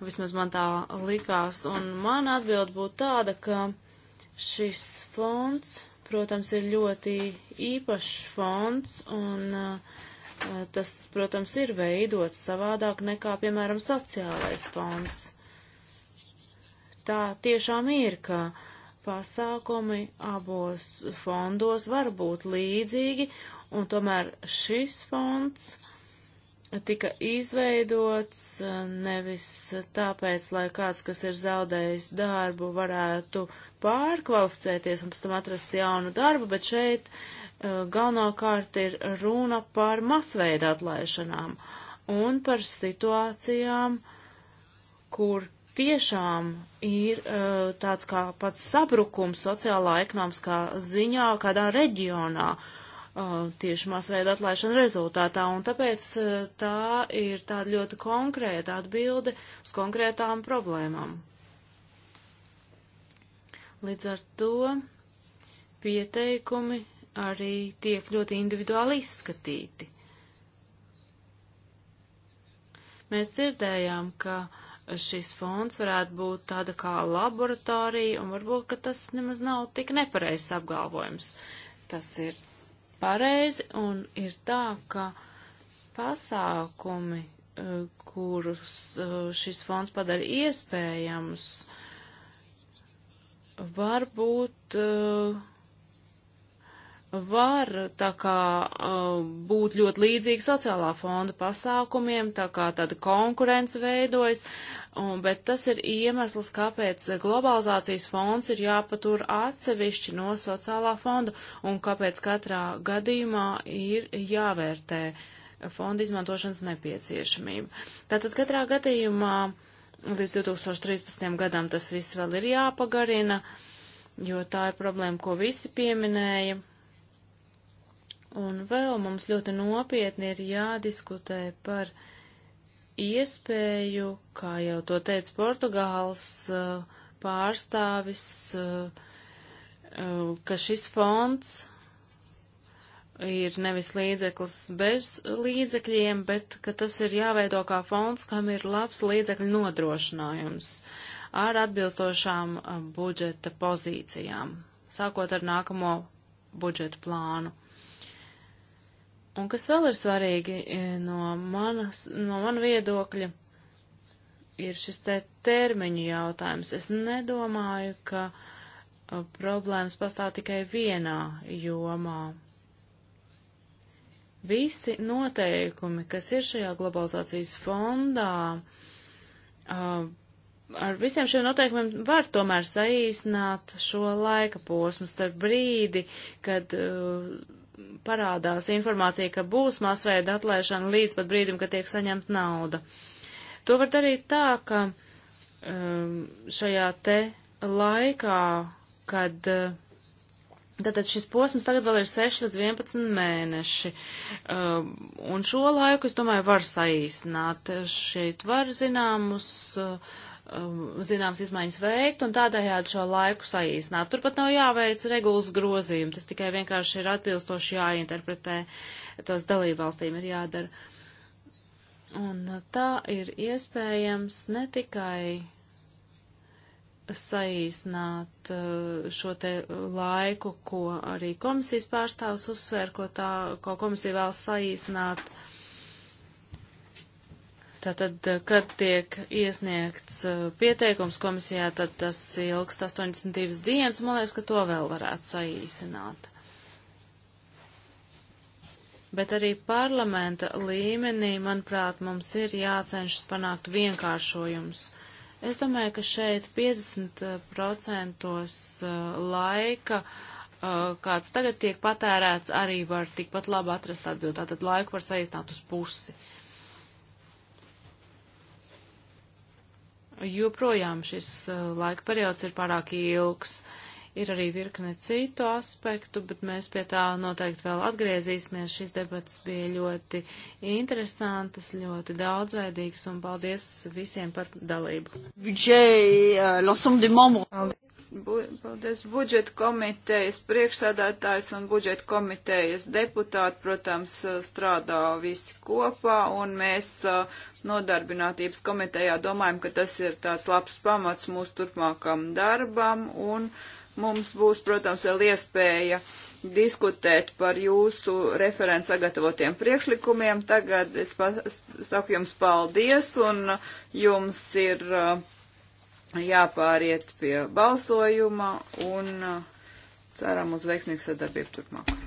vismaz man tā likās, un mana atbild būtu tāda, ka šis fonds, protams, ir ļoti īpašs fonds, un uh, tas, protams, ir veidots savādāk nekā, piemēram, sociālais fonds. Tā tiešām ir, ka uh, pasākumi abos fondos var būt līdzīgi, un tomēr šis fonds tika izveidots eh, nevis tāpēc, lai kāds, kas ir zaudējis darbu, varētu pārkvalificēties un pēc tam atrast jaunu darbu, bet šeit eh, galvenokārt ir runa par masveida atlaišanām un par situācijām, kur tiešām ir uh, tāds kā pats sabrukums sociālā ekonomiskā ziņā kādā reģionā uh, tieši masveida atlaišana rezultātā, un tāpēc uh, tā ir tāda ļoti konkrēta atbilde uz konkrētām problēmām. Līdz ar to pieteikumi arī tiek ļoti individuāli izskatīti. Mēs dzirdējām, ka uh, šis fonds varētu būt tāda kā laboratorija, un varbūt, ka tas nemaz nav tik nepareizs apgalvojums. Tas ir pareizi, un ir tā, ka pasākumi, eh, kurus eh, šis fonds padara iespējams, varbūt uh, var tā kā uh, būt ļoti līdzīgi sociālā fonda pasākumiem, tā kā tāda konkurence veidojas, un, bet tas ir iemesls, kāpēc globalizācijas fonds ir jāpatur atsevišķi no sociālā fonda un kāpēc katrā gadījumā ir jāvērtē fonda izmantošanas nepieciešamība. Tātad katrā gadījumā līdz 2013. gadam tas viss vēl ir jāpagarina, jo tā ir problēma, ko visi pieminēja Un vēl mums ļoti nopietni ir jādiskutē par iespēju, kā jau to teica Portugāls uh, pārstāvis, uh, uh, ka šis fonds ir nevis līdzeklis bez līdzekļiem, bet ka tas ir jāveido kā fonds, kam ir labs līdzekļu nodrošinājums ar atbilstošām budžeta pozīcijām, sākot ar nākamo budžeta plānu. Un kas vēl ir svarīgi e, no, manas, no mana viedokļa, ir šis te termiņu jautājums. Es nedomāju, ka e, problēmas pastāv tikai vienā jomā. Visi noteikumi, kas ir šajā globalizācijas fondā, e, ar visiem šiem noteikumiem var tomēr saīsināt šo laika posmu starp brīdi, kad uh, parādās informācija, ka būs masveida atlaišana līdz pat brīdim, kad tiek saņemta nauda. To var darīt tā, ka um, šajā te laikā, kad. Uh, tātad šis posms tagad vēl ir 6 līdz 11 mēneši, um, un šo laiku, es domāju, var saīsināt. Šeit var zināmus uh, um, zināms izmaiņas veikt un tādējādi šo laiku saīsināt. Turpat nav jāveic regulas grozījumi, tas tikai vienkārši ir atbilstoši jāinterpretē, tos dalībvalstīm ir jādara. Un tā ir iespējams ne tikai saīsināt uh, šo te laiku, ko arī komisijas pārstāvs uzsver, ko, tā, ko komisija vēl saīsināt, uh, Tātad, eh, kad tiek iesniegts eh, pieteikums komisijā, tad tas ilgst 82 dienas, man liekas, ka to vēl varētu saīsināt. Bet arī parlamenta līmenī, manuprāt, mums ir jācenšas panākt vienkāršojums. Es domāju, ka šeit 50% eh, laika kāds tagad tiek patērēts, arī var tikpat labi atrast atbildi. Tātad laiku var saīsināt uz pusi. Uh, joprojām šis eh, laika periods ir pārāk ilgs. Ir arī virkne citu aspektu, bet mēs pie tā noteikti vēl atgriezīsimies. Šis debats bija ļoti interesantas, ļoti daudzveidīgs, un paldies visiem par dalību. Budžet, uh, bu, paldies budžeta komitejas priekšsādātājs un budžeta komitejas deputāti, protams, strādā visi kopā, un mēs nodarbinātības komitejā domājam, ka tas ir tāds labs pamats mūsu turpmākam darbam, un mums būs, protams, vēl iespēja diskutēt par jūsu referents sagatavotiem priekšlikumiem. Tagad es saku jums paldies, un jums ir. Uh, jāpāriet pie balsojuma un uh, ceram uz veiksmīgu sadarbību turpmāk.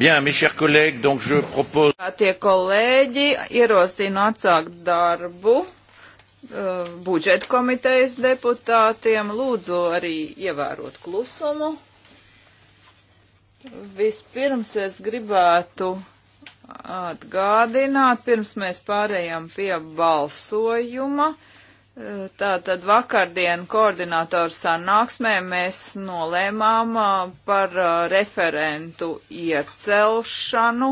Bien, mes chers collègues, donc je propose. Tie kolēģi ierosina atsākt darbu uh, budžeta komitejas deputātiem. Lūdzu arī ievērot klusumu. Vispirms es gribētu atgādināt, pirms mēs pārējām pie balsojuma, Tātad vakardien koordinātoru sanāksmē mēs nolēmām par referentu iecelšanu.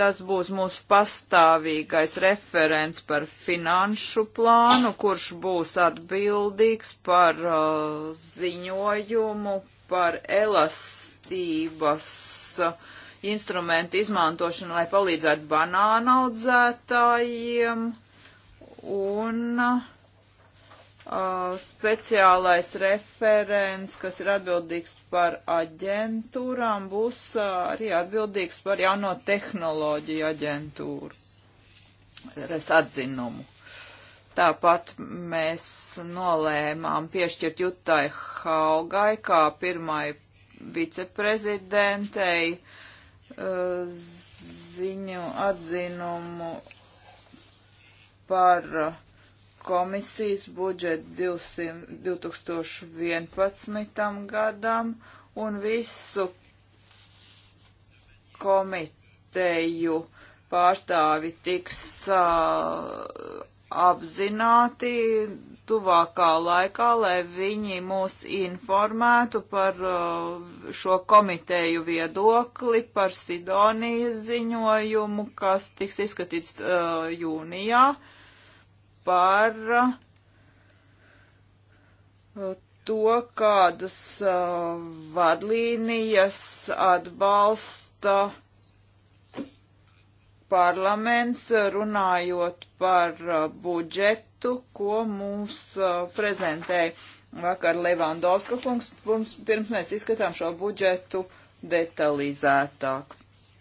Tas būs mūsu pastāvīgais referents par finanšu plānu, kurš būs atbildīgs par ziņojumu par elastības instrumentu izmantošanu, lai palīdzētu banāna audzētājiem un uh, speciālais referents, kas ir atbildīgs par aģentūrām, būs uh, arī atbildīgs par jauno tehnoloģiju aģentūru es atzinumu. Tāpat mēs nolēmām piešķirt Jutai Haugai kā pirmai viceprezidentei uh, ziņu atzinumu par uh, komisijas budžetu 200, 2011. gadam un visu komiteju pārstāvi tiks uh, apzināti tuvākā laikā, lai viņi mūs informētu par uh, šo komiteju viedokli, par Sidonijas ziņojumu, kas tiks izskatīts uh, jūnijā. Uh, par uh, to, kādas uh, vadlīnijas atbalsta parlaments runājot par uh, budžetu, ko mums prezentēja vakar Levandovska kungs, pirms, pirms mēs izskatām šo budžetu detalizētāk.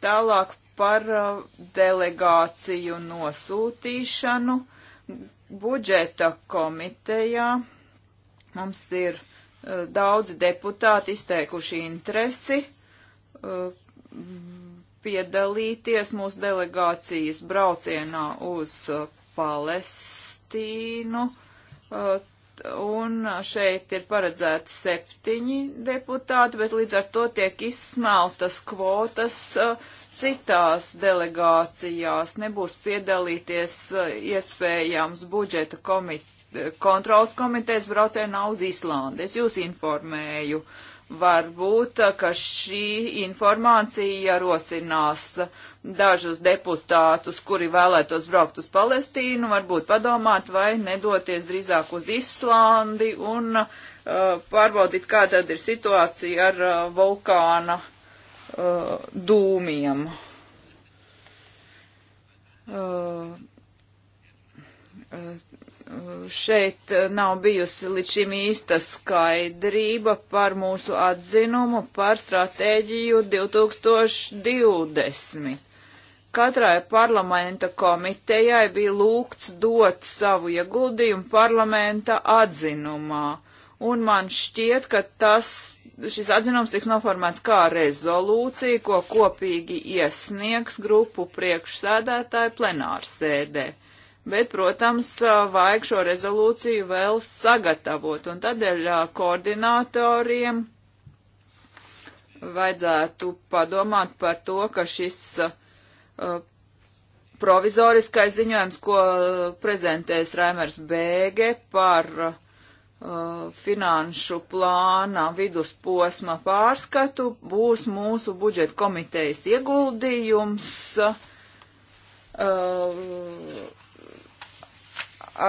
Tālāk par delegāciju nosūtīšanu budžeta komitejā mums ir uh, daudzi deputāti izteikuši interesi uh, piedalīties mūsu delegācijas braucienā uz uh, Palestīnu. Un šeit ir paredzēti septiņi deputāti, bet līdz ar to tiek izsmeltas kvotas uh, citās delegācijās nebūs piedalīties eh, iespējams budžeta komiteja kontrols komitejas braucienā uz Islandi. Es jūs informēju. Varbūt, eh, ka šī informācija rosinās dažus deputātus, kuri vēlētos braukt uz Palestīnu, varbūt padomāt vai nedoties drīzāk uz Islandi un uh, pārbaudīt, kā tad ir situācija ar uh, vulkāna uh, uh, dūmiem. Uh, uh, šeit nav bijusi līdz šim īsta skaidrība par mūsu atzinumu par stratēģiju 2020. Katrai parlamenta komitejai bija lūgts dot savu ieguldījumu parlamenta atzinumā, un man šķiet, ka tas šis atzinums tiks noformēts kā rezolūcija, ko kopīgi iesniegs grupu priekšsēdētāji plenārsēdē. Bet, protams, vajag šo rezolūciju vēl sagatavot, un tādēļ koordinatoriem vajadzētu padomāt par to, ka šis uh, provizoriskais ziņojums, ko prezentēs Raimers Bēge par uh, Uh, finanšu plāna vidusposma pārskatu būs mūsu budžeta komitejas ieguldījums uh,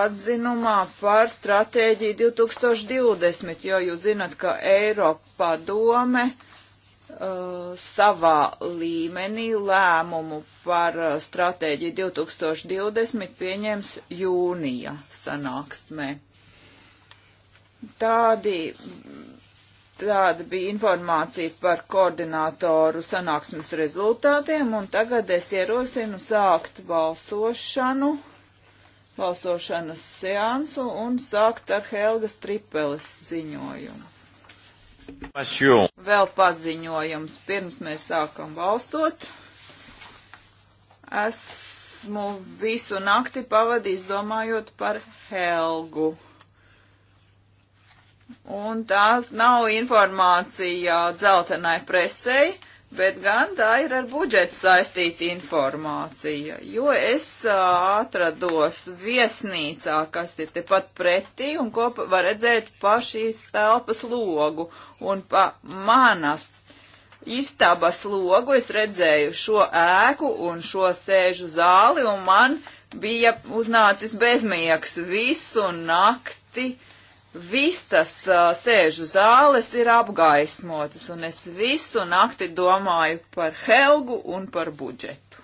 atzinumā par stratēģiju 2020, jo jūs zinat, ka Eiropa dome uh, savā līmenī lēmumu par uh, stratēģiju 2020 pieņems jūnija sanāksmē. Tādi, tāda bija informācija par koordinātoru sanāksmes rezultātiem, un tagad es ierosinu sākt balsošanu, balsošanas seansu un sākt ar Helgas Tripeles ziņojumu. Vēl paziņojums pirms mēs sākam balstot. Esmu visu nakti pavadījis domājot par Helgu. Un tās nav informācija dzeltenai presei, bet gan tā ir ar budžetu saistīta informācija. Jo es uh, atrados viesnīcā, kas ir tepat pretī, un ko var redzēt pa šīs telpas logu. Un pa manas istabas logu es redzēju šo ēku un šo sēžu zāli, un man bija uznācis bezmiegs visu nakti visas uh, sēžu zāles ir apgaismotas, un es visu nakti domāju par Helgu un par budžetu.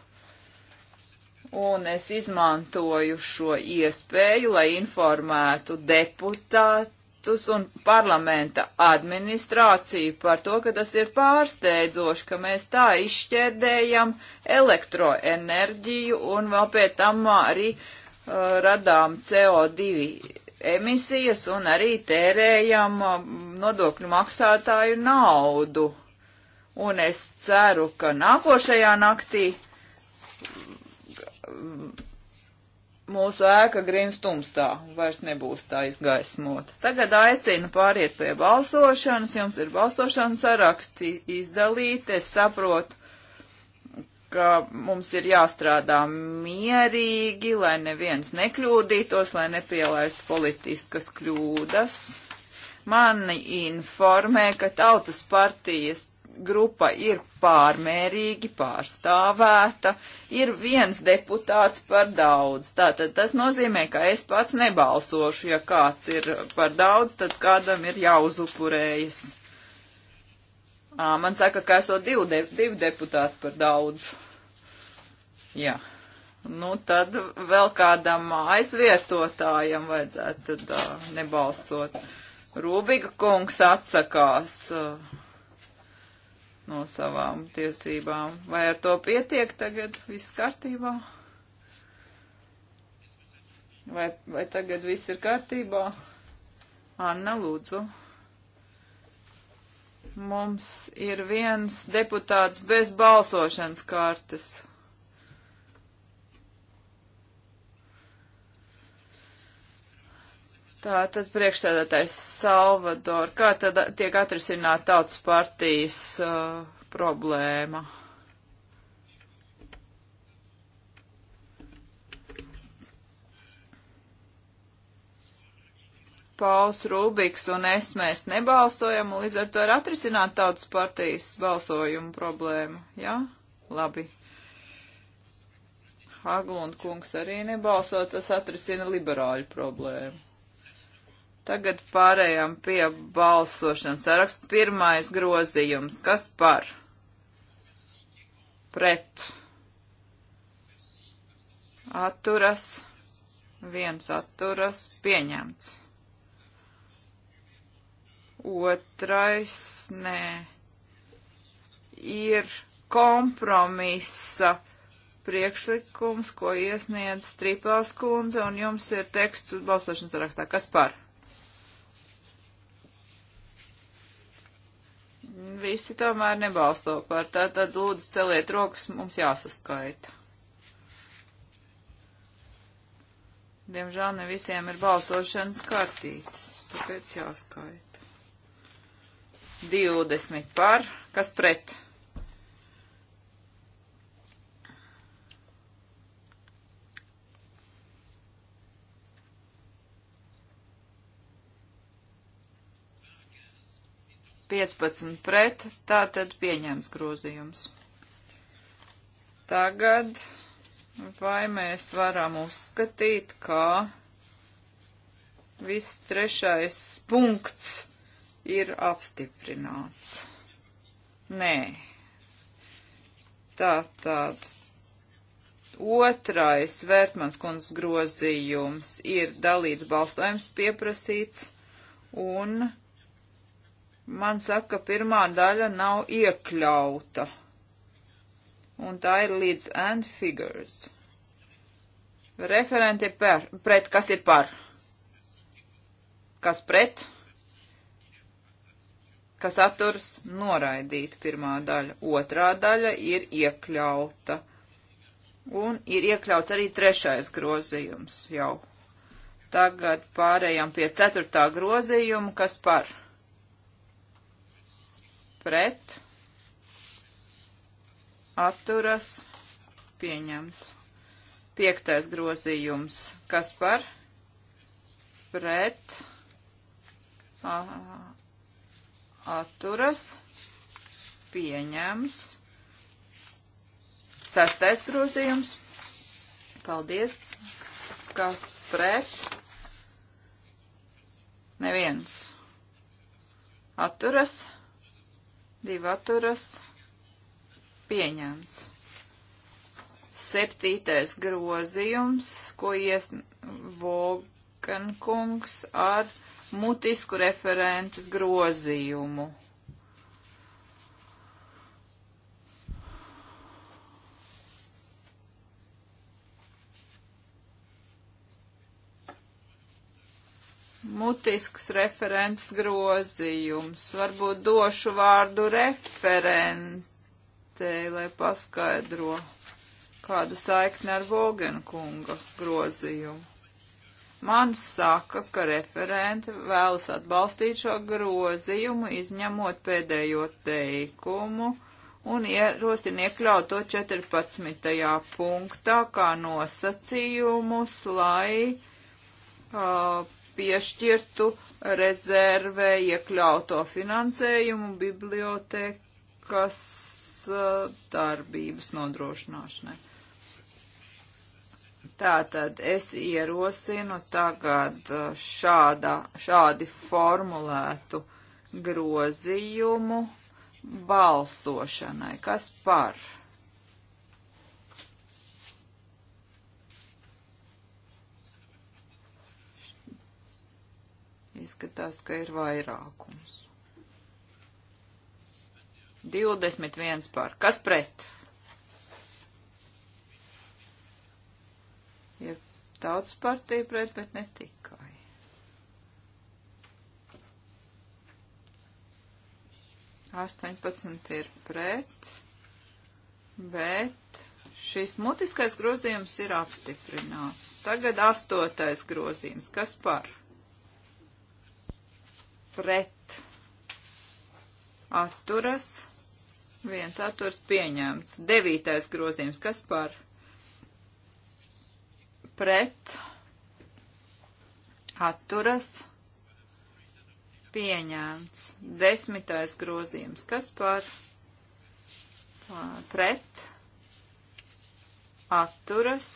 Un es izmantoju šo iespēju, lai informētu deputātus un parlamenta administrāciju par to, ka tas ir pārsteidzoši, ka mēs tā izšķērdējam elektroenerģiju un vēl pie tam arī uh, radām CO2 emisijas un arī tērējam um, nodokļu maksātāju naudu. Un es ceru, ka nākošajā naktī um, mūsu ēka grims tumstā vairs nebūs tā izgaismota. Tagad aicinu pāriet pie balsošanas. Jums ir balsošanas saraksti izdalīti. Es saprotu, ka mums ir jāstrādā mierīgi, lai neviens nekļūdītos, lai nepielaistu politiskas kļūdas. Mani informē, ka tautas partijas grupa ir pārmērīgi pārstāvēta, ir viens deputāts par daudz. Tātad tas nozīmē, ka es pats nebalsošu, ja kāds ir par daudz, tad kādam ir jāuzupurējas. Ā, man saka, ka esot divi, de, divi deputāti par daudz. Jā. Nu, tad vēl kādam aizvietotājam vajadzētu tad uh, nebalsot. Rūbiga kungs atsakās uh, no savām tiesībām. Vai ar to pietiek tagad viss kārtībā? Vai, vai tagad viss ir kārtībā? Anna, lūdzu. Mums ir viens deputāts bez balsošanas kārtas. Tā tad priekšsēdētājs Salvador, kā tad tiek atrisināt tautas partijas uh, problēma? Pauls Rūbiks un es mēs nebalsojam, un līdz ar to ir atrisināt tautas partijas balsojumu problēmu. Jā? Labi. Haglund kungs arī nebalso, tas atrisina liberāļu problēmu. Tagad pārējām pie balsošanas saraksta. Pirmais grozījums. Kas par? Pret. Atturas. Viens atturas. Pieņemts otrais nē. Ir kompromisa priekšlikums, ko iesniedz Trīpels kundze, un jums ir teksts uz balsošanas rakstā. Kas par? Visi tomēr nebalsto par. Tātad lūdzu celiet rokas, mums jāsaskaita. Diemžēl ne visiem ir balsošanas kartītes, tāpēc jāskaita. 20 par, kas pret. Piecpadsmit pret, tā tad pieņems grozījums. Tagad vai mēs varam uzskatīt, ka viss trešais punkts ir apstiprināts. Nē. Tātad otrais Vērtmans kundzes grozījums ir dalīts balsojums pieprasīts, un man saka, ka pirmā daļa nav iekļauta, un tā ir līdz end figures. Referenti par, pret, kas ir par? Kas pret? kas atturas noraidīt pirmā daļa. Otrā daļa ir iekļauta. Un ir iekļauts arī trešais grozījums jau. Tagad pārējām pie ceturtā grozījuma, kas par pret atturas pieņemts. Piektais grozījums, kas par pret atturas pieņemts. Sastais grozījums. Paldies. Kas pret? Neviens. Atturas. Divi atturas. Pieņemts. Septītais grozījums, ko ies Vogankungs ar mutisku referentes grozījumu. mutisks referents grozījums. Varbūt došu vārdu referentei, lai paskaidro kādu saikni ar Vogenkunga grozījumu. Man saka, ka referenti vēlas atbalstīt šo grozījumu, izņemot pēdējo teikumu un ierosina iekļaut to 14. punktā kā nosacījumus, lai uh, piešķirtu rezervē iekļauto finansējumu bibliotekas uh, darbības nodrošināšanai. Tātad es ierosinu tagad uh, šāda, šādi formulētu grozījumu balsošanai. Kas par? Izskatās, ka ir vairākums. 21 par. Kas pret? tautas partija pret, bet ne tikai. Astoņpadsmit ir pret, bet šis mutiskais grozījums ir apstiprināts. Tagad astotais grozījums. Kas par? Pret. Atturas. Viens atturs pieņemts. Devītais grozījums. Kas par? pret atturas pieņēmts. Desmitais grozījums. Kas par pret atturas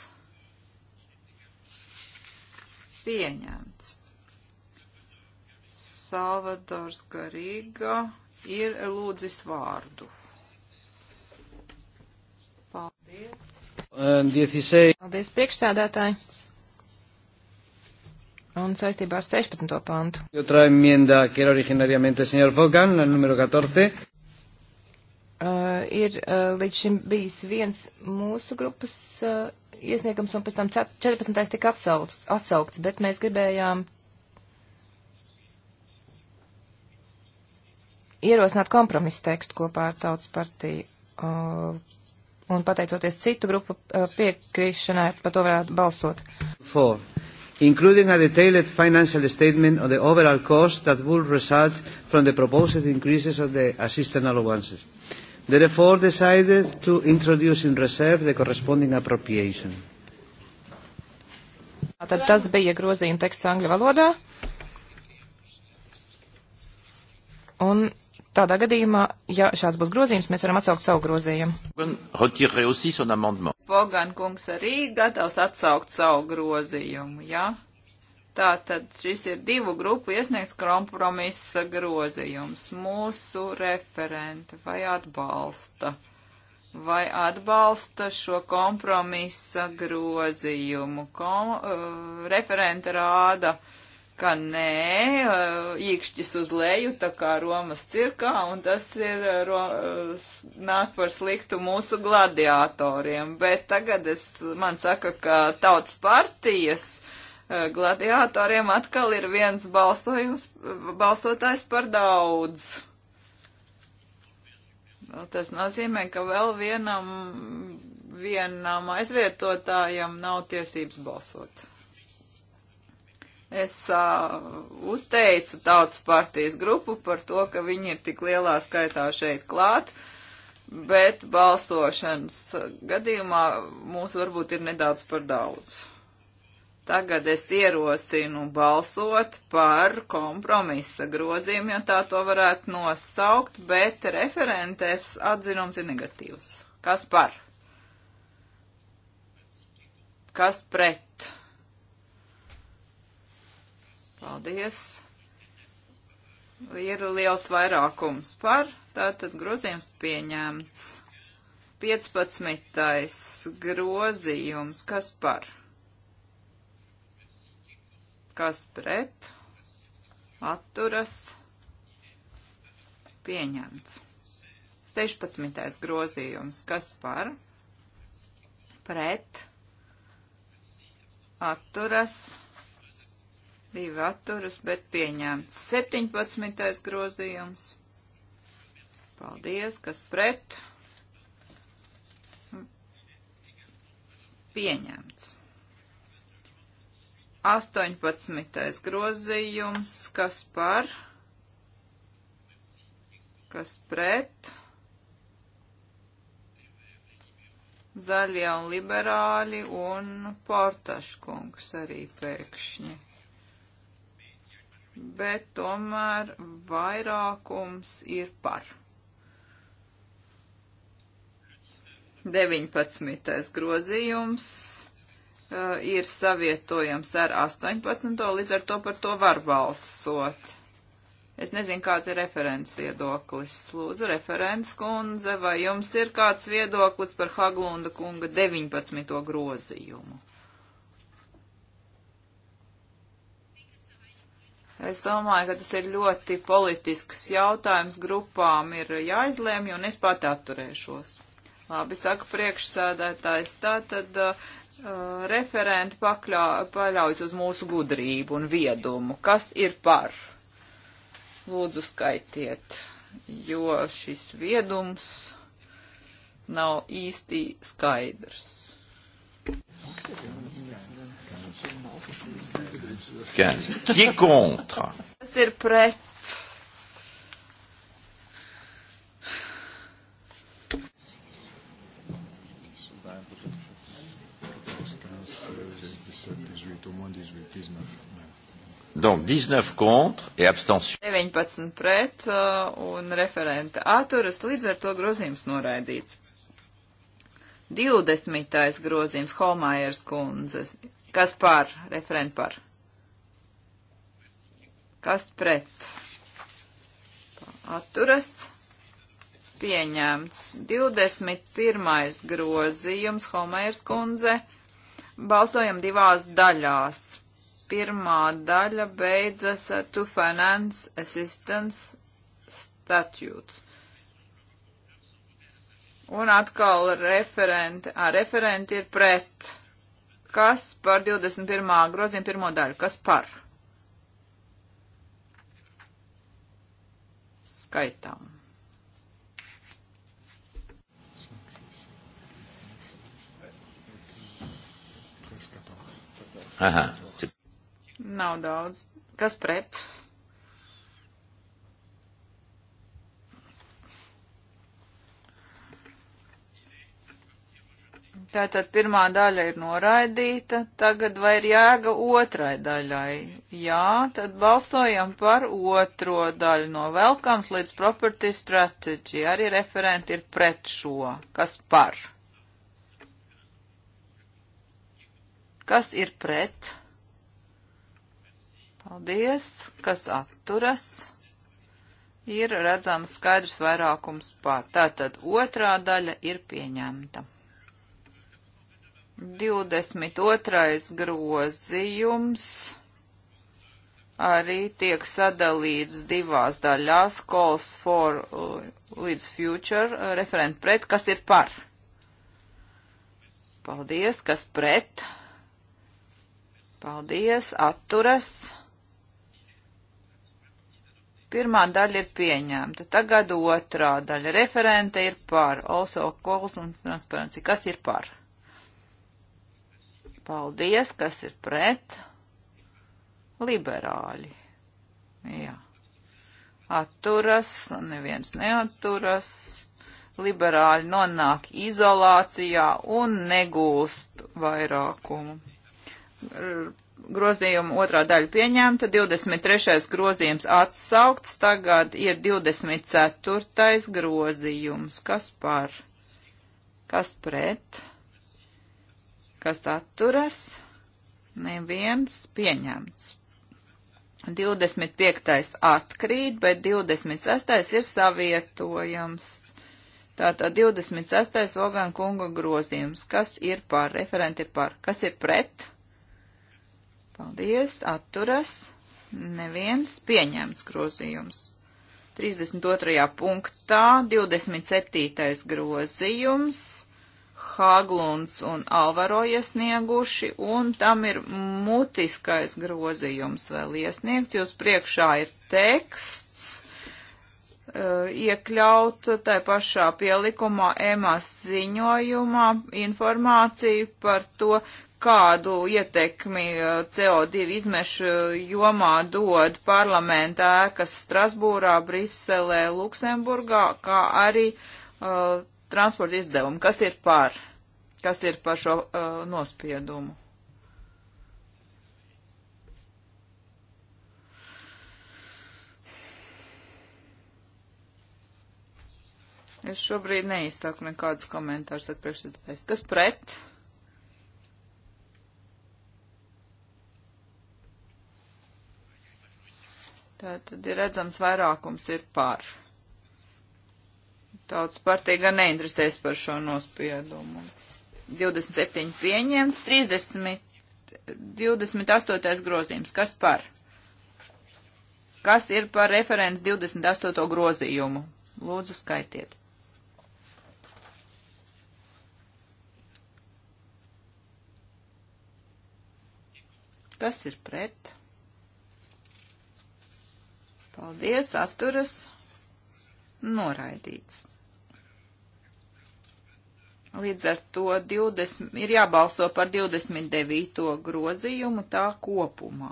pieņēmts. Salvadors Garīga ir lūdzis vārdu. Paldies priekšsēdētāji. Un saistībā ar 16. pantu. Otra enmienda, que era originariamente señor Vogan, la número 14. Uh, ir uh, līdz šim bijis viens mūsu grupas uh, iesniegums, un pēc tam 14. tika atsaukts, atsaukts bet mēs gribējām ierosināt kompromisu tekstu kopā ar Tautas partiju. Uh, un pateicoties citu grupu eh, piekrišanai, par to varētu balsot. Four. Including a detailed financial statement on the overall cost that will result from the proposed increases of the assistance allowances. Therefore, decided to introduce in reserve the corresponding appropriation. Tad tas bija grozījuma teksts angļu valodā. Un Tādā gadījumā, ja šāds būs grozījums, mēs varam atsaukt savu grozījumu. Pogan kungs arī gatavs atsaukt savu grozījumu, jā? Ja? Tātad šis ir divu grupu iesniegts kompromisa grozījums. Mūsu referente vai atbalsta? Vai atbalsta šo kompromisa grozījumu? Kom, uh, referente rāda uh, ka nē, īkšķis uz leju, tā kā Romas cirkā, un tas ir, ro, nāk par sliktu mūsu gladiatoriem. Bet tagad es, man saka, ka tautas partijas gladiatoriem atkal ir viens balsojums, balsotājs par daudz. Nu, tas nozīmē, ka vēl vienam, vienam aizvietotājam nav tiesības balsot. Es uh, uzteicu tautas partijas grupu par to, ka viņi ir tik lielā skaitā šeit klāt, bet balsošanas gadījumā mūs varbūt ir nedaudz par daudz. Tagad es ierosinu balsot par kompromisa grozījumu, ja tā to varētu nosaukt, bet referentes atzinums ir negatīvs. Kas par? Kas pret? Paldies! Ir liels vairākums par, tātad grozījums pieņemts. 15. grozījums, kas par? Kas pret? Atturas? Pieņemts. 16. grozījums, kas par? Pret? Atturas? Pieņemts divi atturas, bet pieņemts. 17. grozījums. Paldies, kas pret. Pieņemts. 18. grozījums, kas par, kas pret, zaļie un liberāļi un portaškungs arī pēkšņi bet tomēr vairākums ir par. 19. grozījums uh, ir savietojams ar 18. līdz ar to par to var balsot. Es nezinu, kāds ir referents viedoklis. Lūdzu, referents kundze, vai jums ir kāds viedoklis par Haglunda kunga 19. grozījumu? Es domāju, ka tas ir ļoti politisks jautājums. Grupām ir jāizlēmj, un es pat atturēšos. Labi, saka priekšsēdētājs. Tātad uh, referenti pakļā, paļaujas uz mūsu gudrību un viedumu. Kas ir par? Lūdzu, skaitiet, jo šis viedums nav īsti skaidrs. Okay. 15. Qui est contre Kas ir pret? Donc 19 contre et abstention. 19 pret uh, un referente atturas, līdz ar to grozījums noraidīts. 20. grozījums Holmājers kundzes Kas par? Referent par. Kas pret? Atturas. Pieņemts. 21. grozījums Homērs kundze. Balsojam divās daļās. Pirmā daļa beidzas ar To Finance Assistance Statutes. Un atkal referenti, a, referenti ir pret Kas par 21. grozījumu pirmo daļu? Kas par? Skaitām. Aha. Nav daudz. Kas pret? Tātad pirmā daļa ir noraidīta, tagad vai ir jēga otrai daļai? Jā, tad balsojam par otro daļu no Welcomes līdz Property Strategy. Arī referenti ir pret šo. Kas par? Kas ir pret? Paldies. Kas atturas? Ir redzams skaidrs vairākums pār. Tātad otrā daļa ir pieņemta. 22. grozījums arī tiek sadalīts divās daļās - calls for uh, līdz future, uh, referent pret, kas ir par. Paldies, kas pret. Paldies, atturas. Pirmā daļa ir pieņemta, tagad otrā daļa. Referente ir par, also calls un transparency, kas ir par. Paldies, kas ir pret? Liberāļi. Jā. Atturas, neviens neatturas. Liberāļi nonāk izolācijā un negūst vairākumu. Grozījuma otrā daļa pieņemta, 23. grozījums atsaukts, tagad ir 24. grozījums. Kas par? Kas pret? kas atturas, neviens pieņemts. 25. atkrīt, bet 26. ir savietojams. Tātad 26. Vogan kunga grozījums. Kas ir par? Referenti par. Kas ir pret? Paldies, atturas. Neviens pieņemts grozījums. 32. punktā 27. grozījums Hāglunds un Alvaro iesnieguši, un tam ir mutiskais grozījums vēl iesniegts. Jūs priekšā ir teksts eh, iekļaut tai pašā pielikumā EMAS ziņojumā informāciju par to, kādu ietekmi eh, CO2 izmešu jomā dod parlamenta ēkas Strasbūrā, Briselē, Luksemburgā, kā arī uh, transporta izdevumu. Kas ir par? Kas ir par šo uh, nospiedumu? Es šobrīd neizsaku nekādus komentārus ar priekšsēdētājs. Kas pret? Tā tad ir redzams vairākums ir pār. Tautas partija gan neinteresēs par šo nospiedumu. 27 pieņemts, 30, 28 grozījums. Kas par? Kas ir par referents 28 grozījumu? Lūdzu, skaitiet. Kas ir pret? Paldies, atturas, noraidīts. Līdz ar to 20, ir jābalso par 29. grozījumu tā kopumā.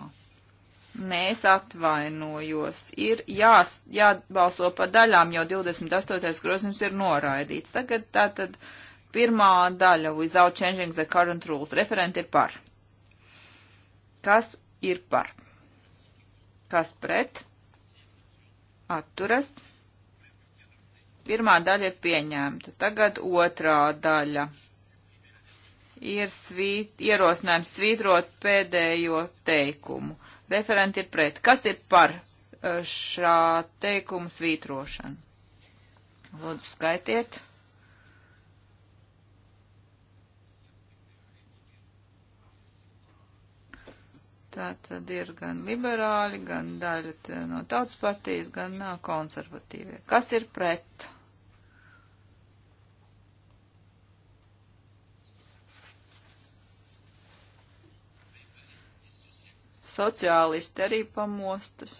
Nē, es atvainojos. Ir jā, jābalso pa daļām, jo 28. grozījums ir noraidīts. Tagad tā tad pirmā daļa, without changing the current rules, referenti ir par. Kas ir par? Kas pret? Atturas? Pirmā daļa ir pieņemta. Tagad otrā daļa. Ir svīt, ierosinājums svītrot pēdējo teikumu. Referenti ir pret. Kas ir par e, šā teikuma svītrošanu? Lūdzu, skaitiet. Tā tad ir gan liberāļi, gan daļa no tautas partijas, gan konservatīvie. Kas ir pret? Sociālisti arī pamostas.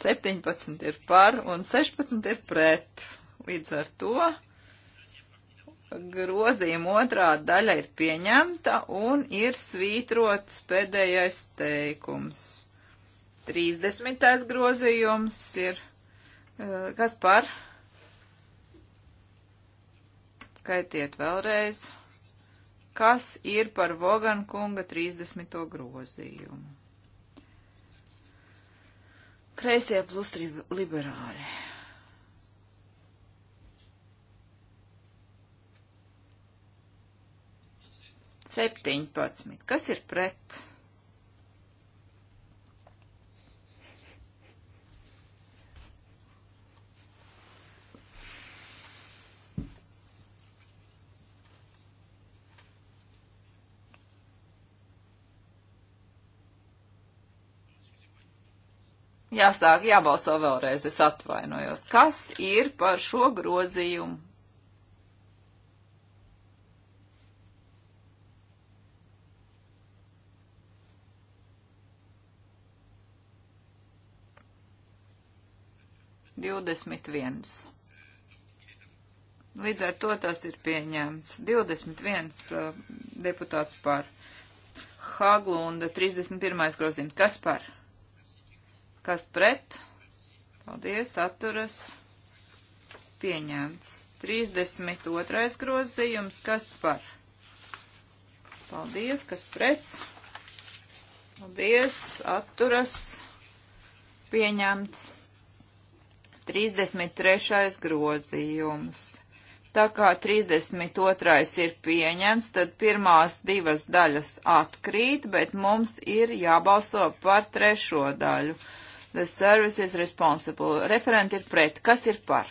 Septiņpadsmit ir par un sešpadsmit ir pret. Līdz ar to grozījuma otrā daļa ir pieņemta un ir svītrots pēdējais teikums. 30. grozījums ir eh, kas par? Skaitiet vēlreiz. Kas ir par Vogan kunga 30. grozījumu? Kreisie plus liberāli. Septiņpadsmit. Kas ir pret? Jāsāk, jābalso vēlreiz, es atvainojos. Kas ir par šo grozījumu? Divdesmit viens. Līdz ar to tas ir pieņemts. 21 uh, eh, deputāts par Haglunda 31. grozījums. Kas par? Kas pret? Paldies, atturas pieņemts. 32. grozījums, kas par? Paldies, kas pret? Paldies, atturas, pieņemts. 33. grozījums. Tā kā 32. ir pieņemts, tad pirmās divas daļas atkrīt, bet mums ir jābalso par trešo daļu. Uh, The service is responsible. Referenti ir pret. Kas ir par?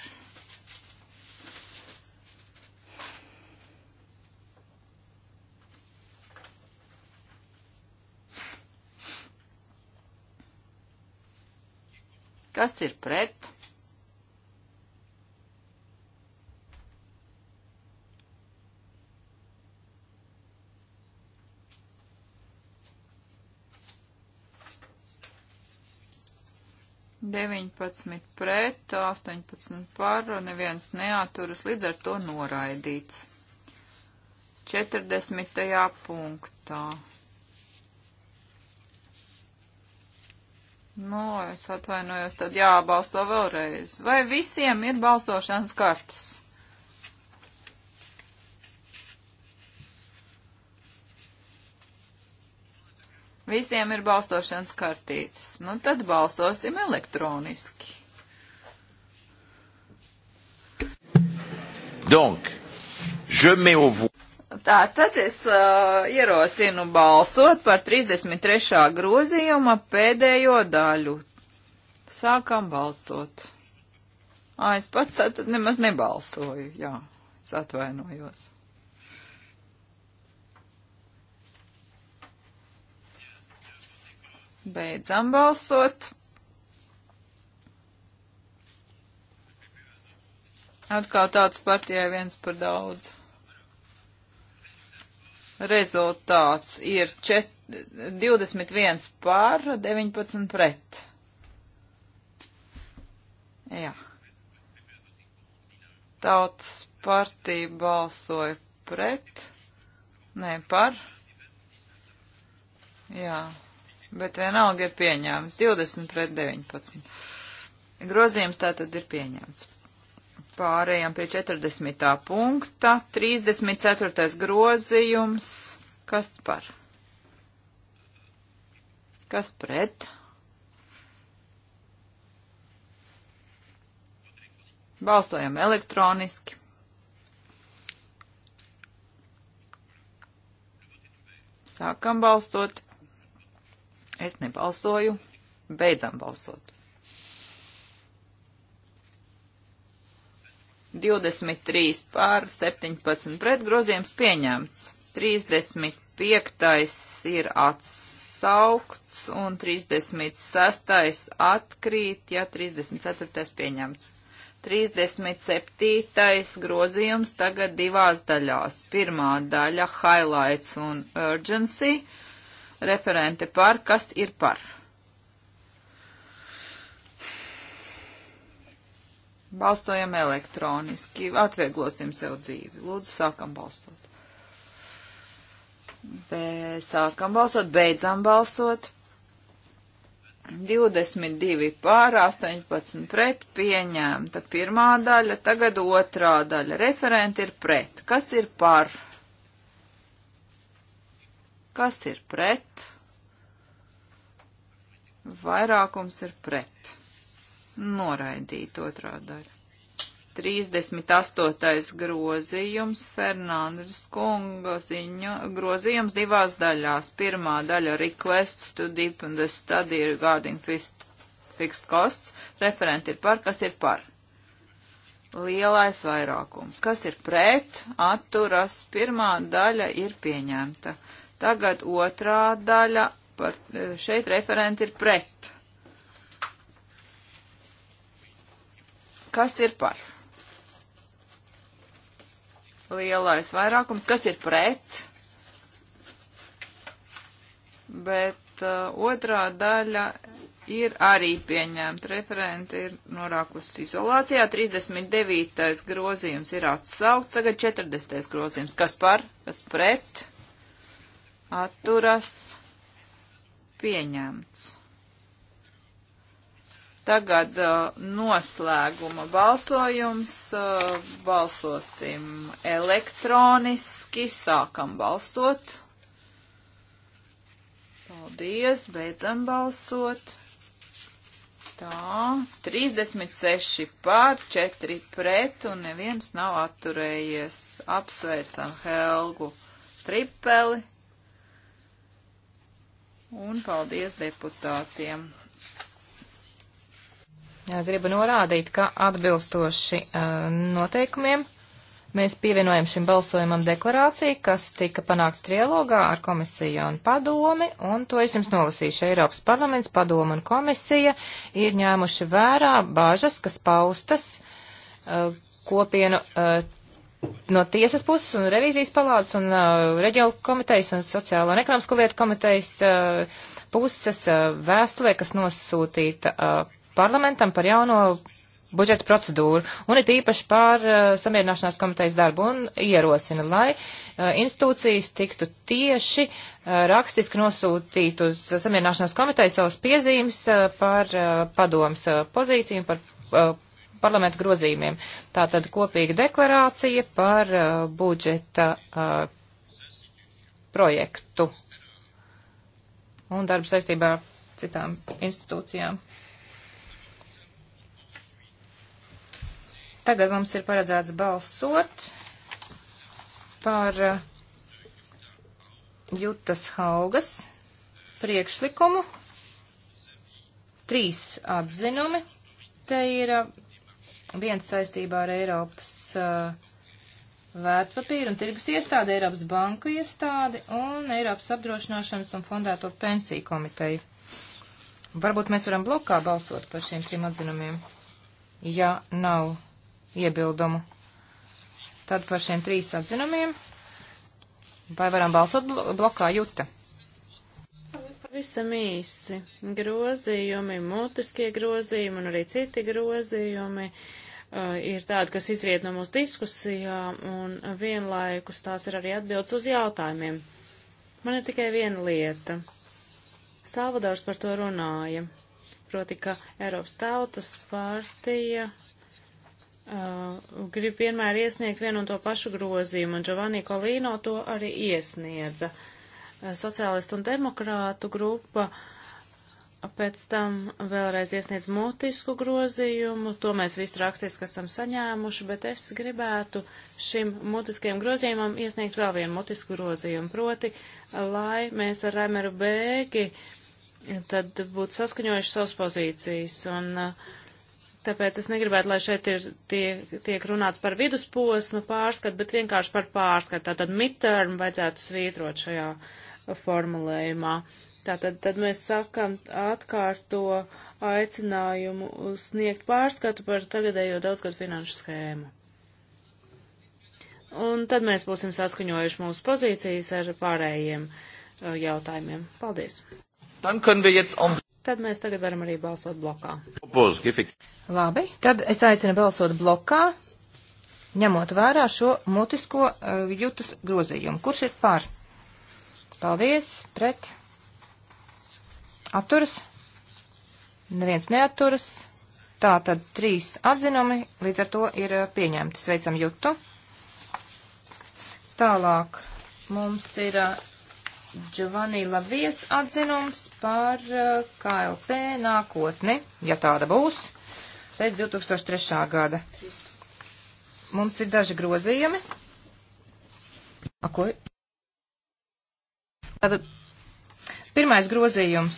Kas ir pret? 19 pret, 18 par, neviens neaturas, līdz ar to noraidīts. 40. punktā. Nu, es atvainojos, tad jābalso vēlreiz. Vai visiem ir balsošanas kartas? Visiem ir balsošanas kartītes. Nu, tad balsosim elektroniski. Donc, je mets au voie. Tā tad es uh, ierosinu balsot par 33. grozījuma pēdējo daļu. Sākam balsot. Ā, es pats tad nemaz nebalsoju, jā, es atvainojos. Beidzam balsot. Atkal tāds partijai viens par daudz. Rezultāts ir čet, 21 pār 19 pret. Jā. Tautas partija balsoja pret. Nē, par. Jā bet vienalga ir pieņēmums. 20 pret 19. Grozījums tātad ir pieņemts. Pārējām pie 40. punkta. 34. grozījums. Kas par? Kas pret? Balsojam elektroniski. Sākam balstot. Es nebalsoju. Beidzam balsot. 23 pār 17 pret grozījums pieņemts. 35. ir atsaukts un 36. atkrīt, ja 34. pieņemts. 37. grozījums tagad divās daļās. Pirmā daļa highlights un urgency referente par, kas ir par. Balstojam elektroniski, atvieglosim sev dzīvi. Lūdzu, sākam balstot. Be, sākam balstot, beidzam balstot. 22 pār 18 pret pieņēmta pirmā daļa, tagad otrā daļa. Referenti ir pret. Kas ir par? Kas ir pret? Vairākums ir pret. Noraidīt otrā daļa. 38. grozījums Fernandes kunga ziņo, grozījums divās daļās. Pirmā daļa requests to deepen the study regarding fixed, fixed costs. Referenti ir par, kas ir par. Lielais vairākums. Kas ir pret, atturas, pirmā daļa ir pieņemta. Tagad otrā daļa, par, e, šeit referenti ir pret. Kas ir par? Lielais vairākums, kas ir pret? Bet uh, otrā daļa ir arī pieņemta. Referenti ir norākusi izolācijā. 39. grozījums ir atsaukts, tagad 40. grozījums. Kas par? Kas pret? atturas pieņemts. Tagad uh, noslēguma balsojums. Uh, balsosim elektroniski. Sākam balsot. Paldies. Beidzam balsot. Tā. 36 pār, 4 pret un neviens nav atturējies. Apsveicam Helgu Tripeli un paldies deputātiem. Gribu norādīt, ka atbilstoši uh, noteikumiem mēs pievienojam šim balsojumam deklarāciju, kas tika panākts trialogā ar komisiju un padomi, un to es jums nolasīšu. Eiropas parlaments, padoma un komisija ir ņēmuši vērā bāžas, kas paustas uh, kopienu uh, no tiesas puses un revīzijas palādes un uh, reģionu komitejas un sociālo un ekonomisko lietu komitejas uh, puses uh, vēstulē, kas nosūtīta uh, parlamentam par jauno budžeta procedūru un ir īpaši pār uh, samierināšanās komitejas darbu un ierosina, lai uh, institūcijas tiktu tieši uh, rakstiski nosūtīt uz samierināšanās komiteju savas piezīmes uh, par uh, padomas uh, pozīciju un par. Uh, parlamentu grozījumiem. Tātad kopīga deklarācija par uh, budžeta uh, projektu un darbu saistībā ar citām institūcijām. Tagad mums ir paredzēts balsot par uh, Jutas Haugas priekšlikumu. Trīs atzinumi. Te ir uh, Viens saistībā ar Eiropas uh, vērtspapīru un tirgus iestādi, Eiropas banku iestādi un Eiropas apdrošināšanas un fondēto pensiju komiteju. Varbūt mēs varam blokā balsot par šiem trim atzinumiem, ja nav iebildumu. Tad par šiem trīs atzinumiem. Vai varam balsot blokā jūta? Pavisam īsi. Grozījumi, mutiskie grozījumi un arī citi grozījumi uh, ir tādi, kas izriet no mūsu diskusijām un vienlaikus tās ir arī atbildes uz jautājumiem. Man ir tikai viena lieta. Salvadors par to runāja. Proti, ka Eiropas tautas partija uh, grib vienmēr iesniegt vienu un to pašu grozījumu, un Giovanni Kolīno to arī iesniedza. Uh, Eh, sociālistu un demokrātu grupa pēc tam vēlreiz iesniedz mutisku grozījumu, to mēs visu rakstiski esam saņēmuši, bet es gribētu šim mutiskajam grozījumam iesniegt vēl vienu mutisku grozījumu, proti, lai mēs ar Raimeru Bēgi tad būtu saskaņojuši savas pozīcijas. Un, uh, Tāpēc es negribētu, lai šeit ir tiek, tiek runāts par vidusposma pārskatu, bet vienkārši par pārskatu. Tātad midterm vajadzētu svītrot šajā formulējumā. Tātad tad mēs sakam atkārto aicinājumu sniegt pārskatu par tagadējo daudzgadu finanšu schēmu. Un tad mēs būsim saskaņojuši mūsu pozīcijas ar pārējiem uh, jautājumiem. Paldies! Tad mēs tagad varam arī balsot blokā. Labi, tad es aicinu balsot blokā, ņemot vērā šo mutisko uh, jutas grozījumu. Kurš ir pār? Paldies, pret. Atturas. Neviens neaturas. Tā tad trīs atzinumi, līdz ar to ir uh, pieņemti. Sveicam Jutu. Tālāk mums ir uh, Giovanni Lavies atzinums par uh, KLP nākotni, ja tāda būs, pēc 2003. gada. Mums ir daži grozījumi. A, ko? Tātad pirmais grozījums.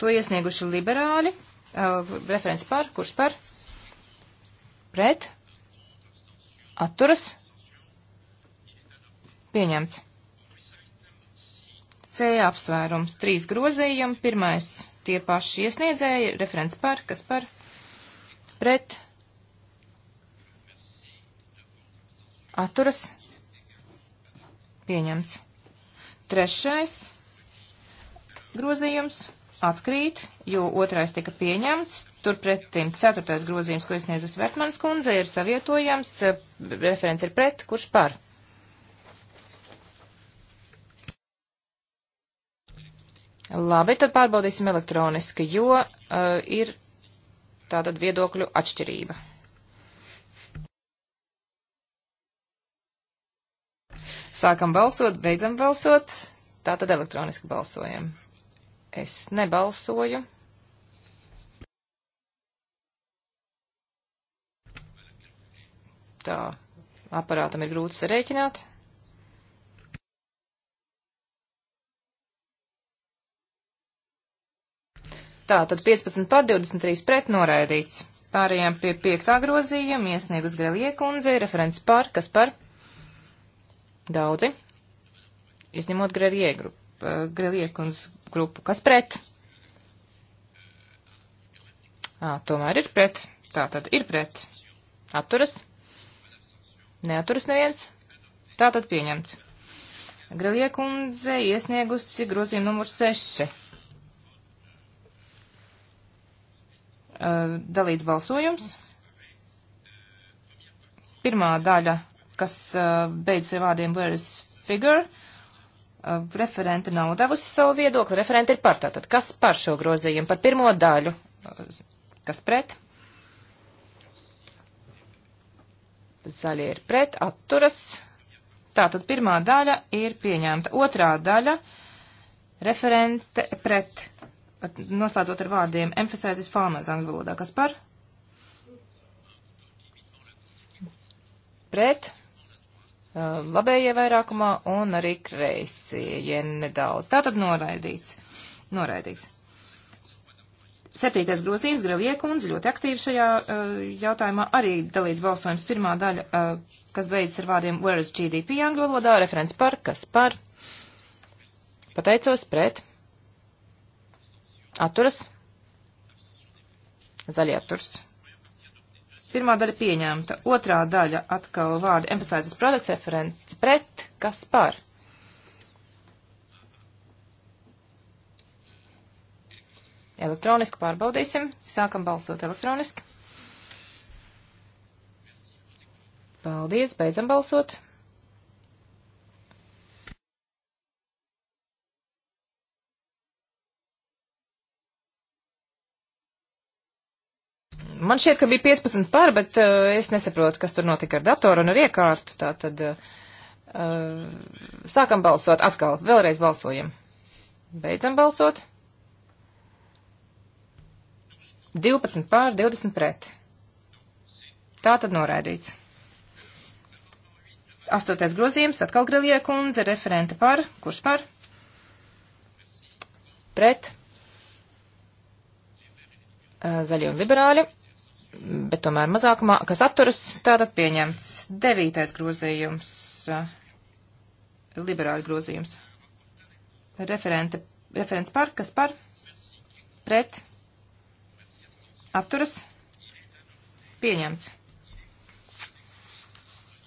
To iesnieguši liberāļi. Uh, referents par. Kurš par? Pret. Atturas. Pieņemts. C apsvērums. Trīs grozījumi. Pirmais tie paši iesniedzēji. Referents par. Kas par? Pret. Atturas. Pieņemts. Trešais grozījums atkrīt, jo otrais tika pieņemts. Turpretim ceturtais grozījums, ko iesniedzis Vertmanas kundze, ir savietojams. Referents ir pret, kurš par? Labi, tad pārbaudīsim elektroniski, jo uh, ir tātad viedokļu atšķirība. Sākam balsot, beidzam balsot. Tā tad elektroniski balsojam. Es nebalsoju. Tā, aparātam ir grūti sarēķināt. Tā, tad 15 pār 23 pret noraidīts. Pārējām pie piektā grozījuma iesniegus Grelie kundze, referents par, kas par Daudzi, izņemot Grelie grupu, eh, Grelie kundzes grupu, kas pret? À, tomēr ir pret. Tā tad ir pret. Atturas. Neaturas neviens. Tā tad pieņemts. Grelie kundze iesniegusi grozījumu numur 6. Uh, dalīts balsojums. Pirmā daļa kas uh, beidzas ar vārdiem where is figure. Uh, referente nav devusi savu viedokli, referente ir par tātad. Kas par šo grozījumu? Par pirmo daļu. Uh, kas pret? Zaļie ir pret, atturas. Tātad pirmā daļa ir pieņemta. Otrā daļa referente pret, noslēdzot ar vārdiem, emphasizes farmers angļu valodā. Kas par? Pret, Uh, labējie vairākumā un arī kreisie nedaudz. Tātad noraidīts. Noraidīts. Septītais grozījums, Grelie kundze, ļoti aktīvi šajā uh, jautājumā arī dalīts balsojums pirmā daļa, uh, kas beidzas ar vārdiem Where is GDP angļu valodā, referents par, kas par. Pateicos pret. Atturas. Zaļie atturs. Pirmā daļa pieņemta, otrā daļa atkal vārdu emphasizes products referents pret, kas par. Elektroniski pārbaudīsim, sākam balsot elektroniski. Paldies, beidzam balsot. Man šķiet, ka bija 15 par, bet uh, es nesaprotu, kas tur notika ar datoru un ar iekārtu. Tā tad uh, sākam balsot atkal, vēlreiz balsojam. Beidzam balsot. 12 pār 20 pret. Tā tad noraidīts. Astotais grozījums atkal Grilie kundze, referente par, kurš par? Pret. Eh, zaļie un liberāļi bet tomēr mazākumā, kas atturas, tātad pieņemts. Devītais grozījums, liberāļu grozījums. Referente, referents par, kas par, pret, atturas, pieņemts.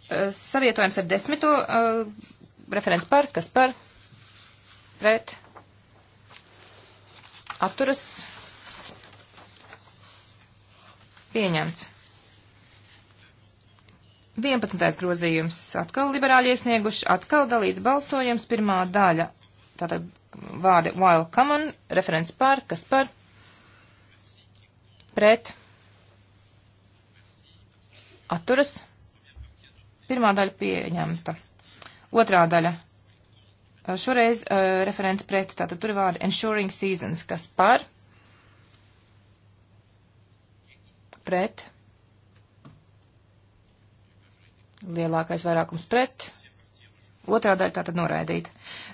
Eh, savietojums ar desmito, eh, referents par, kas par, pret, atturas, pieņemts Pieņemts. 11. grozījums atkal liberāļi iesnieguši, atkal dalīts balsojums, pirmā daļa, tātad vārdi while common, referents par, kas par, pret, atturas, pirmā daļa pieņemta, otrā daļa, šoreiz uh, referents pret, tātad tur ir vārdi ensuring seasons, kas par, pret. Lielākais vairākums pret. Otrā daļa tātad noraidīta.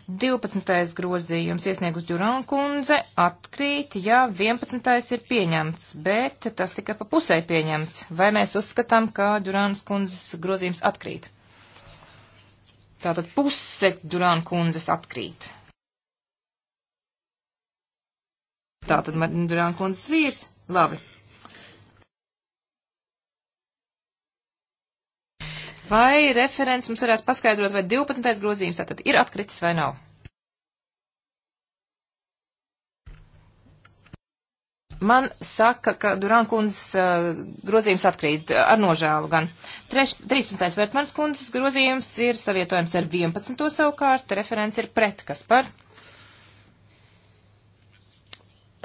12. grozījums iesniegus Duran kundze atkrīt, ja 11. ir pieņemts, bet tas tikai pa pusē pieņemts. Vai mēs uzskatām, ka Duranas kundzes grozījums atkrīt? Tātad puse Duran kundzes atkrīt. Tātad Duran kundzes vīrs. Labi. Vai referents mums varētu paskaidrot, vai 12. grozījums tātad ir atkritis vai nav? Man saka, ka Durankundas uh, grozījums atkrīt uh, ar nožēlu gan. Treš, 13. Vērtmanas kundas grozījums ir savietojams ar 11. savukārt, referents ir pret, kas par?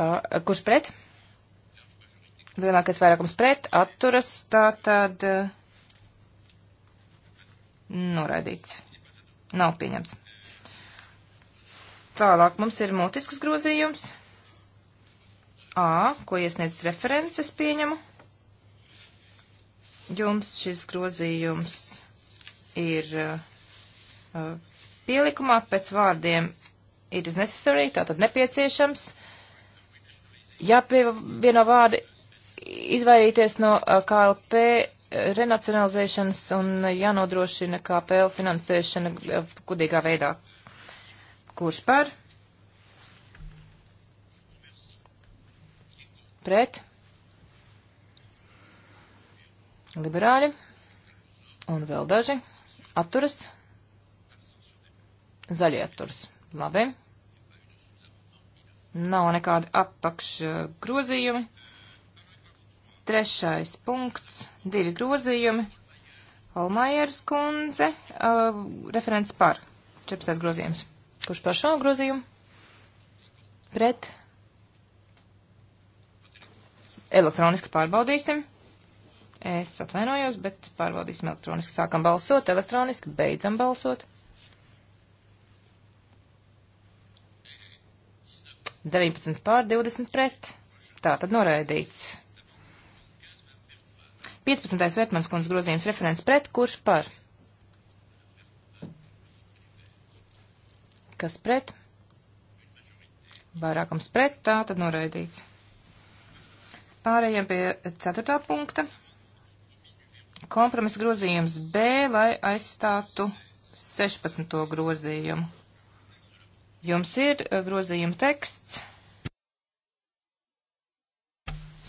pa uh, kurš pret? Lielākais vairākums pret atturas, tā tad. Uh, Noraidīts. Nav pieņemts. Tālāk mums ir mutisks grozījums. A, ko iesniedz references pieņemu. Jums šis grozījums ir uh, uh pielikumā pēc vārdiem it is necessary, tātad nepieciešams. Jāpievieno vārdi izvairīties no uh, KLP renacionalizēšanas un jānodrošina KPL finansēšana eh, kudīgā veidā. Kurš par? Pret? Liberāļi? Un vēl daži? Atturas? Zaļie atturas. Labi. Nav nekādi apakš grozījumi. Trešais punkts, divi grozījumi. Olmajers kundze, uh, referents par 14. grozījums. Kurš par šo grozījumu? Pret. Elektroniski pārbaudīsim. Es atvainojos, bet pārbaudīsim elektroniski. Sākam balsot, elektroniski beidzam balsot. 19 pār 20 pret. Tā tad noraidīts. 15. Vetmans kundz grozījums referents pret, kurš par? Kas pret? Vairākums pret, tā tad noraidīts. Pārējiem pie 4. punkta. Kompromisa grozījums B, lai aizstātu 16. grozījumu. Jums ir eh, grozījuma teksts.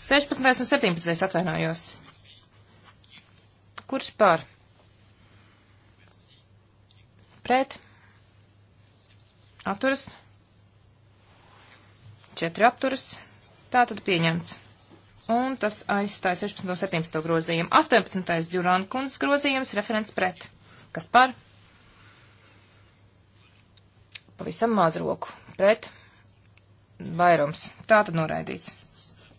16. un 17. atvainojos. Kurš par? Pret. Atturas. Četri atturas. Tā tad pieņemts. Un tas aizstāja 16. un no 17. grozījumu. 18. Džurāna kundzes grozījums referents pret. Kas par? Pavisam maz roku. Pret. Vairums. Tā tad noraidīts.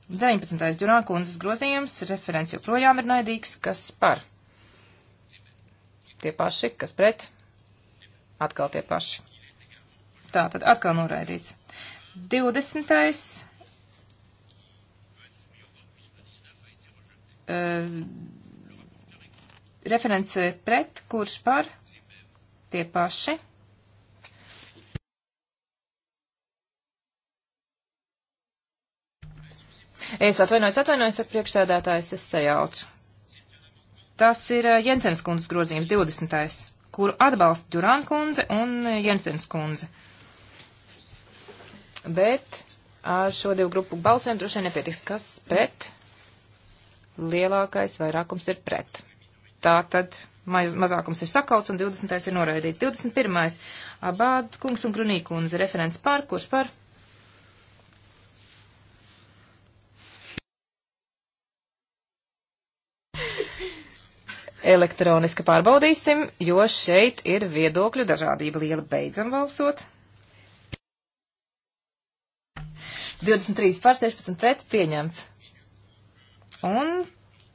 19. Džurāna kundzes grozījums referents joprojām ir naidīgs. Kas par? Tie paši, kas pret, atkal tie paši. Tā tad atkal noraidīts. 20. Uh, eh, referents pret, kurš par, tie paši. Es atvainojos, atvainojos, saka priekšsēdētājs, es sajaucu. Tas ir eh, Jensens kundzes grozījums 20. kuru atbalsta Duran kundze un eh, Jensens kundze. Bet ar šo divu grupu balsojumu droši vien nepietiks. Kas pret? Lielākais vairākums ir pret. Tā tad maz, mazākums ir sakauts un 20. ir noraidīts. 21. Abād kungs un Grunī kundze referents par, kurš par? elektroniski pārbaudīsim, jo šeit ir viedokļu dažādība liela. Beidzam balsot. 23 pār 16 pret pieņemts. Un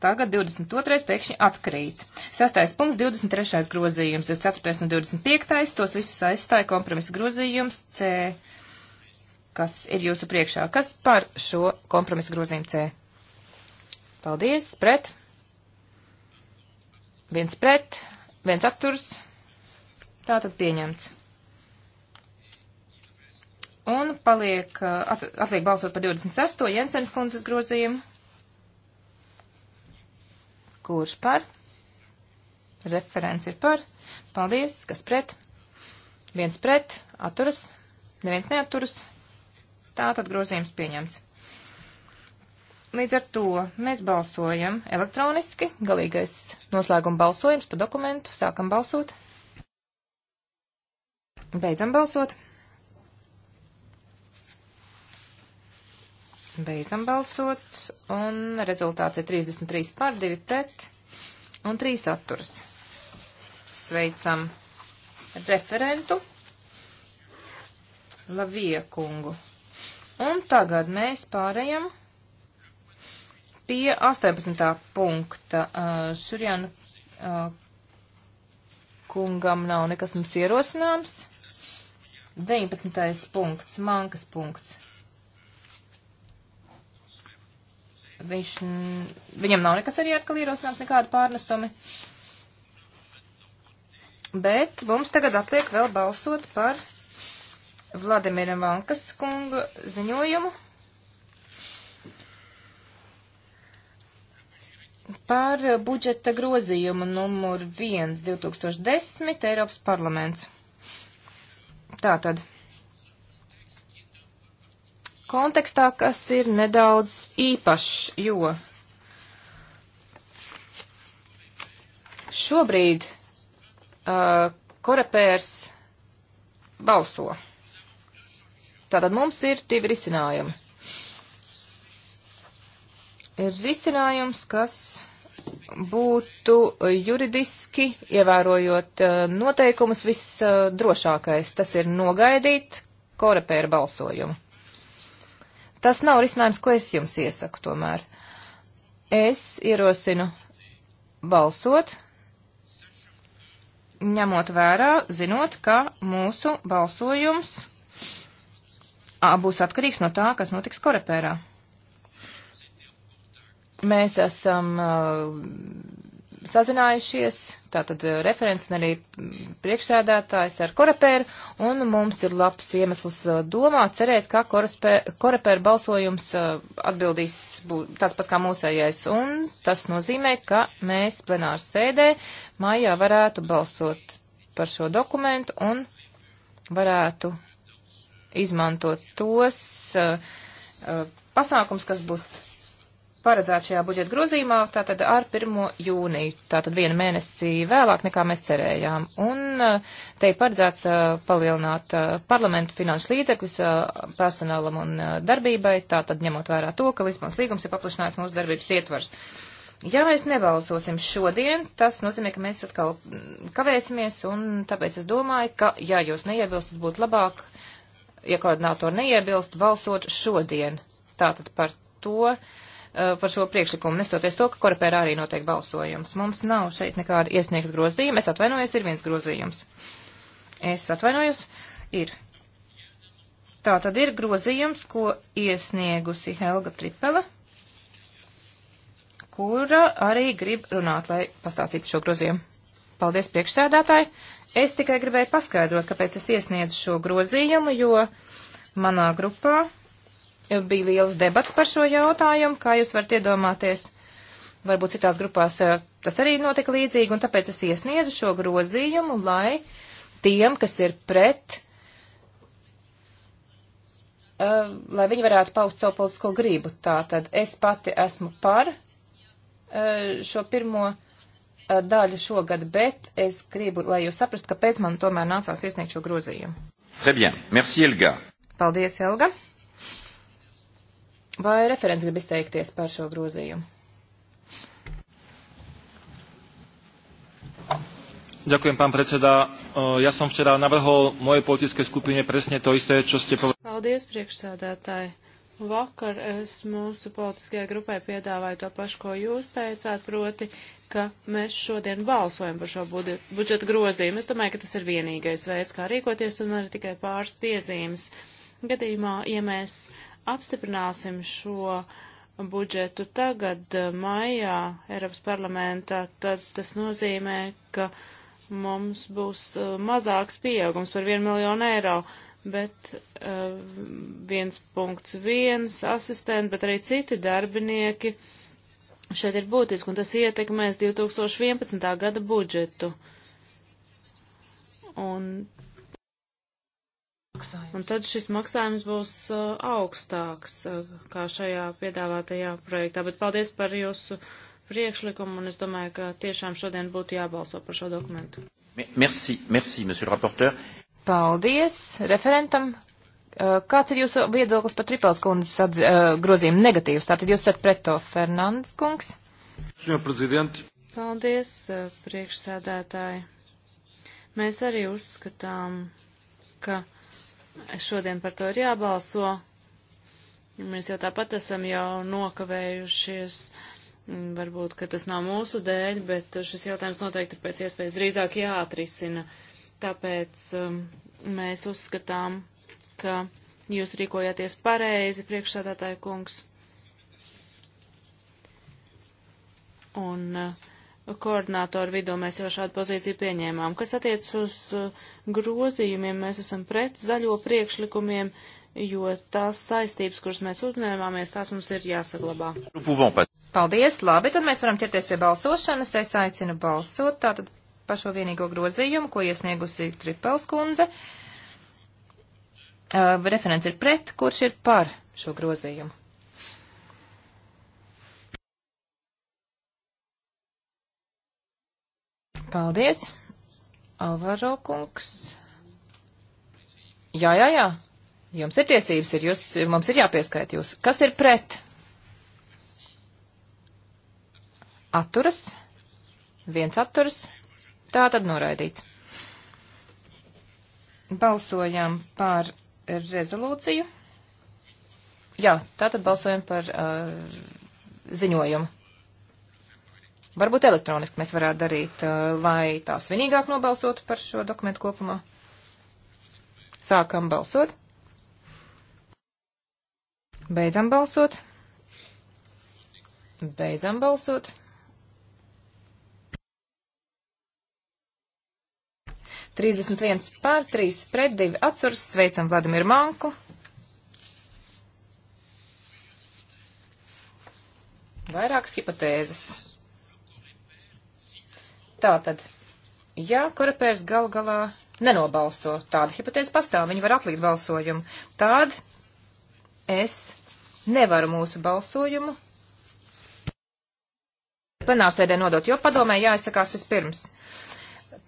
tagad 22. pēkšņi atkrīt. Sastais punkts, 23. grozījums, 24. un 25. tos visus aizstāja kompromisa grozījums C. Kas ir jūsu priekšā? Kas par šo kompromisa grozījumu C? Paldies, pret! viens pret, viens atturs, tātad pieņemts. Un paliek, uh, at, atliek balsot par 26. Jensens kundzes grozījumu. Kurš par? Referents ir par. Paldies, kas pret? Viens pret, atturas, neviens neatturas. Tātad grozījums pieņemts. Līdz ar to mēs balsojam elektroniski, galīgais noslēguma balsojums par dokumentu, sākam balsot, beidzam balsot, beidzam balsot, un rezultāts ir 33 pār 2 pret un 3 atturs. Sveicam referentu Lavie kungu. Un tagad mēs pārējam Pie 18. punkta Šurjana kungam nav nekas mums ierosināms. 19. punkts, mankas punkts. Viņš, viņam nav nekas arī atkal ierosināms, nekādi pārnesumi. Bet mums tagad atliek vēl balsot par Vladimira Vankas kunga ziņojumu Par budžeta grozījumu numur 1 2010 Eiropas parlaments. Tātad. Kontekstā, kas ir nedaudz īpašs, jo šobrīd uh, korepērs balso. Tātad mums ir divi risinājumi risinājums, kas būtu juridiski, ievērojot eh, noteikumus, visdrošākais. Tas ir nogaidīt korepēra balsojumu. Tas nav risinājums, ko es jums iesaku tomēr. Es ierosinu balsot, ņemot vērā, zinot, ka mūsu balsojums būs atkarīgs no tā, kas notiks korepērā. Mēs esam uh, sazinājušies, tātad uh, referents un arī priekšsēdētājs ar Korepēru, un mums ir labs iemesls uh, domāt, cerēt, ka Korepēra balsojums atbildīs tāds pats kā mūsējais, un tas nozīmē, ka mēs plenārs sēdē maijā varētu balsot par šo dokumentu un varētu izmantot tos uh, uh, pasākums, kas būs paredzēts šajā budžeta grozījumā, tātad ar 1. jūniju, tātad vienu mēnesi vēlāk nekā mēs cerējām. Un eh, te ir paredzēts eh, palielināt eh, parlamentu finanšu līdzekļus personālam un darbībai, tātad ņemot vērā to, ka Lisbonas līgums ir paplašinājis mūsu darbības ietvars. Ja mēs nebalsosim šodien, tas nozīmē, ka mēs atkal mm, kavēsimies, un tāpēc es domāju, ka, ja jūs neiebilstat, būtu labāk, ja koordinātori neiebilst, balsot šodien. Tātad par to, uh, Eh, par šo priekšlikumu, nestoties to, ka korpērā arī notiek balsojums. Mums nav šeit nekāda iesniegta grozījuma. Es atvainojos, ir viens grozījums. Es atvainojos, ir. Tā tad ir grozījums, ko iesniegusi Helga Tripele, kura arī grib runāt, lai pastāstītu šo grozījumu. Paldies priekšsēdētāji. Es tikai gribēju paskaidrot, kāpēc es iesniedzu šo grozījumu, jo manā grupā bija liels debats par šo jautājumu, kā jūs varat iedomāties. Varbūt citās grupās eh, tas arī notika līdzīgi, un tāpēc es iesniedzu šo grozījumu, lai tiem, kas ir pret, uh, lai viņi varētu paust savu politisko gribu. Tātad es pati esmu par uh, šo pirmo uh, daļu šogad, bet es gribu, lai jūs saprastu, kāpēc man tomēr nācās iesniegt šo grozījumu. Très bien. Merci, Elga. Paldies, Elga. Vai referents grib izteikties par šo grozījumu? Ďakujem, pán predseda. Ja som včera navrhol mojej politickej skupine presne to isté, čo ste povedali. Paldies, priekšsādātāji. Vakar es mūsu politiskajai grupai piedāvāju to pašu, ko jūs teicāt, proti, ka mēs šodien balsojam par šo budžeta grozījumu. Es domāju, ka tas ir vienīgais veids, kā rīkoties, un arī tikai pāris piezīmes. Gadījumā, ja mēs apstiprināsim šo budžetu tagad, eh, maijā, Eiropas parlamentā, tad tas nozīmē, ka mums būs eh, mazāks pieaugums par 1 miljonu eiro, bet 1.1 eh, asistenti, bet arī citi darbinieki šeit ir būtiski, un tas ietekmēs 2011. gada budžetu. Un Un tad šis maksājums būs uh, augstāks, uh, kā šajā piedāvātajā projektā. Bet paldies par jūsu priekšlikumu, un es domāju, ka tiešām šodien būtu jābalso par šo dokumentu. Merci, merci, monsieur rapporteur. Paldies referentam. Uh, kāds ir jūsu viedoklis par Tripels kundzes atz, uh, grozījumu negatīvs? Tātad jūs esat pret to, Fernandes kungs? Jā, prezident. Paldies, uh, priekšsēdētāji. Mēs arī uzskatām, ka Šodien par to ir jābalso. Mēs jau tāpat esam jau nokavējušies. Varbūt, ka tas nav mūsu dēļ, bet šis jautājums noteikti ir pēc iespējas drīzāk jāatrisina. Tāpēc um, mēs uzskatām, ka jūs rīkojāties pareizi, priekšsādātāja kungs. Un uh, koordinātoru vidū mēs jau šādu pozīciju pieņēmām. Kas attiec uz uh, grozījumiem, mēs esam pret zaļo priekšlikumiem, jo tās saistības, kuras mēs uzņēmāmies, tās mums ir jāsaglabā. Paldies, labi, tad mēs varam ķerties pie balsošanas. Es aicinu balsot tātad par šo vienīgo grozījumu, ko iesniegusi Tripels kundze. Uh, referents ir pret, kurš ir par šo grozījumu. Paldies. Alvaro kungs. Jā, jā, jā. Jums ir tiesības, ir jūs, mums ir jāpieskait jūs. Kas ir pret? Atturas. Viens atturas. Tā tad noraidīts. Balsojam par rezolūciju. Jā, tā tad balsojam par uh, ziņojumu. Varbūt elektroniski mēs varētu darīt, eh, lai tā svinīgāk nobalsotu par šo dokumentu kopumā. Sākam balsot. Beidzam balsot. Beidzam balsot. Trīsdesmit viens pār, trīs pret, divi atsurs. Sveicam Vladimiru Manku. Vairākas hipotēzes. Tātad, ja korepērs gal galā nenobalso, tāda hipotēze pastāv, viņi var atlikt balsojumu, tad es nevaru mūsu balsojumu plenārsēdē nodot, jo padomē jāizsakās vispirms. Uh,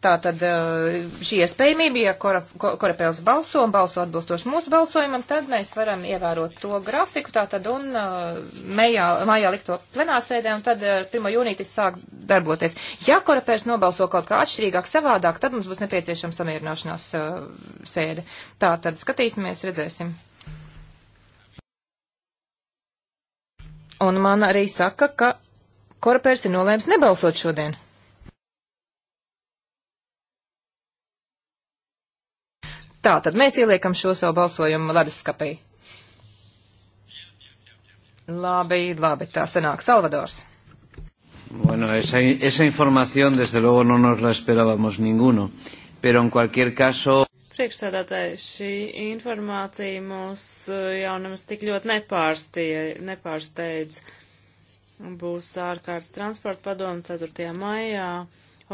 Tātad eh, šī iespējamība, ja korepēls balso un balso atbilstoši mūsu balsojumam, tad mēs varam ievērot to grafiku, tātad un eh, mējā, mājā likt to plenāsēdē, un tad 1. Eh, jūnītis sāk darboties. Ja korepēls nobalso kaut kā atšķirīgāk, savādāk, tad mums būs nepieciešama samierināšanās sēde. Tātad skatīsimies, redzēsim. Un man arī saka, ka korepēls ir nolēms nebalsot šodien. Tā tad mēs ieliekam šo savu balsojumu leduskapī. Labi, labi, tā sanāk Salvadors. Bueno, esa, esa información desde luego no nos la esperábamos ninguno, pero en cualquier caso. Priekšsēdētāji, šī informācija mūs eh, jau nemaz tik ļoti nepārsteidz. Būs ārkārtas transporta padome 4. maijā,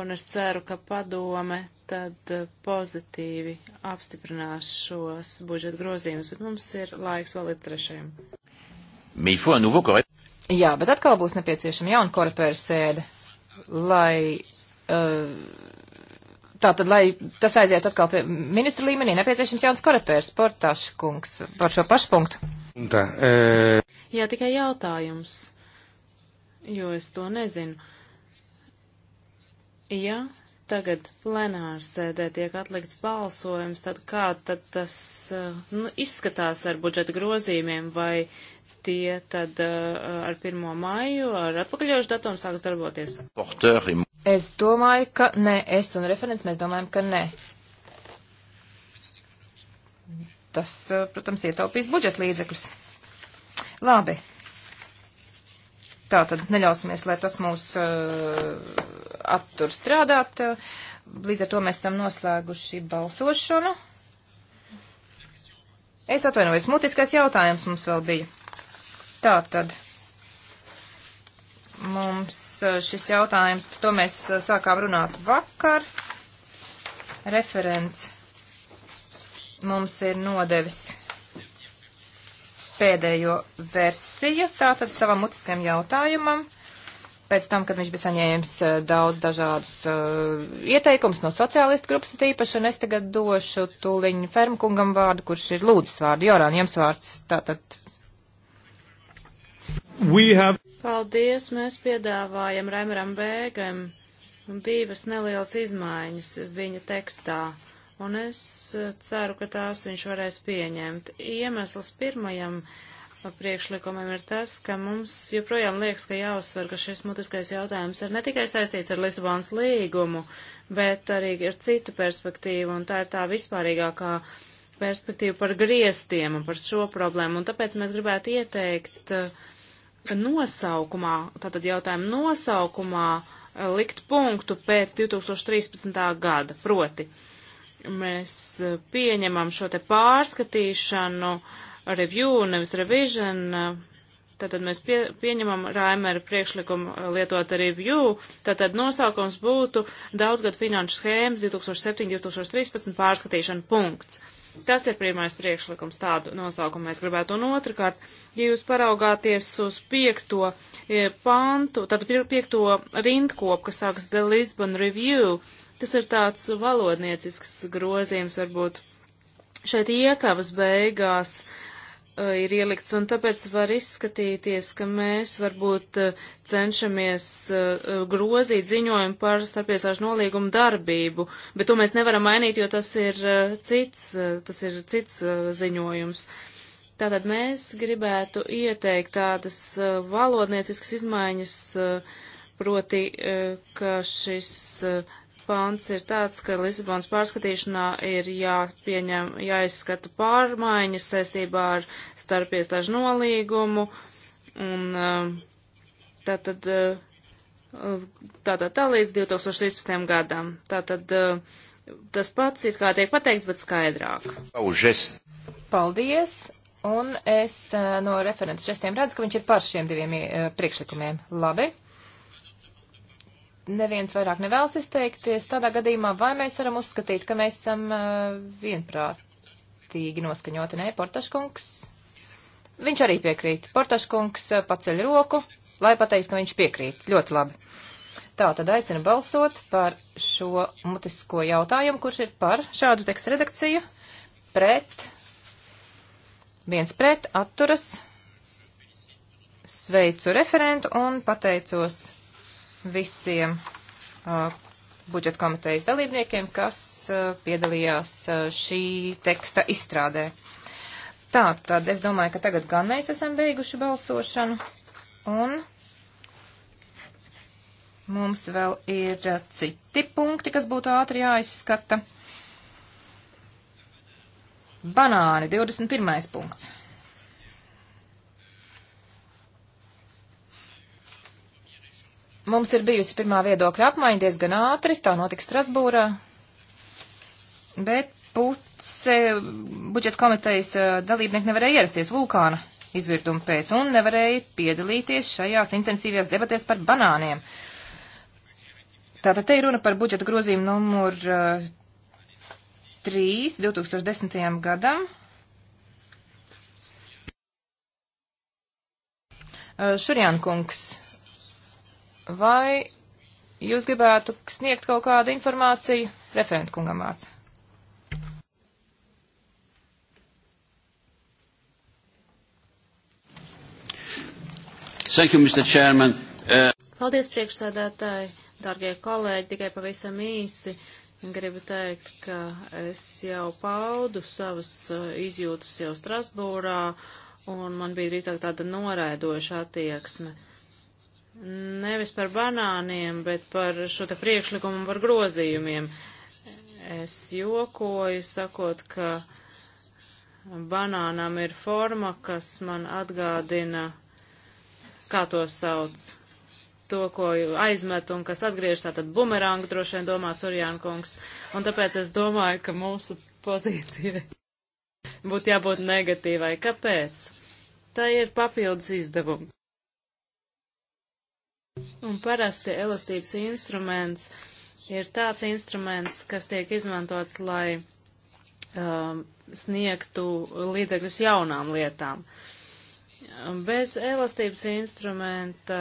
un es ceru, ka padome tad eh, pozitīvi apstiprinās šos budžeta grozījumus, bet mums ir laiks vēl līdz trešajam. Jā, bet atkal būs nepieciešama jauna korepēra sēde, lai. Uh, eh, Tātad, lai tas aizietu atkal pie ministra līmenī, nepieciešams jauns korepērs, portašs kungs, par šo pašu punktu. Tā, e... Jā, tikai jautājums, jo es to nezinu. Ja tagad plenārsēdē tiek atlikts balsojums, tad kā tad tas eh, nu, izskatās ar budžeta grozījumiem, vai tie tad eh, ar 1. maiju, ar atpakaļošu datumu sāks darboties? Es domāju, ka nē, es un referents mēs domājam, ka nē. Tas, eh, protams, ietaupīs budžeta līdzekļus. Labi, Tā tad neļausimies, lai tas mūs uh, attur strādāt. Līdz ar to mēs esam noslēguši balsošanu. Es atvainojos, mutiskais jautājums mums vēl bija. Tā tad mums uh, šis jautājums, par to mēs uh, sākām runāt vakar. Referents mums ir nodevis pēdējo versiju tātad savam mutiskajam jautājumam. Pēc tam, kad viņš bija saņēmis eh, daudz dažādus uh, ieteikumus no sociālistu grupas tīpaši, un es tagad došu tūliņu Fermkungam vārdu, kurš ir lūdzis vārdu. Jorāni, jums vārds tātad. Have... Paldies, mēs piedāvājam Raimaram Bēgam divas nelielas izmaiņas viņa tekstā un es eh, ceru, ka tās viņš varēs pieņemt. Iemesls pirmajam eh, priekšlikumam ir tas, ka mums joprojām liekas, ka jāuzsver, ka šis mutiskais jautājums ir ne tikai saistīts ar Lisabonas līgumu, bet arī ar citu perspektīvu, un tā ir tā vispārīgākā perspektīva par griestiem un par šo problēmu, un tāpēc mēs gribētu ieteikt eh, nosaukumā, tātad jautājumu nosaukumā, likt punktu pēc 2013. gada, proti. Uh, mēs eh, pieņemam šo te pārskatīšanu, review, nevis revision, tātad eh, mēs pie, pieņemam Raimera priekšlikumu eh, lietot review, tātad nosaukums būtu daudzgad finanšu schēmas 2007-2013 pārskatīšana punkts. Tas ir pirmais priekšlikums, tādu nosaukumu mēs gribētu. Un otrkārt, ja jūs paraugāties uz piekto pantu, tad piekto rindkopu, kas sākas The Lisbon Review, uh, Tas ir tāds valodniecisks grozījums varbūt. Šeit iekavas beigās uh, ir ielikts, un tāpēc var izskatīties, ka mēs varbūt uh, cenšamies uh, uh grozīt ziņojumu par starpiesāžu nolīgumu darbību, bet to mēs nevaram mainīt, jo tas ir uh, cits, uh, tas ir cits ziņojums. Tātad mēs gribētu ieteikt tādas valodnieciskas izmaiņas, proti, ka šis pants ir tāds, ka Lisabonas pārskatīšanā ir jāpieņem, jāizskata pārmaiņas saistībā ar starpiestāžu nolīgumu, un um, tātad uh, tātad tā līdz 2013. gadam. Tātad uh, tas pats it kā tiek pateikts, bet skaidrāk. Paldies! Un es uh, no referents žestiem redzu, ka viņš ir par šiem diviem priekšlikumiem. Labi neviens vairāk nevēlas izteikties, tādā gadījumā vai mēs varam uzskatīt, ka mēs esam uh, vienprātīgi noskaņoti, nē, Portaškungs? Viņš arī piekrīt. Portaškungs uh, paceļ roku, lai pateikt, ka viņš piekrīt. Ļoti labi. Tā tad aicinu balsot par šo mutisko jautājumu, kurš ir par šādu tekstu redakciju. Pret. Viens pret atturas. Sveicu referentu un pateicos visiem uh, budžeta komitejas dalībniekiem, kas uh, piedalījās uh, šī teksta izstrādē. Tā, tad es domāju, ka tagad gan mēs esam beiguši balsošanu, un mums vēl ir citi punkti, kas būtu ātri jāizskata. Banāni, 21. punkts. Mums ir bijusi pirmā viedokļa apmaiņa diezgan ātri, tā notika Strasbūrā, bet puse budžeta komitejas eh, dalībnieki nevarēja ierasties vulkāna izvirduma pēc un nevarēja piedalīties šajās intensīvajās debatēs par banāniem. Tātad te ir runa par budžeta grozījumu numur 3 eh, 2010. gadam. Eh, Šurjānkungs Vai jūs gribētu sniegt kaut kādu informāciju referentu kungam vārds? Thank you, Mr. Chairman. Uh... Paldies, priekšsēdētāji, dārgie kolēģi, tikai pavisam īsi. Gribu teikt, ka es jau paudu savas uh, izjūtas jau Strasbūrā, un man bija drīzāk tāda noraidoša attieksme. Uh, nevis par banāniem, bet par šo te priekšlikumu par grozījumiem. Es jokoju, sakot, ka banānam ir forma, kas man atgādina, kā to sauc, to, ko aizmet un kas atgriež, tātad bumerangu droši vien domā Surjānkungs. Un tāpēc es domāju, ka mūsu pozīcija būtu jābūt negatīvai. Kāpēc? Tā ir papildus izdevumi. Un parasti elastības instruments ir tāds instruments, kas tiek izmantots, lai um, sniegtu līdzekļus jaunām lietām. Bez elastības instrumenta,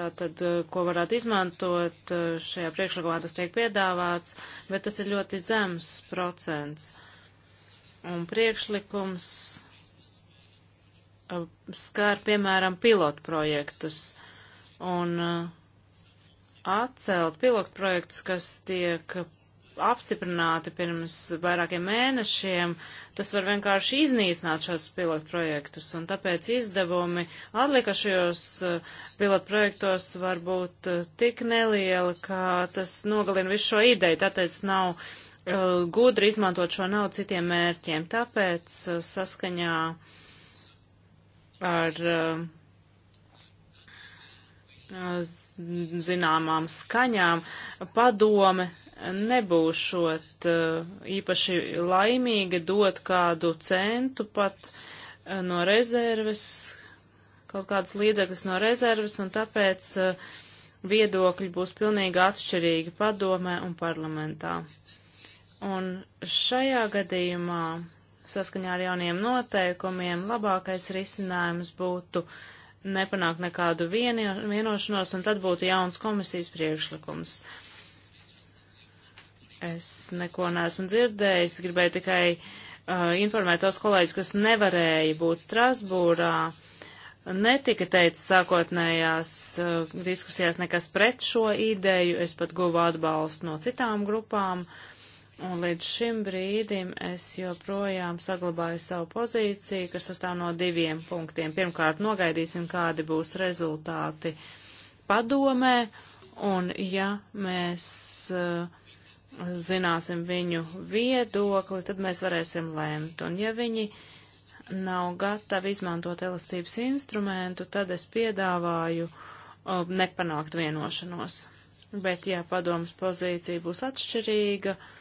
tātad, ko varētu izmantot, uh, šajā priekšlikumā tas tiek piedāvāts, bet tas ir ļoti zems procents. Un priekšlikums Uh, skar, piemēram, pilotu projektus. Un uh, atcelt pilotu projektus, kas tiek apstiprināti pirms vairākiem mēnešiem, tas var vienkārši iznīcināt šos pilotu projektus, un tāpēc izdevumi atlikašajos uh, pilotu projektos var būt tik nelieli, ka tas nogalina visu šo ideju, tāpēc nav uh, gudri izmantot šo naudu citiem mērķiem. Tāpēc saskaņā uh, ar um, zināmām skaņām, padome nebūšot uh, īpaši laimīga dot kādu centu pat uh, no rezerves, kaut kādas līdzekļas no rezerves, un tāpēc uh, viedokļi būs pilnīgi atšķirīgi padomē un parlamentā. Un šajā gadījumā saskaņā ar jauniem noteikumiem labākais risinājums būtu nepanākt nekādu vienio, vienošanos, un tad būtu jauns komisijas priekšlikums. Es neko neesmu dzirdējis, gribēju tikai uh, informēt tos kolēģis, kas nevarēja būt Strasbūrā. Netika teicis sākotnējās uh, diskusijās nekas pret šo ideju, es pat guvu atbalstu no citām grupām. Uh, Un līdz šim brīdim es joprojām saglabāju savu pozīciju, kas sastāv no diviem punktiem. Pirmkārt, nogaidīsim, kādi būs rezultāti padomē, un ja mēs uh, zināsim viņu viedokli, tad mēs varēsim lēmt. Un ja viņi nav gatavi izmantot elastības instrumentu, tad es piedāvāju uh, nepanākt vienošanos. Bet, ja padomas pozīcija būs atšķirīga, uh,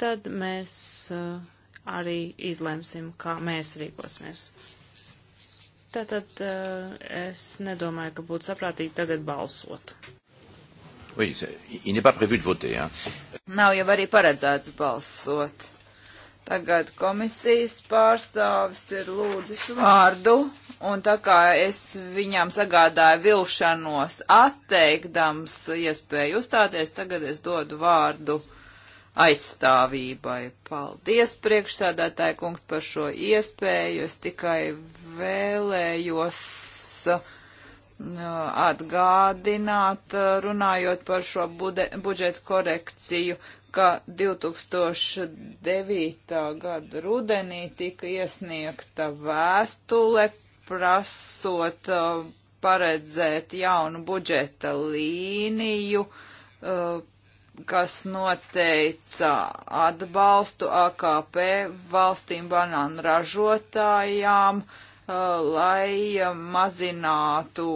tad mēs uh, arī izlemsim, kā mēs rīkosimies. Tātad uh, es nedomāju, ka būtu saprātīgi tagad balsot. Oui, il n'est pas prévu de voter. Hein. Nav jau arī paredzēts balsot. Tagad komisijas pārstāvis ir lūdzis vārdu, un tā kā es viņām sagādāju vilšanos atteikdams iespēju uzstāties, tagad es dodu vārdu aizstāvībai. Paldies, priekšsēdētāji kungs, par šo iespēju. Es tikai vēlējos uh, atgādināt, uh, runājot par šo budžetu korekciju, ka 2009. gada rudenī tika iesniegta vēstule prasot uh, paredzēt jaunu budžeta līniju kas noteica atbalstu AKP valstīm banānu ražotājām, uh, lai mazinātu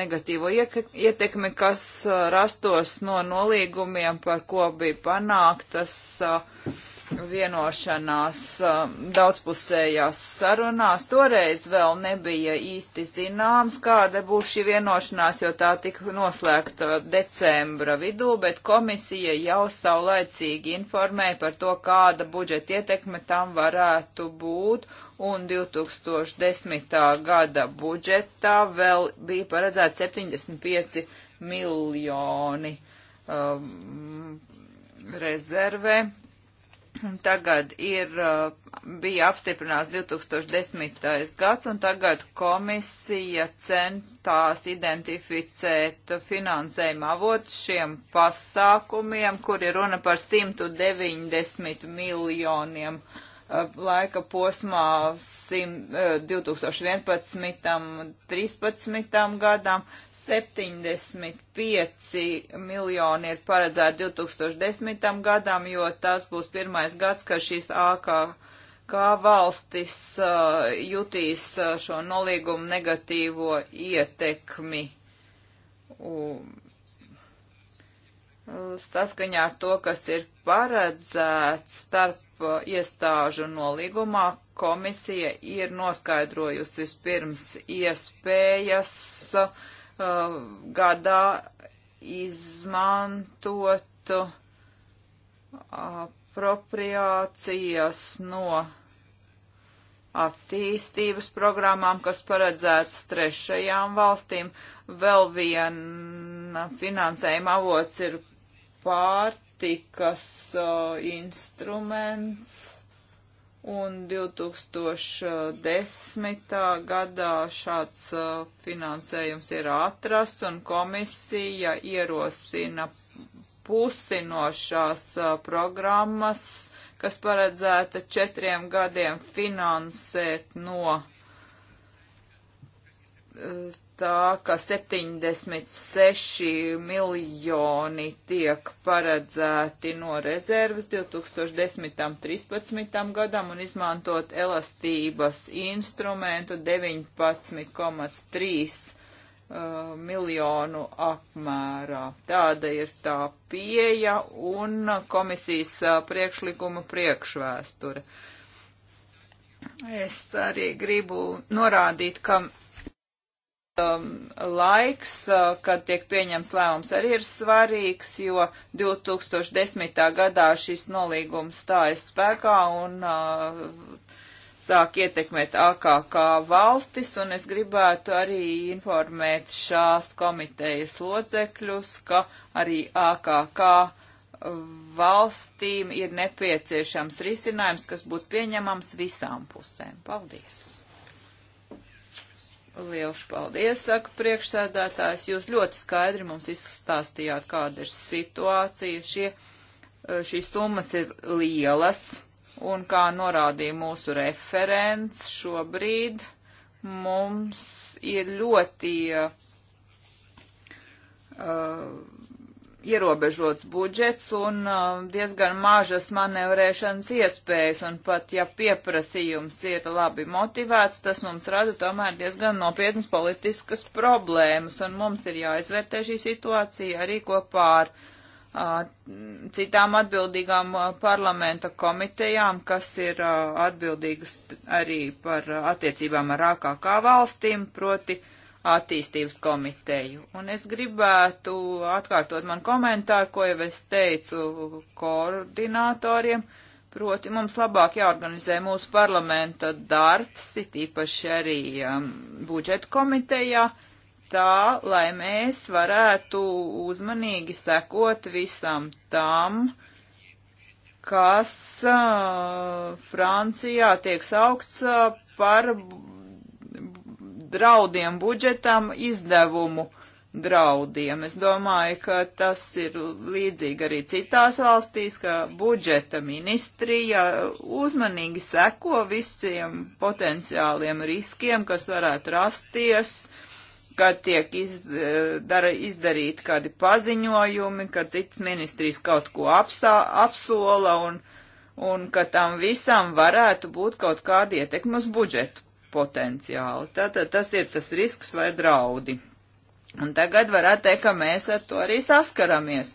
negatīvo ietekmi, kas uh, rastos no nolīgumiem, par ko bija panāktas uh, vienošanās um, daudzpusējās sarunās. Toreiz vēl nebija īsti zināms, kāda būs šī vienošanās, jo tā tika noslēgta decembra vidū, bet komisija jau saulaicīgi informēja par to, kāda budžeta ietekme tam varētu būt, un 2010. gada budžetā vēl bija paredzēts 75 miljoni um, rezervē tagad ir, uh, bija apstiprināts 2010. gads, un tagad komisija centās identificēt finansējuma avotu šiem pasākumiem, kur ir runa par 190 miljoniem uh, laika posmā 2011. 13. Uh, gadam, 75 miljoni ir paredzēti 2010. gadam, jo tas būs pirmais gads, kad šīs AKK valstis uh, jutīs uh, šo nolīgumu negatīvo ietekmi. Um, saskaņā ar to, kas ir paredzēts starp uh, iestāžu nolīgumā, komisija ir noskaidrojusi vispirms iespējas uh, uh, gadā izmantotu uh, apropriācijas no attīstības programmām, kas paredzēts trešajām valstīm. Vēl viena finansējuma avots ir pārtikas uh, instruments un 2010. gadā šāds uh, finansējums ir atrasts, un komisija ierosina pusi no šās uh, programmas, kas paredzēta četriem gadiem finansēt no uh, tā, ka 76 miljoni tiek paredzēti no rezerves 2010-13 gadam un izmantot elastības instrumentu 19,3 uh, miljonu apmērā. Tāda ir tā pieeja un komisijas uh, priekšlikuma priekšvēsture. Es arī gribu norādīt, ka Um, laiks, uh, kad tiek pieņems lēmums, arī ir svarīgs, jo 2010. gadā šis nolīgums stājas spēkā un uh, sāk ietekmēt AKK valstis, un es gribētu arī informēt šās komitejas locekļus, ka arī AKK valstīm ir nepieciešams risinājums, kas būtu pieņemams visām pusēm. Paldies! Liels paldies, saka priekšsēdētājs. Jūs ļoti skaidri mums izstāstījāt, kāda ir situācija. Šie, eh, šīs summas ir lielas, un kā norādīja mūsu referents, šobrīd mums ir ļoti uh, ierobežots budžets un uh, diezgan mažas manevrēšanas iespējas, un pat ja pieprasījums ir labi motivēts, tas mums rada tomēr diezgan nopietnas politiskas problēmas, un mums ir jāizvērtē šī situācija arī kopā ar uh, citām atbildīgām uh, parlamenta komitejām, kas ir atbildīgas arī par attiecībām ar AKK valstīm, proti attīstības komiteju. Un es gribētu atkārtot man komentāru, ko jau es teicu koordinatoriem, proti mums labāk jāorganizē mūsu parlamenta darbs, it īpaši arī um, budžeta komitejā, tā, lai mēs varētu uzmanīgi sekot visam tam, kas uh, Francijā tiek saukts uh, par draudiem budžetam, izdevumu draudiem. Es domāju, ka tas ir līdzīgi arī citās valstīs, ka budžeta ministrija uzmanīgi seko visiem potenciāliem riskiem, kas varētu rasties, kad tiek izdara, izdarīti kādi paziņojumi, kad citas ministrijas kaut ko apsā, apsola un, un ka tam visam varētu būt kaut kāda ietekmas budžetu potenciāli. Tātad tas ir tas risks vai draudi. Un tagad varētu teikt, ka mēs ar to arī saskaramies.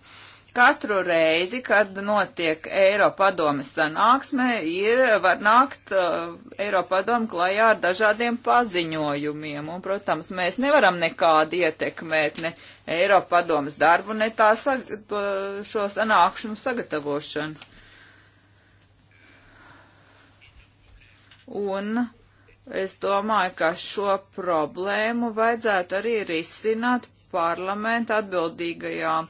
Katru reizi, kad notiek Eiropadomes sanāksme, ir, var nākt uh, Eiropadoma klajā ar dažādiem paziņojumiem. Un, protams, mēs nevaram nekādi ietekmēt ne Eiropadomes darbu, ne tā sag to, šo sanākšanu sagatavošanu. Un Es domāju, ka šo problēmu vajadzētu arī risināt parlamentu atbildīgajām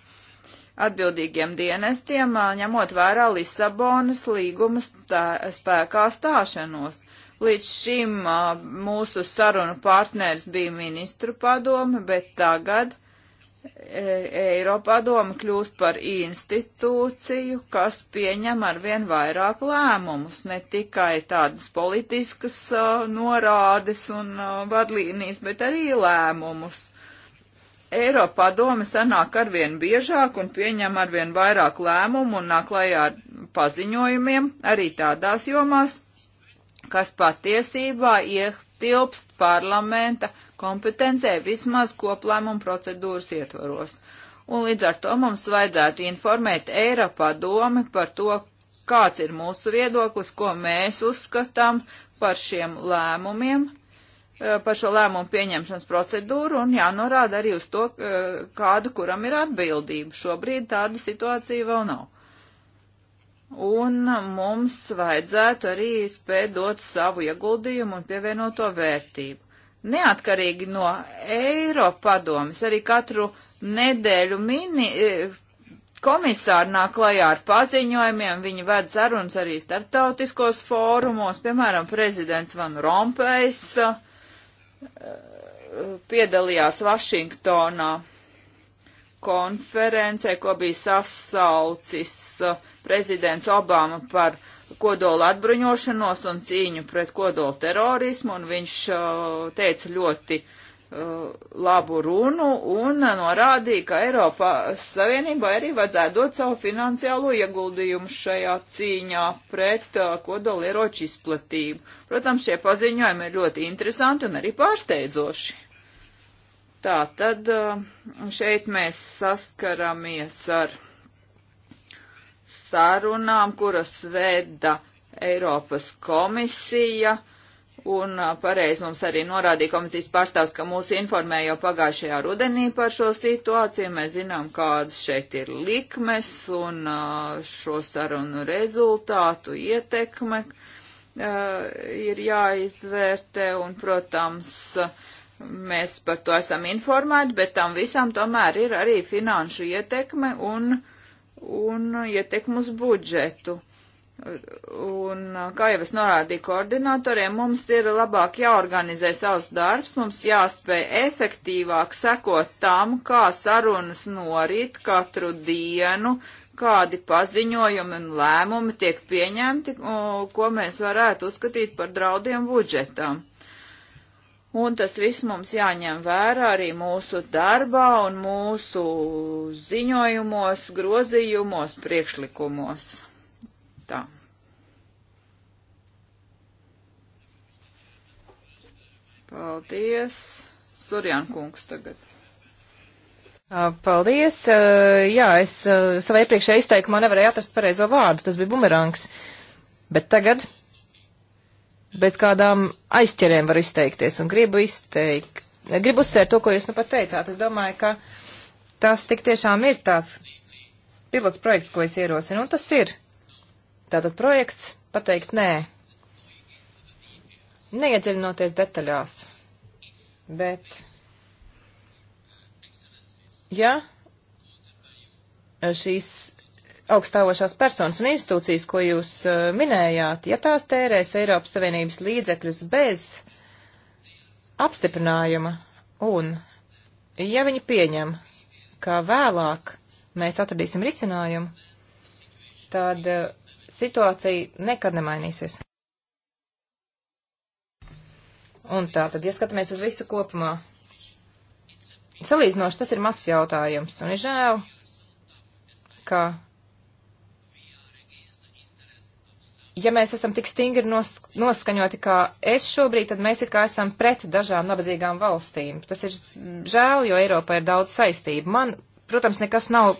atbildīgiem dienestiem, ņemot vērā Lisabonas līguma spēkā stāšanos. Līdz šim mūsu sarunu partners bija ministru padome, bet tagad E, Eiropadoma kļūst par institūciju, kas pieņem arvien vairāk lēmumus, ne tikai tādas politiskas uh, norādes un uh, vadlīnijas, bet arī lēmumus. Eiropadome sanāk arvien biežāk un pieņem arvien vairāk lēmumu un nāk klajā ar paziņojumiem arī tādās jomās, kas patiesībā iek tilpst parlamenta kompetencē vismaz koplēmuma procedūras ietvaros. Un līdz ar to mums vajadzētu informēt Eiropā domi par to, kāds ir mūsu viedoklis, ko mēs uzskatām par šiem lēmumiem, eh, par šo lēmumu pieņemšanas procedūru un jānorāda arī uz to, eh, kādu kuram ir atbildība. Šobrīd tāda situācija vēl nav un mums vajadzētu arī spēt dot savu ieguldījumu un pievienoto vērtību. Neatkarīgi no Eiropadomes, arī katru nedēļu mini, e, komisāri nāk klajā ar paziņojumiem, viņi ved sarunas arī starptautiskos fórumos, piemēram, prezidents Van Rompējs e, e, piedalījās Vašingtonā konferencē, ko bija sasaucis uh, prezidents Obama par kodola atbruņošanos un cīņu pret kodola terorismu, un viņš uh, teica ļoti uh, labu runu un norādīja, ka Eiropas Savienībā arī vajadzētu dot savu finansiālo ieguldījumu šajā cīņā pret kodolieroču izplatību. Protams, šie paziņojumi ir ļoti interesanti un arī pārsteidzoši. Tā tad uh, šeit mēs saskaramies ar sarunām, kuras veda Eiropas komisija, un uh, pareiz mums arī norādīja komisijas pārstāvs, ka mūs informē jau pagājušajā rudenī par šo situāciju. Mēs zinām, kādas šeit ir likmes un uh, šo sarunu rezultātu ietekme ir jāizvērtē, un, protams, uh, Mēs par to esam informēti, bet tam visam tomēr ir arī finanšu ietekme un, un ietekme uz budžetu. Un, kā jau es norādīju koordinatoriem, mums ir labāk jāorganizē savs darbs, mums jāspēj efektīvāk sekot tam, kā sarunas norit katru dienu, kādi paziņojumi un lēmumi tiek pieņemti, ko mēs varētu uzskatīt par draudiem budžetam. Un tas viss mums jāņem vērā arī mūsu darbā un mūsu ziņojumos, grozījumos, priekšlikumos. Tā. Paldies. Surjan kungs tagad. Paldies. Jā, es savā iepriekšējā izteikumā nevarēju atrast pareizo vārdu. Tas bija bumerangs. Bet tagad bez kādām aizķerēm var izteikties un gribu izteikt. Gribu uzsvērt to, ko jūs nu pat teicāt. Es domāju, ka tas tik tiešām ir tāds pilots projekts, ko es ierosinu, un tas ir. Tātad projekts pateikt nē. Neiedziļinoties detaļās, bet, ja šīs augstāvošās personas un institūcijas, ko jūs uh, minējāt, ja tās tērēs Eiropas Savienības līdzekļus bez apstiprinājuma un ja viņi pieņem, ka vēlāk mēs atradīsim risinājumu, tad uh, situācija nekad nemainīsies. Un tā tad, ja skatāmies uz visu kopumā, salīdzinoši tas ir mazs jautājums, un ir žēl, ka ja mēs esam tik stingri nos, noskaņoti kā es šobrīd, tad mēs it kā esam pret dažām nabadzīgām valstīm. Tas ir žēl, jo Eiropā ir daudz saistību. Man, protams, nekas nav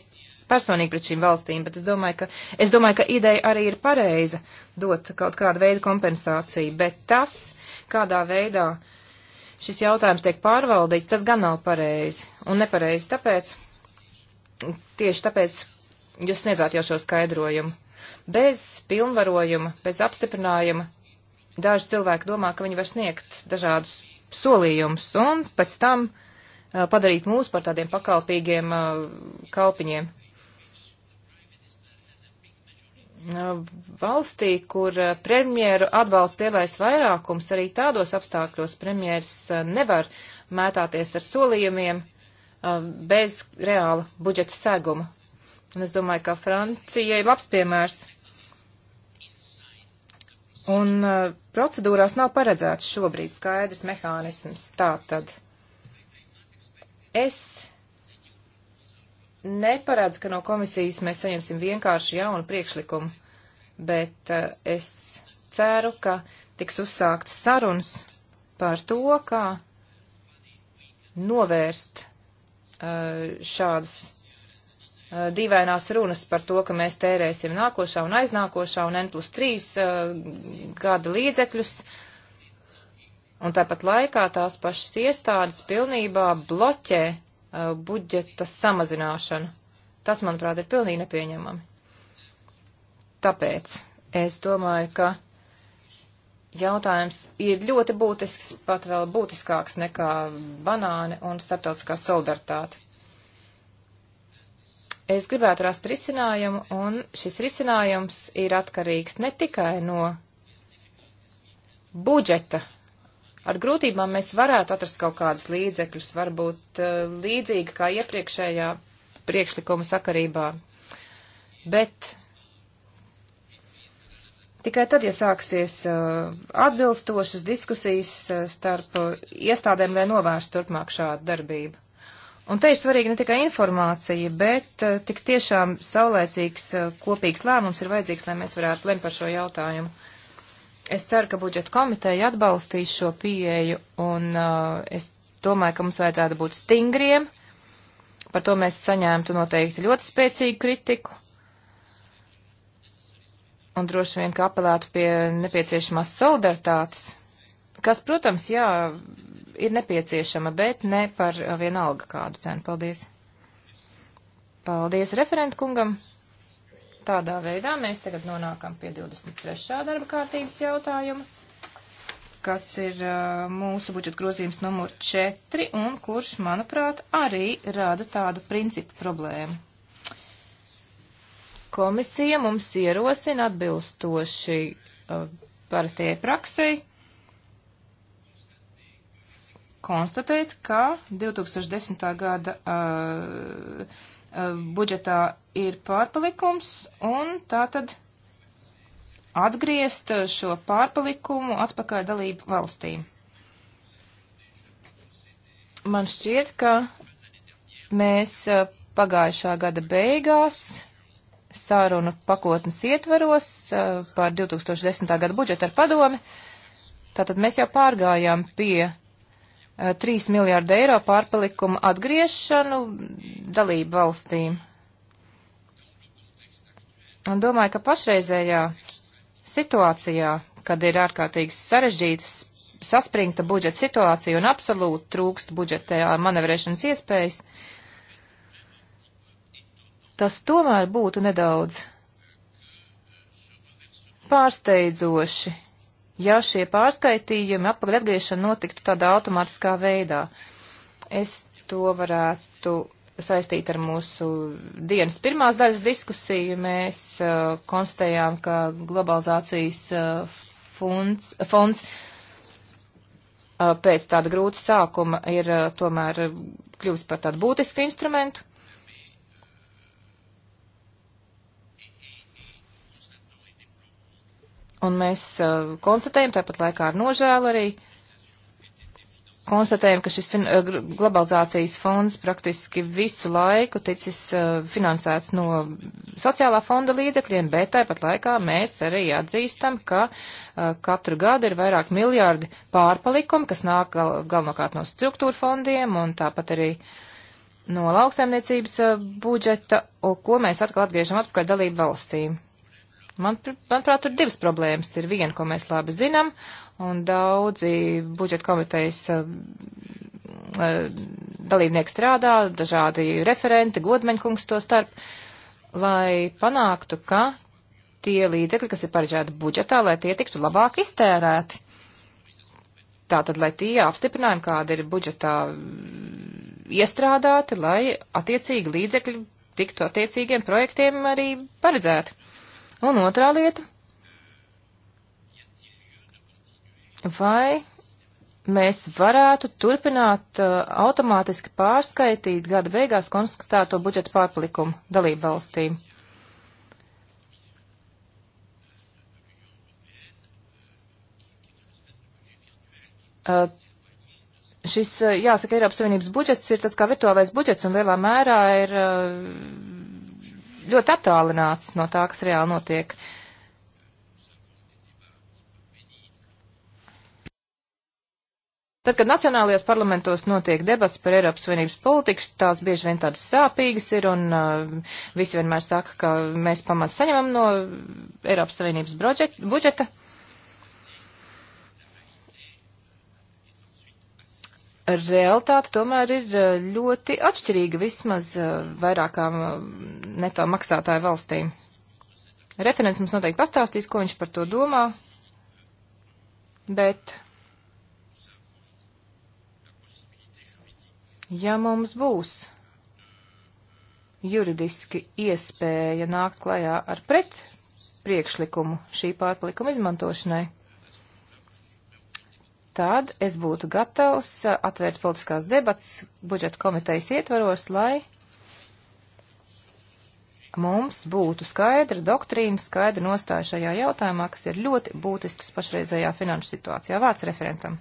personīgi pret šīm valstīm, bet es domāju, ka, es domāju, ka ideja arī ir pareiza dot kaut kādu veidu kompensāciju, bet tas, kādā veidā šis jautājums tiek pārvaldīts, tas gan nav pareizi un nepareizi tāpēc, tieši tāpēc jūs sniedzāt jau šo skaidrojumu. Bez pilnvarojuma, bez apstiprinājuma daži cilvēki domā, ka viņi var sniegt dažādus solījumus un pēc tam uh, padarīt mūs par tādiem pakalpīgiem uh, kalpiņiem. Uh, valstī, kur premjeru atbalsta lielais vairākums, arī tādos apstākļos premjeras nevar mētāties ar solījumiem bez reāla budžeta seguma. Un es domāju, ka Francija ir labs piemērs. Un uh, procedūrās nav paredzēts šobrīd skaidrs mehānisms. Tā tad es neparedzu, ka no komisijas mēs saņemsim vienkārši jaunu priekšlikumu, bet uh, es ceru, ka tiks uzsāktas sarunas par to, kā novērst uh, šādus Eh, dīvainās runas par to, ka mēs tērēsim nākošā un aiznākošā un N plus 3 eh, gada līdzekļus. Un tāpat laikā tās pašas iestādes pilnībā bloķē uh, budžeta samazināšanu. Tas, manuprāt, ir pilnīgi nepieņemami. Tāpēc es domāju, ka jautājums ir ļoti būtisks, pat vēl būtiskāks nekā banāni un starptautiskā solidaritāte. Es gribētu rast risinājumu, un šis risinājums ir atkarīgs ne tikai no budžeta. Ar grūtībām mēs varētu atrast kaut kādus līdzekļus, varbūt uh, līdzīgi kā iepriekšējā priekšlikuma sakarībā. Bet tikai tad, ja sāksies uh, atbilstošas diskusijas uh, starp iestādēm, lai novērstu turpmāk šādu darbību. Un te ir svarīga ne tikai informācija, bet uh, tik tiešām saulēcīgs uh, kopīgs lēmums ir vajadzīgs, lai mēs varētu lemt par šo jautājumu. Es ceru, ka budžeta komiteja atbalstīs šo pieeju, un uh, es domāju, ka mums vajadzētu būt stingriem. Par to mēs saņēmtu noteikti ļoti spēcīgu kritiku. Un droši vien, ka apelētu pie nepieciešamās solidaritātes, kas, protams, jā, ir nepieciešama, bet ne par vienalga kādu cenu. Paldies! Paldies referentkungam! Tādā veidā mēs tagad nonākam pie 23. darba kārtības jautājuma, kas ir uh, mūsu budžeta grozījums numur 4 un kurš, manuprāt, arī rada tādu principu problēmu. Komisija mums ierosina atbilstoši uh, parastajai praksei konstatēt, ka 2010. gada uh, uh, budžetā ir pārpalikums un tātad atgriezt šo pārpalikumu atpakaļ dalību valstīm. Man šķiet, ka mēs uh, pagājušā gada beigās sārunu pakotnes ietveros uh, par 2010. gada budžetu ar padomi. Tātad mēs jau pārgājām pie 3 eh, miljārdu eiro pārpalikumu atgriešanu dalību valstīm. Un domāju, ka pašreizējā situācijā, kad ir ārkārtīgi sarežģītas saspringta budžeta situācija un absolūti trūkst budžetējā eh, manevrēšanas iespējas, tas tomēr būtu nedaudz pārsteidzoši ja šie pārskaitījumi atpakaļ atgriešana notiktu tādā automātiskā veidā. Es to varētu saistīt ar mūsu dienas pirmās daļas diskusiju. Mēs uh, konstatējām, ka globalizācijas uh, funds, fonds uh, pēc tāda grūta sākuma ir uh, tomēr kļuvis par tādu būtisku instrumentu. Un mēs uh, konstatējam, tāpat laikā ar nožēlu arī, konstatējam, ka šis fin uh, globalizācijas fonds praktiski visu laiku ticis uh, finansēts no sociālā fonda līdzekļiem, bet tāpat laikā mēs arī atzīstam, ka uh, katru gadu ir vairāk miljārdi pārpalikumi, kas nāk gal galvenokārt no struktūra fondiem un tāpat arī no lauksaimniecības uh, budžeta, ko mēs atkal atgriežam atpakaļ dalību valstīm. Man, manuprāt, tur divas problēmas. Ir viena, ko mēs labi zinām, un daudzi budžeta komitejas uh, dalībnieki strādā, dažādi referenti, godmeņkungs to starp, lai panāktu, ka tie līdzekļi, kas ir paredzēti budžetā, lai tie tiktu labāk iztērēti. Tātad, lai tie apstiprinājumi, kāda ir budžetā mm, iestrādāti, lai attiecīgi līdzekļi tiktu attiecīgiem projektiem arī paredzēti. Un otrā lieta. Vai mēs varētu turpināt uh, automātiski pārskaitīt gada beigās konstatēto budžeta pārpalikumu dalību valstīm? Uh, šis, uh, jāsaka, Eiropas Savienības budžets ir tāds kā virtuālais budžets un lielā mērā ir uh, ļoti attālināts no tā, kas reāli notiek. Tad, kad nacionālajos parlamentos notiek debats par Eiropas Savienības politikas, tās bieži vien tādas sāpīgas ir, un uh, visi vienmēr saka, ka mēs pamaz saņemam no Eiropas Savienības budžeta, budžeta realitāte tomēr ir eh, ļoti atšķirīga vismaz eh, vairākām eh, neto maksātāju valstīm. Referents mums noteikti pastāstīs, ko viņš par to domā, bet ja mums būs juridiski iespēja nākt klajā ar pret priekšlikumu šī pārpalikuma izmantošanai, tad es būtu gatavs uh, atvērt politiskās debats budžeta komitejas ietvaros, lai mums būtu skaidra doktrīna, skaidra nostāja šajā jautājumā, kas ir ļoti būtisks pašreizējā finanšu situācijā. Vārds referentam.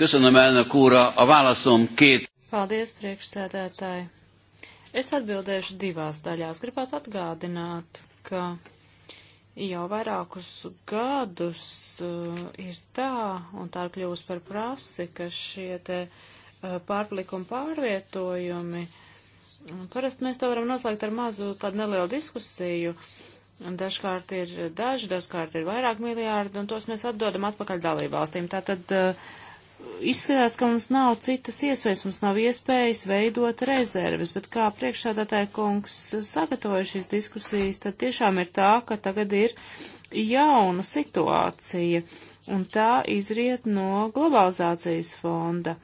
Köszönöm, elnök úr, a válaszom két. Paldies, priekšsēdētāji. Es atbildēšu divās daļās. Gribētu atgādināt, ka jau vairākus gadus uh, ir tā, un tā ir kļuvusi par prasi, ka šie te uh, pārplikuma pārvietojumi, parasti mēs to varam noslēgt ar mazu tādu nelielu diskusiju, un dažkārt ir daži, dažkārt ir vairāk miljārdi, un tos mēs atdodam atpakaļ dalībvalstīm. Tātad uh, izskatās, ka mums nav citas iespējas, mums nav iespējas veidot rezerves, bet kā priekšsādātāja kungs sagatavoja šīs diskusijas, tad tiešām ir tā, ka tagad ir jauna situācija, un tā izriet no globalizācijas fonda.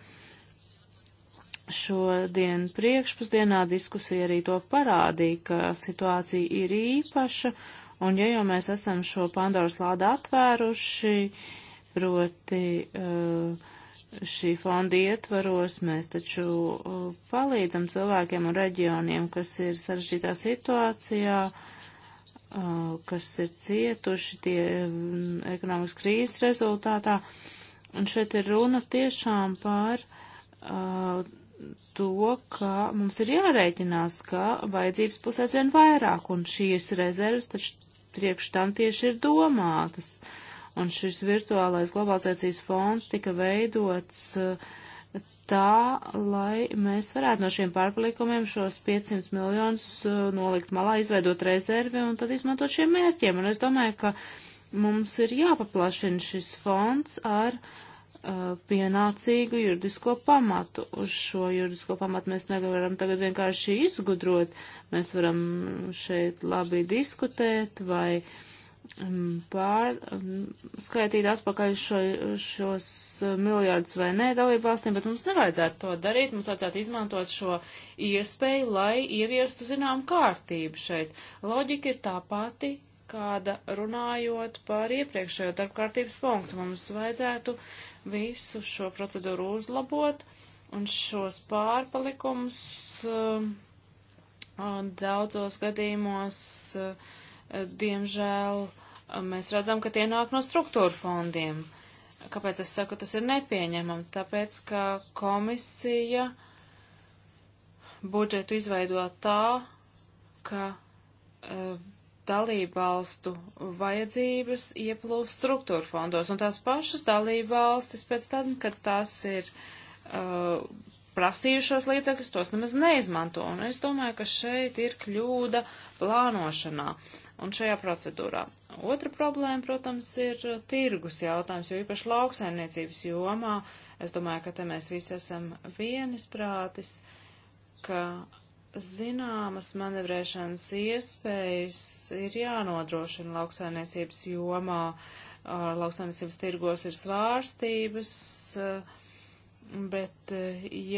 Šodien priekšpusdienā diskusija arī to parādīja, ka situācija ir īpaša, un ja jau mēs esam šo Pandoras lādu atvēruši, proti uh, šī fonda ietvaros mēs taču uh, palīdzam cilvēkiem un reģioniem, kas ir sarežģītā situācijā, uh, kas ir cietuši tie mm, ekonomikas krīzes rezultātā. Un šeit ir runa tiešām par uh, to, ka mums ir jārēķinās, ka vajadzības būs aizvien vairāk, un šīs rezerves taču priekš tam tieši ir domātas. Uh, Un šis virtuālais globalizācijas fonds tika veidots eh, tā, lai mēs varētu no šiem pārpalikumiem šos 500 miljonus eh, nolikt malā, izveidot rezervi un tad izmantot šiem mērķiem. Un es domāju, ka mums ir jāpaplašina šis fonds ar uh, pienācīgu juridisko pamatu. Uz šo juridisko pamatu mēs nevaram tagad vienkārši izgudrot. Mēs varam šeit labi diskutēt vai uh, Um, pār, um, skaitīt atpakaļ šo, šos uh, miljardus vai nē dalību valstīm, bet mums nevajadzētu to darīt, mums vajadzētu izmantot šo iespēju, lai ieviestu zinām kārtību šeit. Loģika ir tā pati, kāda runājot par iepriekšējo darbkārtības punktu. Mums vajadzētu visu šo procedūru uzlabot un šos pārpalikumus uh, daudzos gadījumos uh, diemžēl, mēs redzam, ka tie nāk no struktūra fondiem. Kāpēc es saku, tas ir nepieņemam? Tāpēc, ka komisija budžetu izveido tā, ka dalībvalstu vajadzības ieplūst struktūra fondos, un tās pašas dalībvalstis pēc tam, kad tās ir uh, prasījušos līdzekļus, tos nemaz neizmanto. Un es domāju, ka šeit ir kļūda plānošanā un šajā procedūrā. Otra problēma, protams, ir tirgus jautājums, jo īpaši lauksaimniecības jomā, es domāju, ka te mēs visi esam vienisprātis, ka zināmas manevrēšanas iespējas ir jānodrošina lauksaimniecības jomā. Lauksaimniecības tirgos ir svārstības, bet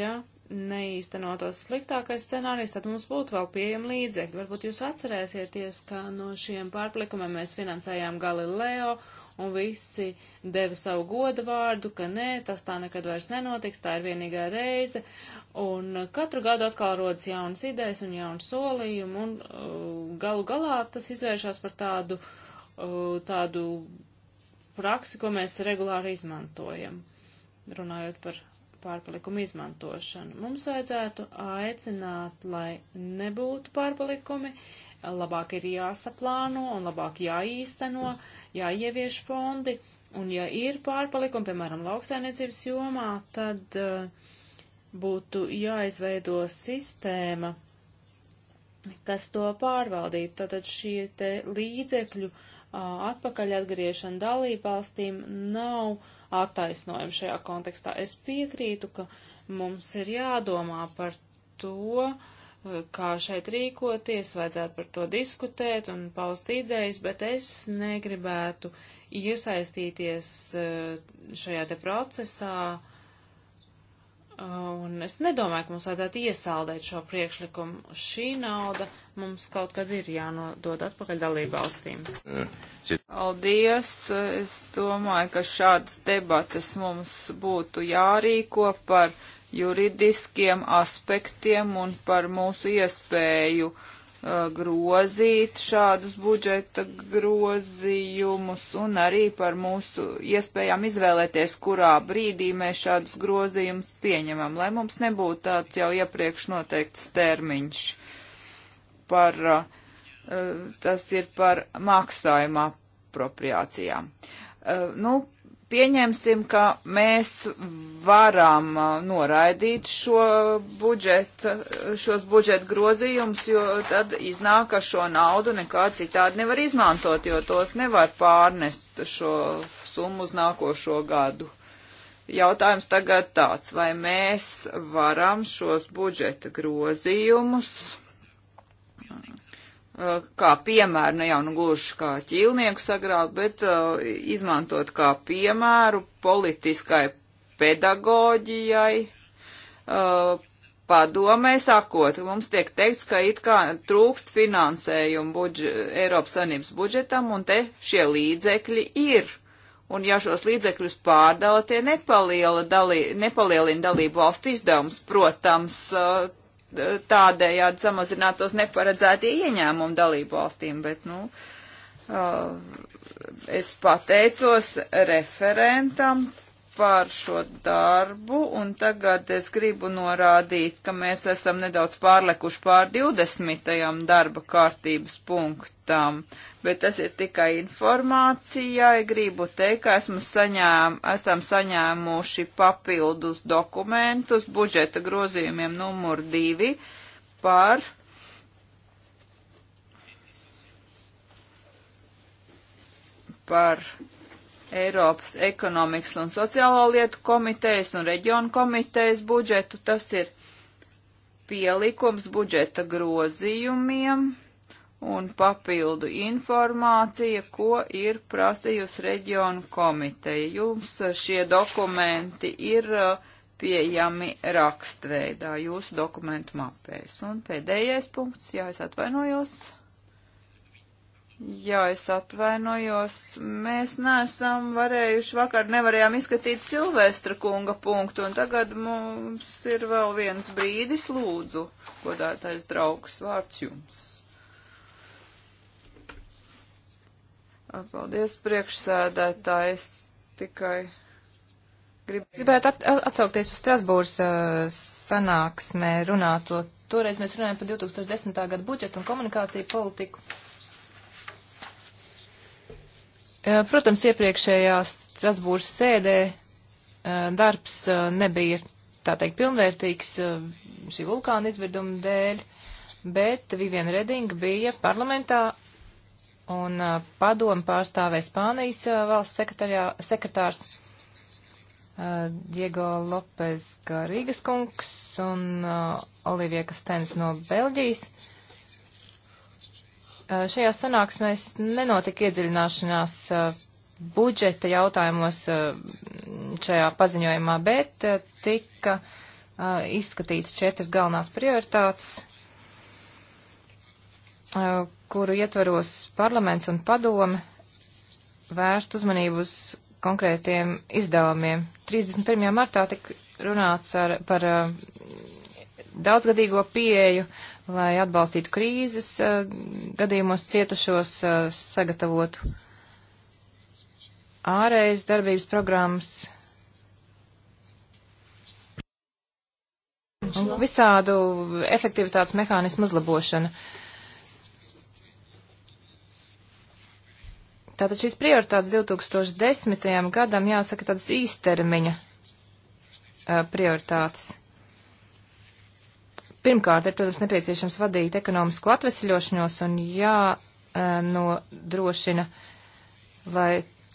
ja neīstenotos sliktākais scenārijs, tad mums būtu vēl pieejami līdzekļi. Varbūt jūs atcerēsieties, ka no šiem pārplikumiem mēs finansējām Galileo un visi deva savu godu vārdu, ka nē, tas tā nekad vairs nenotiks, tā ir vienīgā reize. Un katru gadu atkal rodas jaunas idejas un jaunas solījumi, un uh, galu galā tas izvēršas par tādu, uh, tādu praksi, ko mēs regulāri izmantojam, runājot par pārpalikumu izmantošanu. Mums vajadzētu aicināt, lai nebūtu pārpalikumi, labāk ir jāsaplāno un labāk jāīsteno, jāievieš fondi, un ja ir pārpalikumi, piemēram, lauksainiecības jomā, tad uh, būtu jāizveido sistēma, kas to pārvaldītu. Tātad šie te līdzekļu uh, eh, atpakaļ atgriešana dalībvalstīm nav attaisnojumu šajā kontekstā. Es piekrītu, ka mums ir jādomā par to, eh, kā šeit rīkoties, vajadzētu par to diskutēt un paust idejas, bet es negribētu iesaistīties eh, šajā te procesā, uh, Un es nedomāju, ka mums vajadzētu iesaldēt šo priekšlikumu. Šī nauda mums kaut kad ir jānodod atpakaļ dalību valstīm. Paldies! Es domāju, ka šādas debates mums būtu jārīko par juridiskiem aspektiem un par mūsu iespēju uh, Uh, grozīt šādus budžeta grozījumus un arī par mūsu iespējām izvēlēties, kurā brīdī mēs šādus grozījumus pieņemam, lai mums nebūtu tāds jau iepriekš noteikts termiņš. Par, uh, tas ir par maksājuma apropriācijām. Uh, nu, pieņemsim, ka mēs varam uh, noraidīt šo budžeta, uh, šos budžeta grozījumus, jo tad iznāk, ka šo naudu nekā citādi nevar izmantot, jo tos nevar pārnest šo summu uz nākošo gadu. Jautājums tagad tāds, vai mēs varam šos budžeta grozījumus Uh, kā piemēru, ne jau nu gluži kā ķīlnieku sagrābt, bet uh, izmantot kā piemēru politiskai pedagoģijai. Uh, Padomē sakot, mums tiek teikts, ka it kā trūkst finansējumu budžet, Eiropas Sanības budžetam, un te šie līdzekļi ir. Un ja šos līdzekļus pārdala, tie nepalielina dalību valstu izdevumus. Protams, uh, tādējādi samazinātos neparedzētie ieņēmumi dalību valstīm, bet, nu, uh, es pateicos referentam par šo darbu, un tagad es gribu norādīt, ka mēs esam nedaudz pārlekuši pār 20. darba kārtības punktam, bet tas ir tikai informācijai. Gribu teikt, ka esmu saņēm, esam saņēmuši papildus dokumentus budžeta grozījumiem numur 2 par par Eiropas ekonomikas un sociālo lietu komitejas un reģionu komitejas budžetu. Tas ir pielikums budžeta grozījumiem un papildu informācija, ko ir prasījusi reģionu komiteja. Jums uh, šie dokumenti ir uh, pieejami rakstveidā jūsu dokumentu mapēs. Un pēdējais punkts, jā, es atvainojos. Jā, es atvainojos. Mēs neesam varējuši vakar, nevarējām izskatīt Silvestra kunga punktu, un tagad mums ir vēl viens brīdis, lūdzu, godātais draugs, vārds jums. Paldies, priekšsēdētājs, tikai Gribētu at atsaukties uz Strasbūras uh, sanāksmē runāto. Toreiz mēs runājam par 2010. gadu budžetu un komunikāciju politiku. Eh, protams, iepriekšējā Strasbūras sēdē eh, darbs eh, nebija, tā teikt, pilnvērtīgs šī vulkāna izvirduma dēļ, bet Viviana Redinga bija parlamentā un padomu pārstāvēja Spānijas valsts sekretārs Diego Lopez Garīgas kungs un Olivie Kastens no Beļģijas. Eh, šajā sanāksmēs nenotika iedziļināšanās eh, budžeta jautājumos eh, šajā paziņojumā, bet tika izskatītas četras galvenās prioritātes, kuru ietvaros parlaments un padome vērst uzmanību uz konkrētiem izdevumiem. 31. martā tika runāts ar, par daudzgadīgo pieeju lai atbalstītu krīzes eh, gadījumos cietušos, eh, sagatavotu ārējas darbības programmas un visādu efektivitātes mehānismu uzlabošanu. Tātad šīs prioritātes 2010. gadam jāsaka tādas īstermiņa eh, prioritātes. Pirmkārt, ir, protams, nepieciešams vadīt ekonomisko atvesļošanos un jānodrošina, eh, lai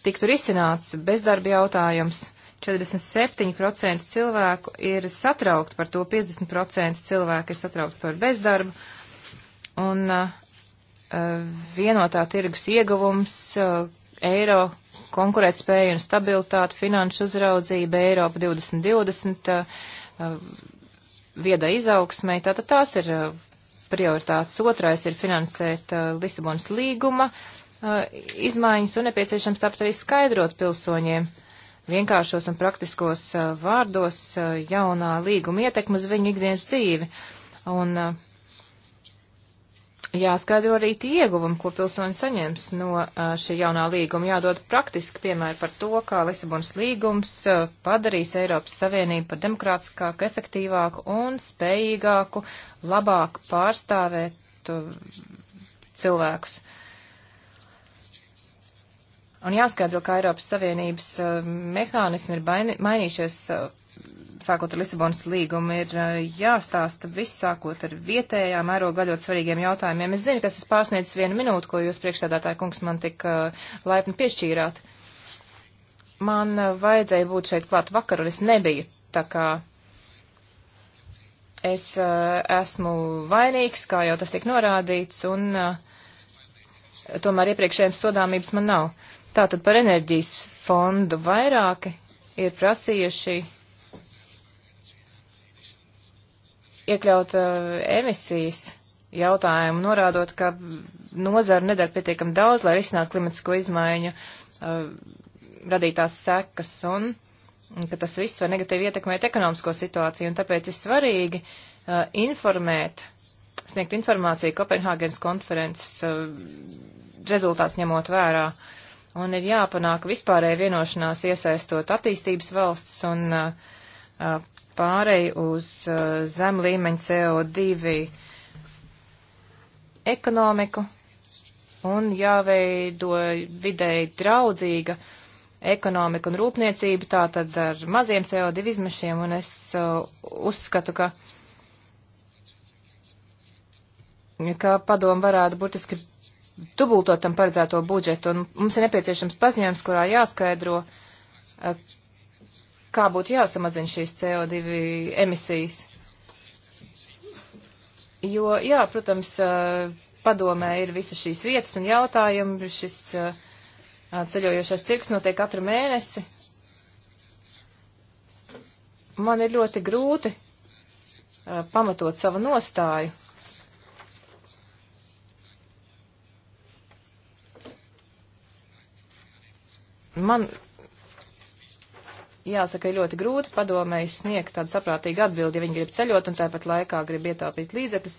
tiktu risināts bezdarba jautājums. 47% cilvēku ir satraukti par to, 50% cilvēku ir satraukti par bezdarbu. Un uh, vienotā tirgus ieguvums, uh, eiro konkurētspēja un stabilitāte, finanšu uzraudzība, Eiropa 2020. Uh, viedai izaugsmai. Tātad tās ir uh, prioritātes. Otrais ir finansēt uh, Lisabonas līguma uh, izmaiņas un nepieciešams tāpat arī skaidrot pilsoņiem vienkāršos un praktiskos vārdos jaunā līguma ietekmu uz viņu ikdienas dzīvi. Un uh, jāskaidro arī tie ieguvumi, ko pilsoņi saņems no uh, šī jaunā līguma. Jādod praktiski piemēri par to, kā Lisabonas līgums uh, padarīs Eiropas Savienību par demokrātiskāku, efektīvāku un spējīgāku, labāk pārstāvēt uh, cilvēkus. Un jāskaidro, ka Eiropas Savienības uh, mehānismi ir baini, mainījušies, uh, sākot ar Lisabonas līgumu, ir uh, jāstāsta viss, sākot ar vietējām, mēroga ļoti svarīgiem jautājumiem. Es zinu, ka es pārsniedzu vienu minūtu, ko jūs priekšstādātāja kungs man tik uh, laipni piešķīrāt. Man uh, vajadzēja būt šeit klāt vakar, un es nebiju, tā kā es uh, esmu vainīgs, kā jau tas tiek norādīts, un uh, tomēr iepriekšējiem sodāmības man nav. Tātad par enerģijas fondu vairāki ir prasījuši iekļaut uh, emisijas jautājumu, norādot, ka nozara nedara pietiekami daudz, lai risinātu klimatisko izmaiņu uh, radītās sekas un ka tas viss var negatīvi ietekmēt ekonomisko situāciju, un tāpēc ir svarīgi uh, informēt, sniegt informāciju Kopenhāgenes konferences uh, rezultāts ņemot vērā. Uh, un ir jāpanāk vispārēja vienošanās iesaistot attīstības valsts un uh, uh, pārēj uz uh, zem līmeņa CO2 ekonomiku un jāveido vidēji draudzīga ekonomika un rūpniecība, tātad ar maziem CO2 izmešiem, un es uh, uzskatu, ka, ka padomu varētu burtiski dubultot tam paredzēto budžetu, un mums ir nepieciešams paziņojums, kurā jāskaidro, eh, kā būtu jāsamazina šīs CO2 emisijas. Jo, jā, protams, eh, padomē ir visas šīs vietas un jautājumi, šis eh, ceļojošais cirks notiek katru mēnesi. Man ir ļoti grūti pamatot savu nostāju Man jāsaka, ir ļoti grūti padomēji sniegt tādu saprātīgu atbildi, ja viņi grib ceļot un tāpat laikā grib ietaupīt līdzekļus.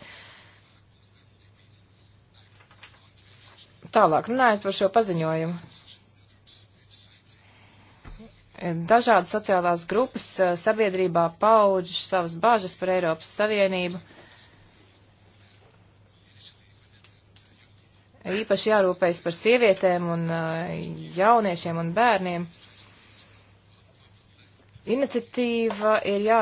Tālāk runājot par šo paziņojumu. Dažādas sociālās grupas eh, sabiedrībā pauž savas bāžas par Eiropas Savienību. īpaši jārūpējas par sievietēm un eh, jauniešiem un bērniem. Iniciatīva ir jā